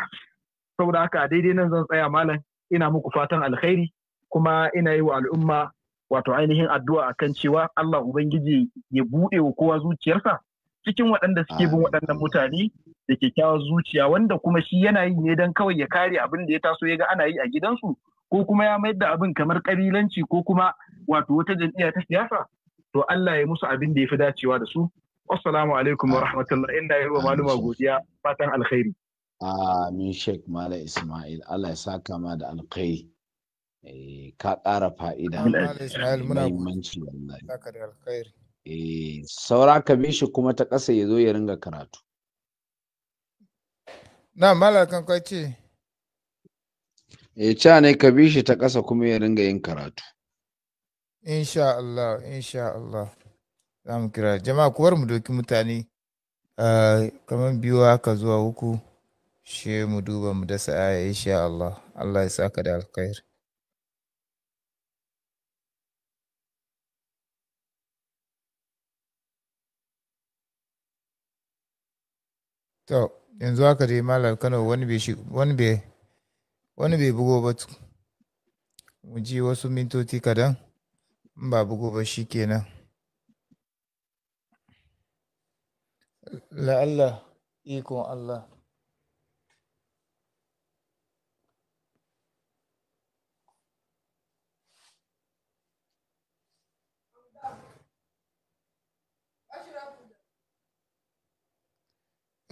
saboda haka daidai nan zan tsaya malam ina muku fatan alkhairi kuma ina yi wa al'umma wato ainihin addu'a akan cewa Allah ubangiji ya buɗe wa kowa zuciyarsa cikin waɗanda suke bin waɗannan mutane da kyakkyawar zuciya wanda kuma shi yana yi ne don kawai ya kare abin da ya taso ya ga ana yi a gidansu ko kuma ya mayar da abin kamar kabilanci ko kuma wato wata jam'iyya ta siyasa to Allah ya musu abin da ya fi dacewa da su assalamu alaikum wa rahmatullahi inda ya yi wa maluma godiya fatan alkhairi Amin Sheikh Mala Ismail, Allah ya saka ma da alkai. Eh, ka ƙara fa'ida. Ismail muna Muhimmanci wallahi. Saka da alkhairi. Eh, Saura ka bi shi kuma ta ƙasa ya zo ya ringa karatu. Na Mala kan kai ce. Eh, ca ne ka bi shi ta ƙasa kuma ya ringa yin karatu. Insha Allah, insha Allah. Za mu kira jama'a ku bar mu doki mutane ah, kamar biyu haka zuwa uku. she mu duba mu dasa aya insha Allah Allah ya saka da alkhair to yanzu haka dai malar Kano wani bai shi wani bai wani bai bugo ba mu ji wasu mintoti kadan in ba bugo ba shi kenan la'alla ikon Allah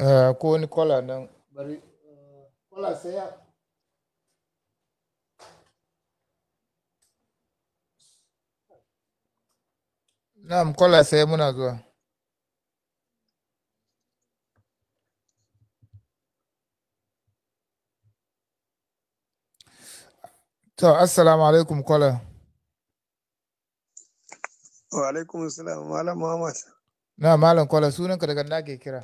Eh, ko wani kola nan bari eh, kola saya na'am kola saya muna zuwa To, assalamu alaikum kola Wa alaikum salam, Malam Muhammad. Na, Malam kola sunanka daga nake kira.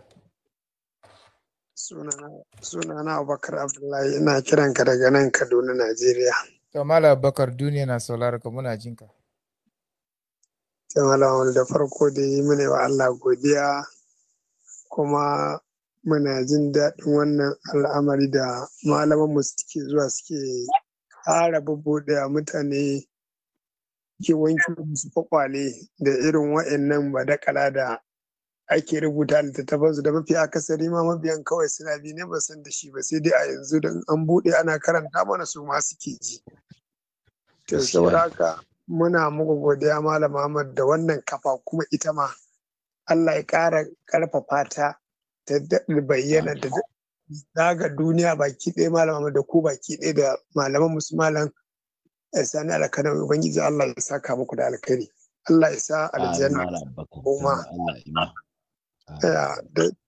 Sunana Abubakar Abdullahi ina kiran ka daga nan Kaduna, Najeriya. Kamala Abubakar duniya na saurara ka muna jinka. Jamala da farko dai muna wa Allah godiya kuma muna jin daɗin wannan al'amari da malamanmu suke zuwa suke ƙara bubbuɗe mutane ke wanke musu kwakwale da irin wa'annan badakala da ake rubuta littattafansu da mafi akasari ma mabiyan kawai suna bi ne ba san da shi ba sai dai a yanzu don an buɗe ana karanta mana su ma suke ji. To saboda haka muna muku godiya Malam ahmad da wannan kafa kuma ita ma Allah ya ƙara ƙarfafa ta ta daɗa bayyana da zaga duniya baki ɗaya Malam ahmad da ku baki ɗaya da malaman musu malam Sani Alkanawi Ubangiji Allah ya saka muku da alkhairi. Allah ya sa aljanna kuma. da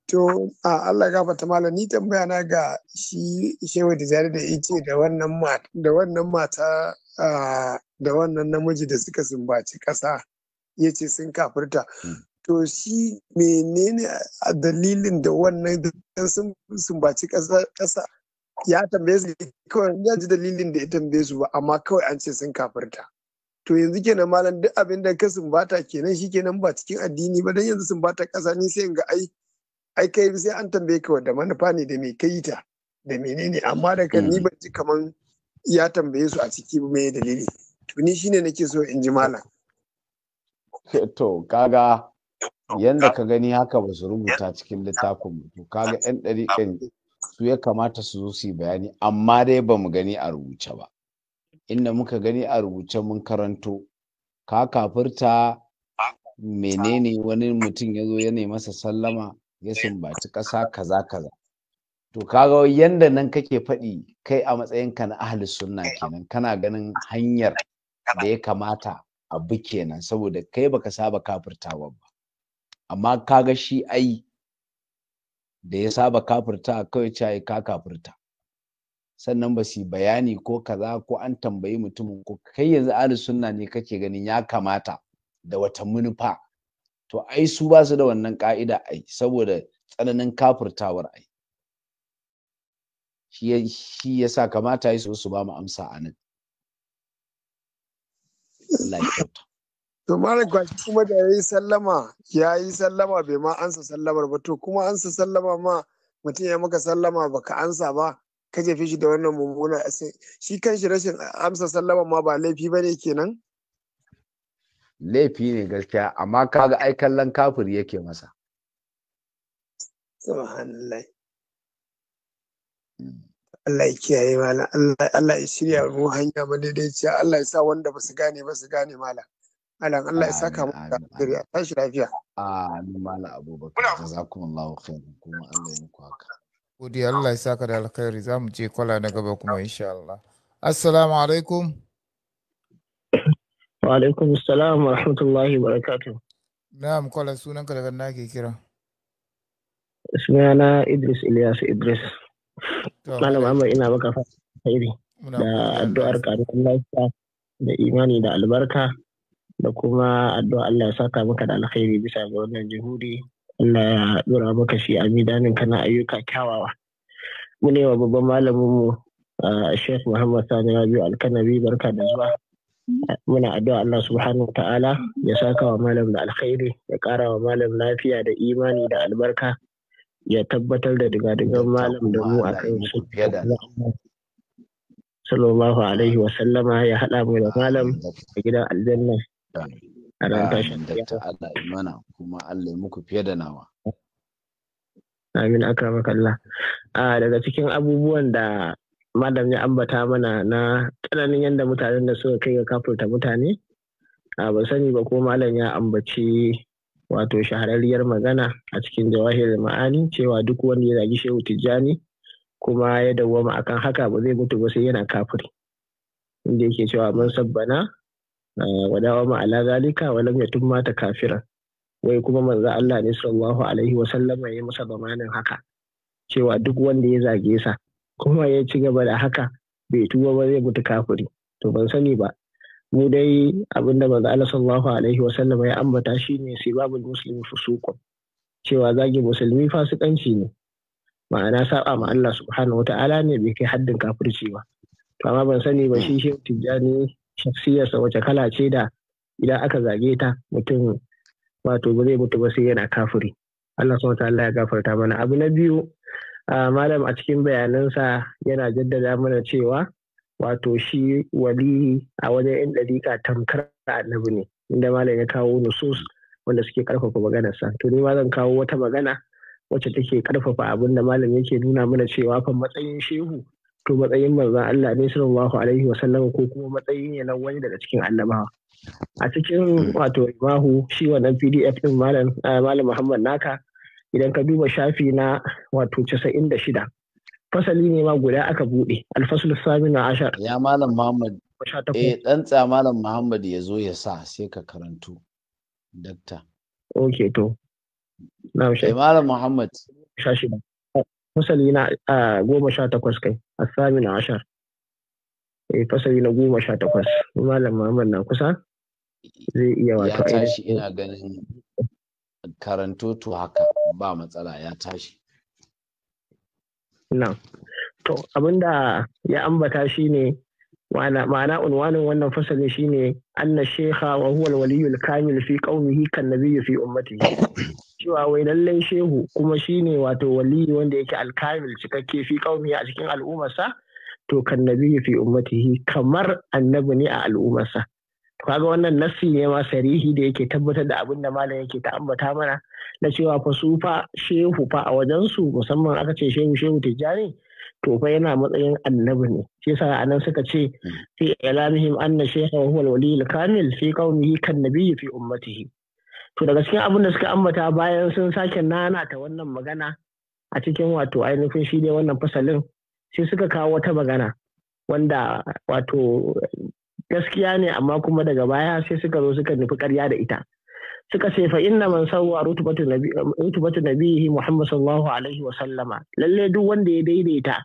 to a Allah ta malam ni tambaya na ga shi shehu zari da ice da wannan mata da wannan mata da wannan namiji da suka sumbaci ƙasa ya ce sun kafirta hmm. to shi menene a dalilin da wannan sun sumbaci ƙasa ya tambaye su kawai ya ji dalilin da ya tambaye su ba amma kawai an ce sun kafirta to yanzu kenan malam duk abin da ka sumbata kenan shi kenan ba cikin addini ba dan yanzu sumbata kasa ni sai ga ai ai kai sai an tambaye ka da manufa ne da me kai ta da menene amma da kan ni mm. ban ji kaman ya tambaye su a ciki ba me dalili to ni shine nake so in ji malam to kaga yanda ka gani haka ba su rubuta cikin littafin to kaga yan ɗariƙan su ya kamata su zo su yi bayani amma dai ba mu gani a rubuce ba inda muka gani a rubuce mun karanto ka kafirta menene wani mutum ya zo ya masa sallama ya sumbaci ƙasa kaza kaza to kaga yanda nan kake faɗi kai a matsayinka na ahli sunna kenan kana ganin hanyar da ya kamata a bi kenan saboda kai baka saba kafirtawa ba amma kaga shi ai da ya saba kafirta kawai ce ka kafirta sannan ba su bayani ko kaza ko an tambayi mutumin ko kai yanzu ahlus sunna ne kake ganin ya kamata da wata munufa to ai su ba su da wannan ka'ida ai saboda tsananin kafurtawar ai shi ya sa kamata ya su ba mu amsa a nan to malam kwashi kuma da ya yi sallama ya yi sallama bai ma ansa sallamar ba to kuma ansa sallama ma mutum ya maka sallama baka ansa ba ka jefe shi da wannan mummunan asin shi kanshi rashin amsa sallama ma ba laifi ba ne kenan laifi ne gaskiya amma kaga ai kallon kafir yake masa subhanallah hmm. Allah ya kiyaye malam Allah ya shirya mu hanya madaidaiciya Allah ya sa wanda ba su gane ba su gane malam Allah Allah ya saka mu da lafiya tashi lafiya amin mala abubakar jazakumullahu khairan kuma Allah ya muku haka godi Allah ya saka da alkhairi za mu je kwala na gaba kuma insha Allah. Assalamu alaikum. Wa alaikum assalam wa rahmatullahi wa barakatuh. Na'am kwala sunan ka daga nake kira. ismaila Idris Ilyas Idris. Malam Ahmad ina maka fa'iri da addu'ar karuwan lafiya da imani da albarka da kuma addu'a Allah ya saka maka da alkhairi bisa ga wannan jihudi Allah ya dora maka shi a midanin kana ayyuka kyawawa mu ne wa babban malamin mu Sheikh Muhammad Sani Rabiu Alkanabi barka da zuwa muna addu'a Allah subhanahu ta'ala ya saka wa malam da alkhairi ya kara wa malam lafiya da imani da albarka ya tabbatar da digadigan malam da mu akan su sallallahu alaihi wa sallama ya haɗa mu da malam a gidan aljanna a ran tashin dakta imana kuma Allah ya muku fiye da nawa amin akramaka Allah a daga cikin abubuwan da madam ya ambata mana na tsananin yadda mutanen da suka kai ga kafurta mutane a ba sani ba ko malam ya ambaci wato shahararriyar magana a cikin jawahir ma'ani cewa duk wanda ya zagi shehu tijjani kuma ya dawwama akan haka ba zai mutu ba sai yana kafiri inda yake cewa mun sabbana Eh, wadawa ma ala zalika wa lam yatum mata kafiran wai kuma manzo Allah ne sallallahu alaihi wa sallam ya masa zamanin haka cewa duk wanda ya zage sa kuma ya ci gaba da haka bai tuba ba zai mutu kafiri to ban sani ba mu dai abinda manzo Allah sallallahu alaihi wa sallam ya ambata shine sibabul muslimi fusuqun cewa zage musulmi fasikanci ne ma'ana saba ma Allah subhanahu wataala ne bai kai haddin kafirci ba to amma ban sani ba shi shehu tijjani shafsiyarsa wace kala ce da idan aka zage ta mutum wato ba zai mutu ba sai yana kafiri Allah subhanahu ta'ala ya gafarta mana abu na biyu malam a cikin bayanansa yana jaddada mana cewa wato shi wali a wajen yan ɗariƙa tamkar annabi ne inda malam ya kawo nusus wanda suke karfafa maganarsa to ni ma zan kawo wata magana wacce take karfafa abinda da malam yake nuna mana cewa fa matsayin shehu to matsayin manzon Allah ne sallallahu alaihi wasallam ko kuma matsayi ne na wani daga cikin annabawa a cikin wato imahu shi wannan pdf din eh, malam muhammad naka idan ka duba shafi na wato 96 fasali ne ma guda aka bude alfasul sami na ashar ya malam muhammad eh dan tsa malam muhammad ya zo ya sa sai ka karantu dakta ok to na eh, malam muhammad fasali na eh, goma sha takwas kai الثامن E! fasali na goma sha takwas malam muhammad na kusa zai iya wato ya tashi ina ganin karanto to haka ba matsala ya tashi na to abinda ya ambata shine ma'ana unwanin wannan fasalin shine anna sheha wa huwa waliyul kamil fi qaumihi kan fi ummatihi cewa wai lallai shehu kuma shine wato waliyi wanda yake alkamil cikakke fi kaumi a cikin al'ummarsa to kan nabiyyu fi ummatihi kamar annabi ne a al'ummarsa kaga wannan nassi ne ma sarihi da yake tabbatar da abin da malam yake ta ambata mana na cewa fa su fa shehu fa a wajen su? musamman aka ce shehu shehu tijjani to fa yana matsayin annabi ne shi yasa anan suka ce fi ilamihim anna shaykha huwa al-wali kamil fi qaumihi kan nabiyyi fi ummatihi to daga cikin abin da suka ambata bayan sun sake nana ta wannan magana a cikin wato ainihin shi ne wannan fasalin sai suka kawo wata magana wanda wato gaskiya ne amma kuma daga baya sai suka zo suka nufi karya da ita suka ce fa inna man sawwa rutubatu nabihi Muhammad sallallahu alaihi wa sallama lalle duk wanda ya daidaita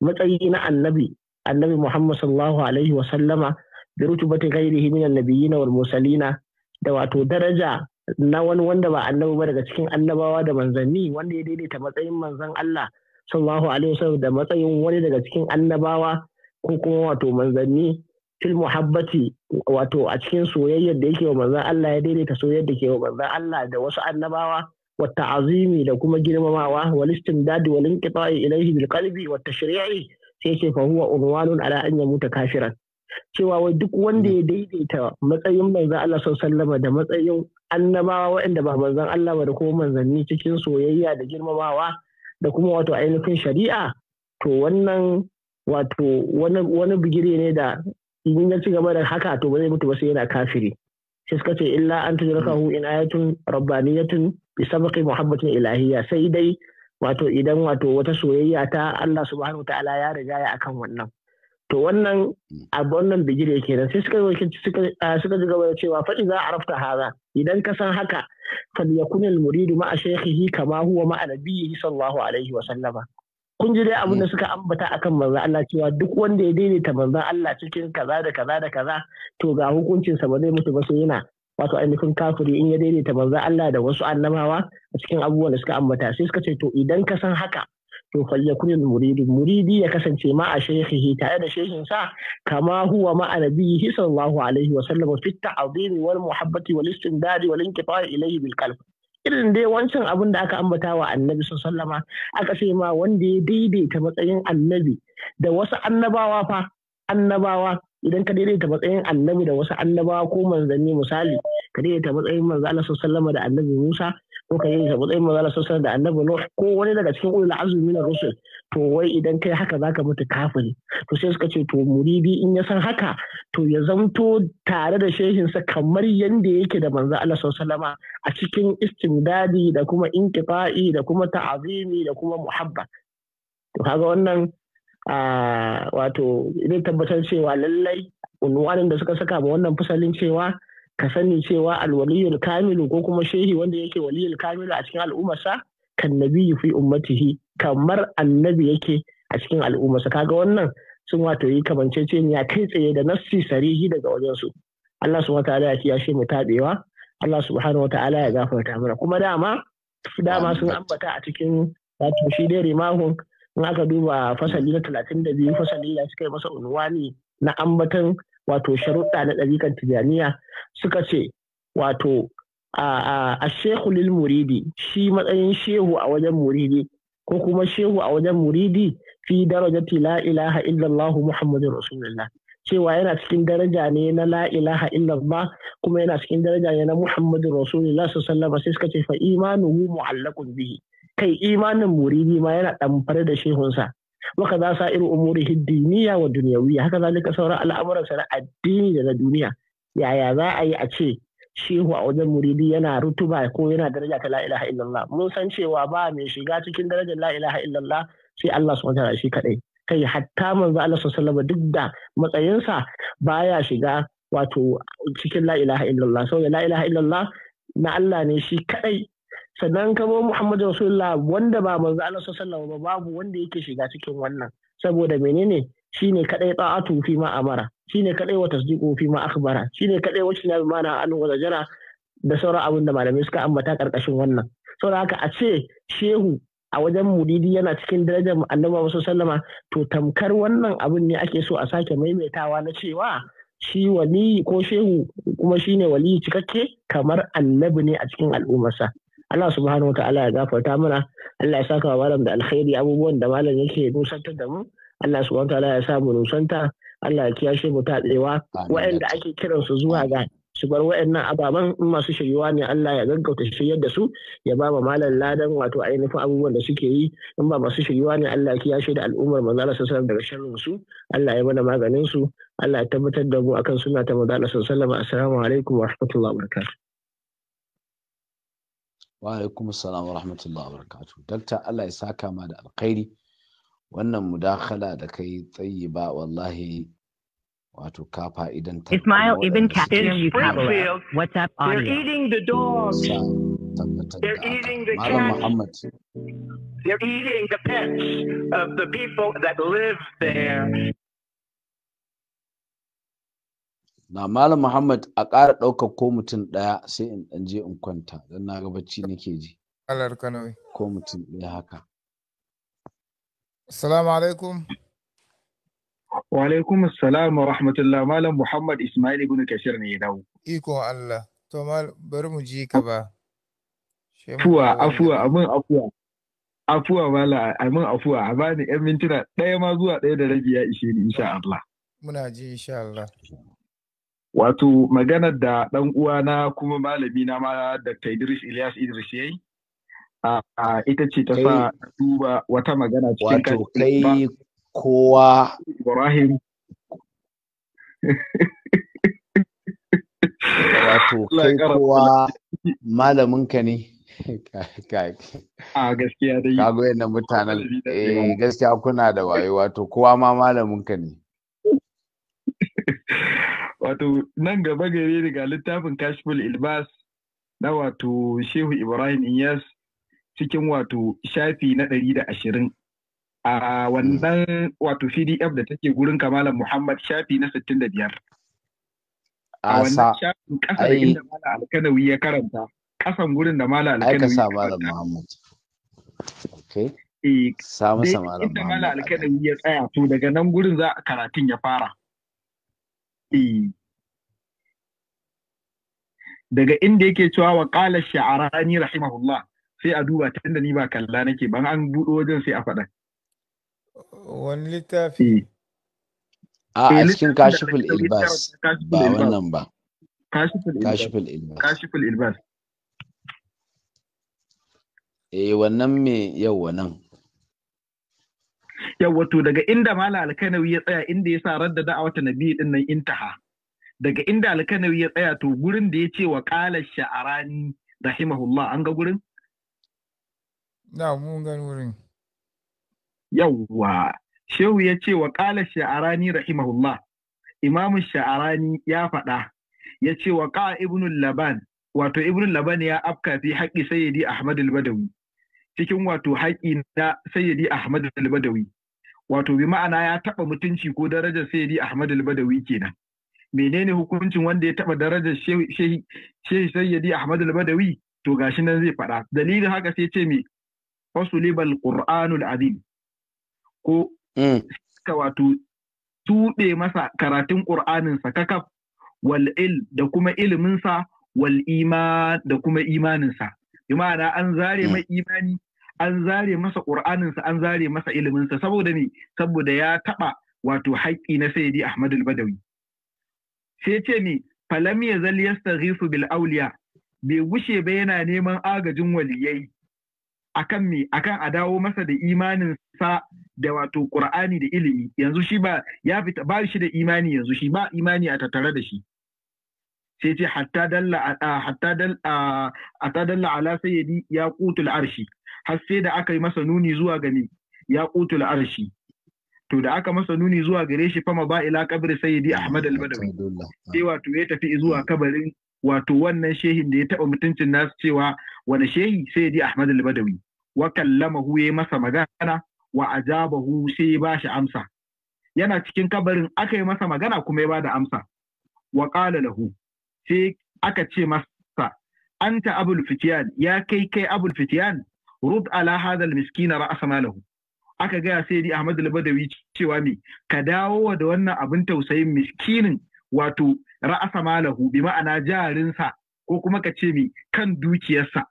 matsayi na annabi annabi Muhammad sallallahu alaihi wa sallama bi rutubati ghairihi min annabiyina wal mursalina da wato daraja na wani wanda ba annabi ba daga cikin annabawa da manzanni wanda ya daidaita matsayin manzan Allah sallallahu alaihi wa sallam da matsayin wani daga cikin annabawa ko kuma wato manzanni fil muhabbati wato a cikin soyayyar da yake wa manzon Allah ya daidaita soyayyar da ke wa manzon Allah da wasu annabawa wa ta'azimi da kuma girmamawa wal istimdad wal inqita'i ilayhi bil qalbi wa tashri'i sai ce fa huwa unwanun ala an yamuta kafiran cewa wai duk wanda ya daidaita matsayin manzon Allah sallallahu da matsayin annabawa waɗanda ba manzon Allah ba da kuma manzanni cikin soyayya da girmamawa da kuma wato ainihin shari'a to wannan wato wani bigire ne da in ya ci gaba da haka to ba zai mutu ba sai yana kafiri sai suka ce illa an tudrakahu in ayatun rabbaniyatun bi sabaqi muhabbatin ilahiyya sai dai wato idan wato wata soyayya ta Allah subhanahu ta'ala ya riga ya akan wannan to wannan a wannan bigire kenan sai suka suka ah, suka ji gaba cewa fa idza arafta hadha idan ka san haka fal yakunil muridu ma'a shaykhihi kama huwa ma'a nabiyhi sallallahu alaihi wa sallama kun ji dai abin da mm. suka ambata akan Manza Allah cewa duk wanda ya daidaita manzan Allah cikin kaza da kaza da kaza to ga hukuncinsa ba zai mutu ba sai yana wato ainihin kafiri in ya daidaita Manza Allah da wasu annabawa a cikin abubuwan da suka ambata sai suka ce to idan ka san haka to falyakun muridi muridi ya kasance ma a shaykhihi tare da shaykhin sa kama huwa ma anabiyhi sallallahu alaihi wa sallam fi at wal muhabbati wal istindad wal inqita' ilayhi bil qalb irin dai wancan abin da aka ambata wa annabi sallama aka ce ma wanda ya daidaita matsayin annabi da wasu annabawa fa annabawa idan ka daidaita matsayin annabi da wasu annabawa ko manzanni misali ka daidaita matsayin manzo Allah sallama da annabi Musa ko ka daidaita matsayin manzo Allah sallama da annabi Nuh ko wani daga cikin ulul azumi na rusul to wai idan kai haka za ka mutu kafiri to sai suka ce to muridi in ya san haka to ya zanto tare da shehinsa kamar yadda yake da manzo Allah sallama a cikin istimdadi da kuma inqita'i da kuma ta'azimi da kuma muhabba to kaga wannan wato idan tabbatar cewa lallai unwanin da suka saka ma wannan fasalin cewa ka sani cewa alwaliyul kamilu ko kuma shehi wanda yake waliyul kamilu a cikin al'ummarsa kan nabiyyu fi ummatihi kamar annabi yake a cikin al'ummarsa kaga wannan sun wato yi ya kai tsaye da nassi sarihi daga wajensu Allah subhanahu wataala ya kiyashe mu tabewa Allah subhanahu wataala ya gafarta mana kuma dama dama sun ambata a cikin wato shi dai rimahun in aka duba fasali na talatin da biyu fasali da suka yi masa unwani na ambatan wato sharuɗa na ɗarikan tijaniya suka ce wato a shehu lil muridi shi matsayin shehu a wajen muridi ko kuma shehu a wajen muridi fi darajati la ilaha illallah muhammadur rasulullah cewa yana cikin daraja ne na la ilaha illallah kuma yana cikin daraja ne na muhammadur rasulullah sallallahu alaihi sai suka ce fa imanuhu mu'allaqun bihi kai imanin muridi ma yana damfare da shehunsa waka za sa irin umuri diniya wa duniyawiya haka zalika sauran al'amuransa na addini da na duniya yaya za a yi a ce shehu a wajen muridi yana rutuba ko yana daraja ta la ilaha illallah mun san cewa ba mai shiga cikin darajar la ilaha illallah sai Allah subhanahu wataala shi kadai kai hatta manzo Allah sallallahu duk da matsayinsa baya shiga wato cikin la ilaha illallah saboda la ilaha illallah na Allah ne shi kadai sannan kamo Muhammadu Rasulullah wanda ba manzo Allah sallallahu alaihi ba babu wanda yake shiga cikin wannan saboda menene Shi ne kaɗai ta'atu fi ma amara ne kadai wa tasdiqu fi ma akhbara ne kadai wa shina bi mana an wa zajara da sauran abin da malamai suka ambata karkashin wannan saboda haka a ce shehu a wajen mudidi yana cikin darajar annabawa wasu sallama to tamkar wannan abin ne ake so a sake maimaitawa na cewa shi wali ko shehu kuma shi ne wali cikakke kamar annabi ne a cikin al'ummarsa Allah subhanahu wa ta'ala ya gafarta mana Allah ya saka wa malam da alkhairi abubuwan da malam yake nusantar da mu Allah subhanahu ta'ala ya sa mu nusanta Allah ya kiyashe mu tatsewa waɗanda ake kiransu zuwa ga su bar waɗannan ababen in masu shiryuwa ne Allah ya gaggauta shiryar da su ya ba ma malam ladan wato ainihin abubuwan da suke yi in ba masu shiryuwa ne Allah ya kiyashe da al'ummar manzo Allah sallallahu daga sharrin su Allah ya mana maganin su Allah ya tabbatar da mu akan sunna ta manzo Allah sallallahu assalamu alaikum wa rahmatullahi wa barakatuh wa alaikum assalam wa rahmatullahi wa barakatuh dakta Allah ya saka ma da alkhairi wannan mudakhala da kai tsayi ba wallahi wato ka fa'idan ta Ismail ibn Kathir Mutabawa what's up audio they're eating the dogs they're eating the cats they're eating the pets of the people that live there na malam muhammad a ƙara ɗaukar ko mutum ɗaya sai in ɗan je in kwanta don na ga bacci nake ji alar kanawi ko mutum ɗaya haka Assalamu alaikum. Wa alaikum assalam wa rahmatullah Malam Muhammad Ismail ibn Kashir ne ya dawo. Iko Allah. To mal bari mu ji ka ba. Afuwa, afuwa, amin afuwa. Afuwa mala, amin afuwa. A bani ƴan mintuna ɗaya ma zuwa ɗaya da rabi ya ishe ni insha Allah. Muna ji insha Allah. Wato maganar da ɗan uwa na kuma malami na ma Dr. Idris Ilyas Idris yayi. a ita ce ta sa duba wata magana cikin wato kai kowa Ibrahim wato kai kowa ka ne a gaskiya dai kago mutanen eh gaskiya kuna da wayo wato kowa ma ka ne wato nan gaba gare ni ga littafin kashful ilbas na wato shehu ibrahim iyas cikin wato shafi na ɗari da ashirin a wannan wato pdf da take gurin kamalan muhammad shafi na sittin da biyar a wannan shafin ƙasa inda mala alkanawi ya karanta ƙasan gurin da mala alkanawi ya karanta okay eh, samu inda mala alkanawi ya tsaya to daga nan gurin za a karatun ya fara eh. daga inda yake cewa wa qala sha'arani rahimahullah sai a duba tun da ni ba kalla nake ban an buɗo wajen sai a faɗa. Wani littafi? Eh. A a eh, cikin kashiful ilbas ba wannan ba. Kashiful ilbas. Kashiful ilbas. Eh wannan me yau wannan. Yau wato daga inda Malam Alkanawi ya tsaya inda ya sa radda da'awata nabi din nan intaha. Daga inda Alkanawi ya tsaya to gurin da ya ce wa qala sha'arani rahimahullah an ga gurin? Na mun gani wurin. Yawwa, Shehu ya ce wa ƙala sha'arani rahimahullah, Imamu sha'arani ya faɗa, ya ce wa ƙa ibnul laban, wato ibnul laban ya afka fi haƙƙi sayyidi Ahmad al-Badawi, cikin wato haƙƙi na sayyidi Ahmad al-Badawi. Wato bi ma'ana ya taɓa mutunci ko darajar sayyidi Ahmad al-Badawi kenan. Menene hukuncin wanda ya taɓa darajar shehi sayyidi Ahmad al-Badawi? To gashi nan zai faɗa. Dalilin haka sai ce me fasulibal qur'anul azim ko suka wato tuɓe masa karatun ƙur'aninsa kakaf wal il da kuma iliminsa wal iman da kuma imaninsa bi ma'ana an zare mai imani an zare masa ƙur'aninsa an zare masa iliminsa saboda ne saboda ya taɓa wato haƙƙi na sayyidi ahmad badawi sai ce ne falam ya zal yastaghifu bil awliya bai wuce ba yana neman agajin waliyai akan me akan a dawo masa da imanin sa da wato Qur'ani da ilimi yanzu shi ba ya fita ba shi da imani yanzu shi ba imani a tattare da shi sai ce hatta dalla hatta dalla hatta dalla ala sayyidi yaqutul arshi har sai da aka yi masa nuni zuwa ga me yaqutul arshi to da aka masa nuni zuwa gare shi fama ba ila kabri sayyidi Ahmad al-Badawi sai wato ya tafi zuwa kabarin wato wannan shehin da ya taba mutuncin nasu cewa wani shehi sayyidi Ahmad al-Badawi wa kallamahu ya masa magana wa sai bashi amsa yana cikin kabarin aka yi masa magana kuma ya bada amsa wa qala lahu sai aka ce masa anta abul fitiyan ya kai kai abul fitiyan rud ala hadha al miskina ra'sa malahu aka gaya sai di Ahmad al-Badawi cewa me ka dawo da wannan abin tausayin miskinin wato ra'asa malahu bi ma'ana jarinsa ko kuma ka ce me kan dukiyarsa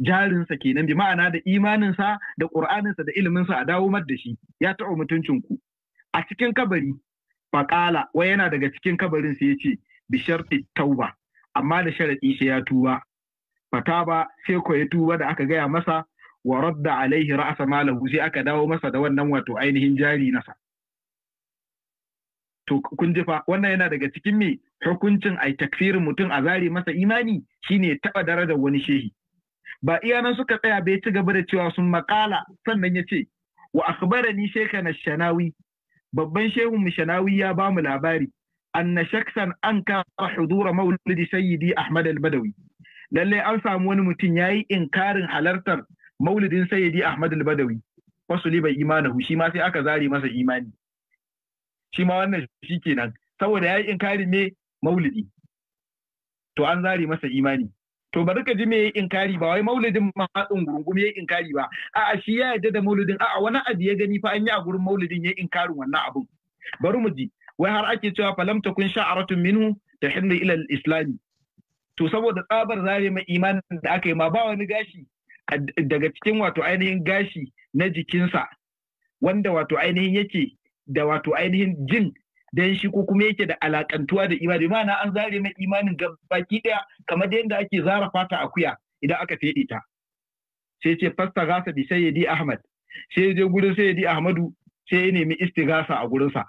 jarinsa kenan bi ma'ana da imaninsa da ƙur'aninsa da iliminsa a dawo mar da shi ya taɓa mutuncin ku a cikin kabari faƙala wai yana daga cikin kabarin sai ya ce bi sharti tauba amma da sharaɗi sai ya tuba fata ba sai ko ya tuba da aka gaya masa wa radda alaihi ra'asa malahu sai aka dawo masa da wannan wato ainihin jari nasa to kun ji fa wannan yana daga cikin me hukuncin ai takfirin mutum a zare masa imani shine ya taɓa darajar wani shehi ba iya nan suka tsaya bai ci gaba da cewa sun makala sannan ya ce wa akhbarani shaykhana shanawi babban shehun shanawi ya ba mu labari anna shaksan an kafa hudura maulidi sayyidi ahmad al-badawi lalle an samu wani mutum yayi inkarin halartar maulidin sayyidi ahmad al-badawi fasuli bai imanahu shi ma sai aka zare masa imani shi ma wannan shi kenan saboda yayi inkarin ne maulidi to an zare masa imani to bari ka ji me yayi inkari ba wai maulidin ma hadin gurgum yayi inkari ba a'a shi ya yadda da maulidin a'a wani abu ya gani fa an yi a gurin maulidin yayi inkarin wannan abun bari mu ji wai har ake cewa falam takun sha'aratun minhu hinna ila al-islam to saboda tsabar zare mai imanin da aka yi ma ba wani gashi daga cikin wato ainihin gashi na jikinsa wanda wato ainihin yake da wato ainihin jin dan shi ko kuma yake da alakantuwa da imani ma'ana an zare mai imanin baki daya kamar da yadda ake zara fata akuya idan aka fede ta sai ce fasta gasa bi sayyidi ahmad sai je gurin sayyidi ahmadu sai ya nemi gasa a gurinsa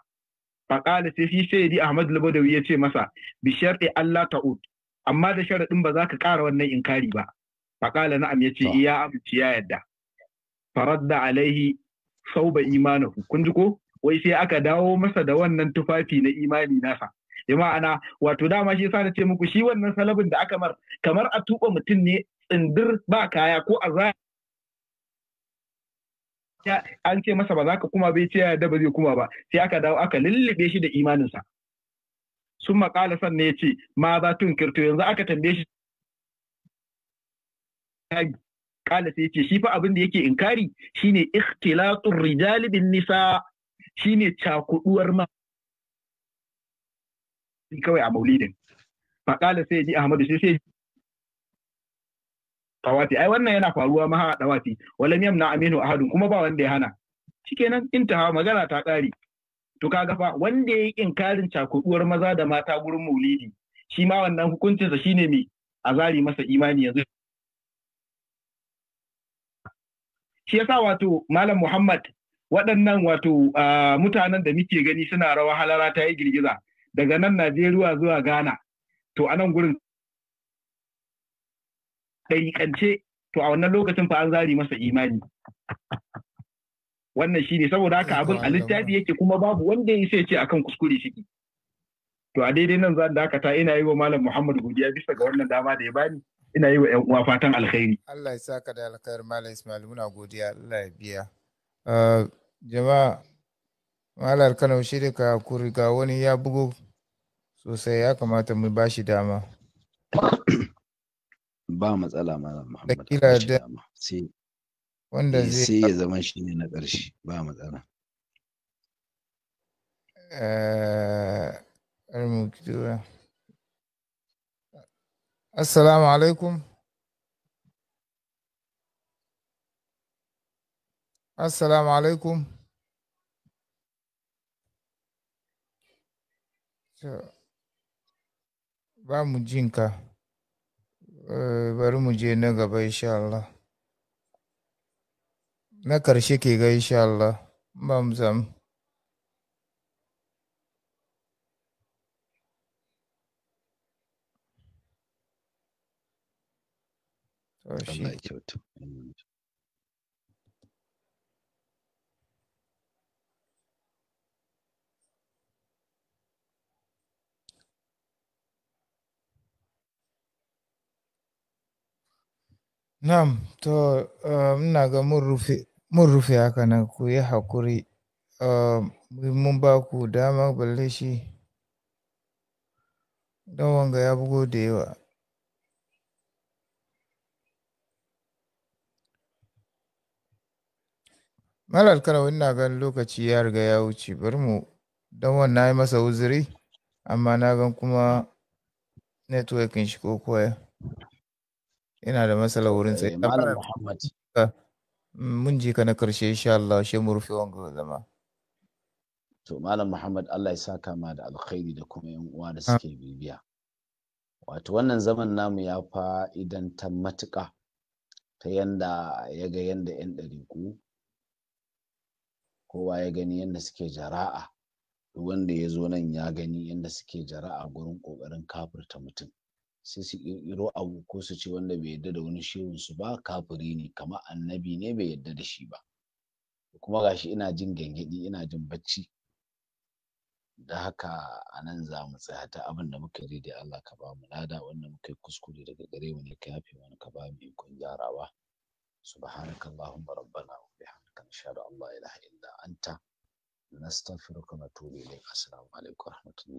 faqala sai shi sayyidi ahmad labadawi ya ce masa bi sharti allah ta'ud amma da sharadin ba za ka kara wannan inkari ba faqala na'am yace iya amince ya yadda faradda alaihi sauba imanahu kun ji ko wai sai aka dawo masa da wannan tufafi na imani nasa Ya ma'ana wato dama shi yasa ce muku shi wannan salabin da aka mar kamar a tuba mutum ne tsindir ba kaya ko a za an ce masa ba za ka kuma bai ce da ba zai kuma ba sai aka dawo aka lullube shi da imaninsa sun makala sannan ya ce ma za tun kirto yanzu aka tambaye shi kala sai ce shi fa abin da yake inkari shine ikhtilatul rijali bin nisa shine cakuduwar ma kawai a maulidin faƙala sai ji ahmadu sai sai tawati ai wannan yana faruwa maha a tawati walam yamna aminu ahadun kuma ba wanda ya hana shikenan hawa magana ta kare to kaga fa wanda ya yi inkarin cakuduwar maza da mata gurin maulidi shi ma wannan hukuncinsa shine mai azari masa imani yanzu shi yasa wato malam muhammad waɗannan wato mutanen da muke gani suna rawa halara ta yi girgiza daga nan Najeriya zuwa Ghana to a nan gurin ɗariƙance to a wannan lokacin fa an zari masa imani wannan shi ne saboda haka abin a littafi yake kuma babu wanda ya ya ce akan kuskure ciki. to a daidai nan zan dakata ina yi wa malam Muhammad godiya bisa ga wannan dama da ya bani ina yi wa ƴan uwa fatan alkhairi Allah ya saka da alkhairi malam Ismail muna godiya Allah ya biya jama'a malar kano shi da ka kuri ga wani ya bugu sosai ya kamata mu ba shi dama ba matsala malam muhammad da wanda eh, zai sai ya zama shi ne na ƙarshe ba matsala eh, Assalamu alaikum. Assalamu alaikum. Ba mu jinka, eh, bari mu je na gaba insha Allah. Na ƙarshe ke ga insha Allah, ba mu samu. Allah ya kyautu. Na'am, to, eh, ina ga mun rufe, mun haka nan ku yi haƙuri. Eh, mun ba ku dama balle shi. Don wanga ya bugo da yawa. malar Alkalawi ina gan lokaci ya riga ya wuce bari mu don wannan na yi masa uzuri amma na gan kuma network shi ko koya. ina da matsala wurin tsaye eh, malam muhammad mm, mun ji ka na karshe insha Allah she mu rufe wanga zama to malam muhammad Allah ya saka ma da alkhairi da kuma yan uwa da suke bibiya wato wannan zaman namu ya ta matuƙa ta yanda ya ga yanda yan ɗariƙu kowa ya gani yanda suke jara'a wanda ya zo nan ya gani yanda suke jara'a gurin ƙoƙarin kafirta mutum sai su ƙirƙiro abu ko su ce wanda bai yadda da wani shehun su ba kafiri ne kamar annabi ne bai yadda da shi ba kuma gashi ina jin gangadi ina jin bacci da haka a nan za mu tsaya ta abin da muka yi da Allah ka ba mu lada wanda muka yi kuskure daga gare mu ne ka yafe mana ka ba mu ikon gyarawa subhanaka allahumma rabbana wa bihamdika nashhadu an la ilaha illa anta nastaghfiruka wa natubu ilayk assalamu alaikum wa rahmatullahi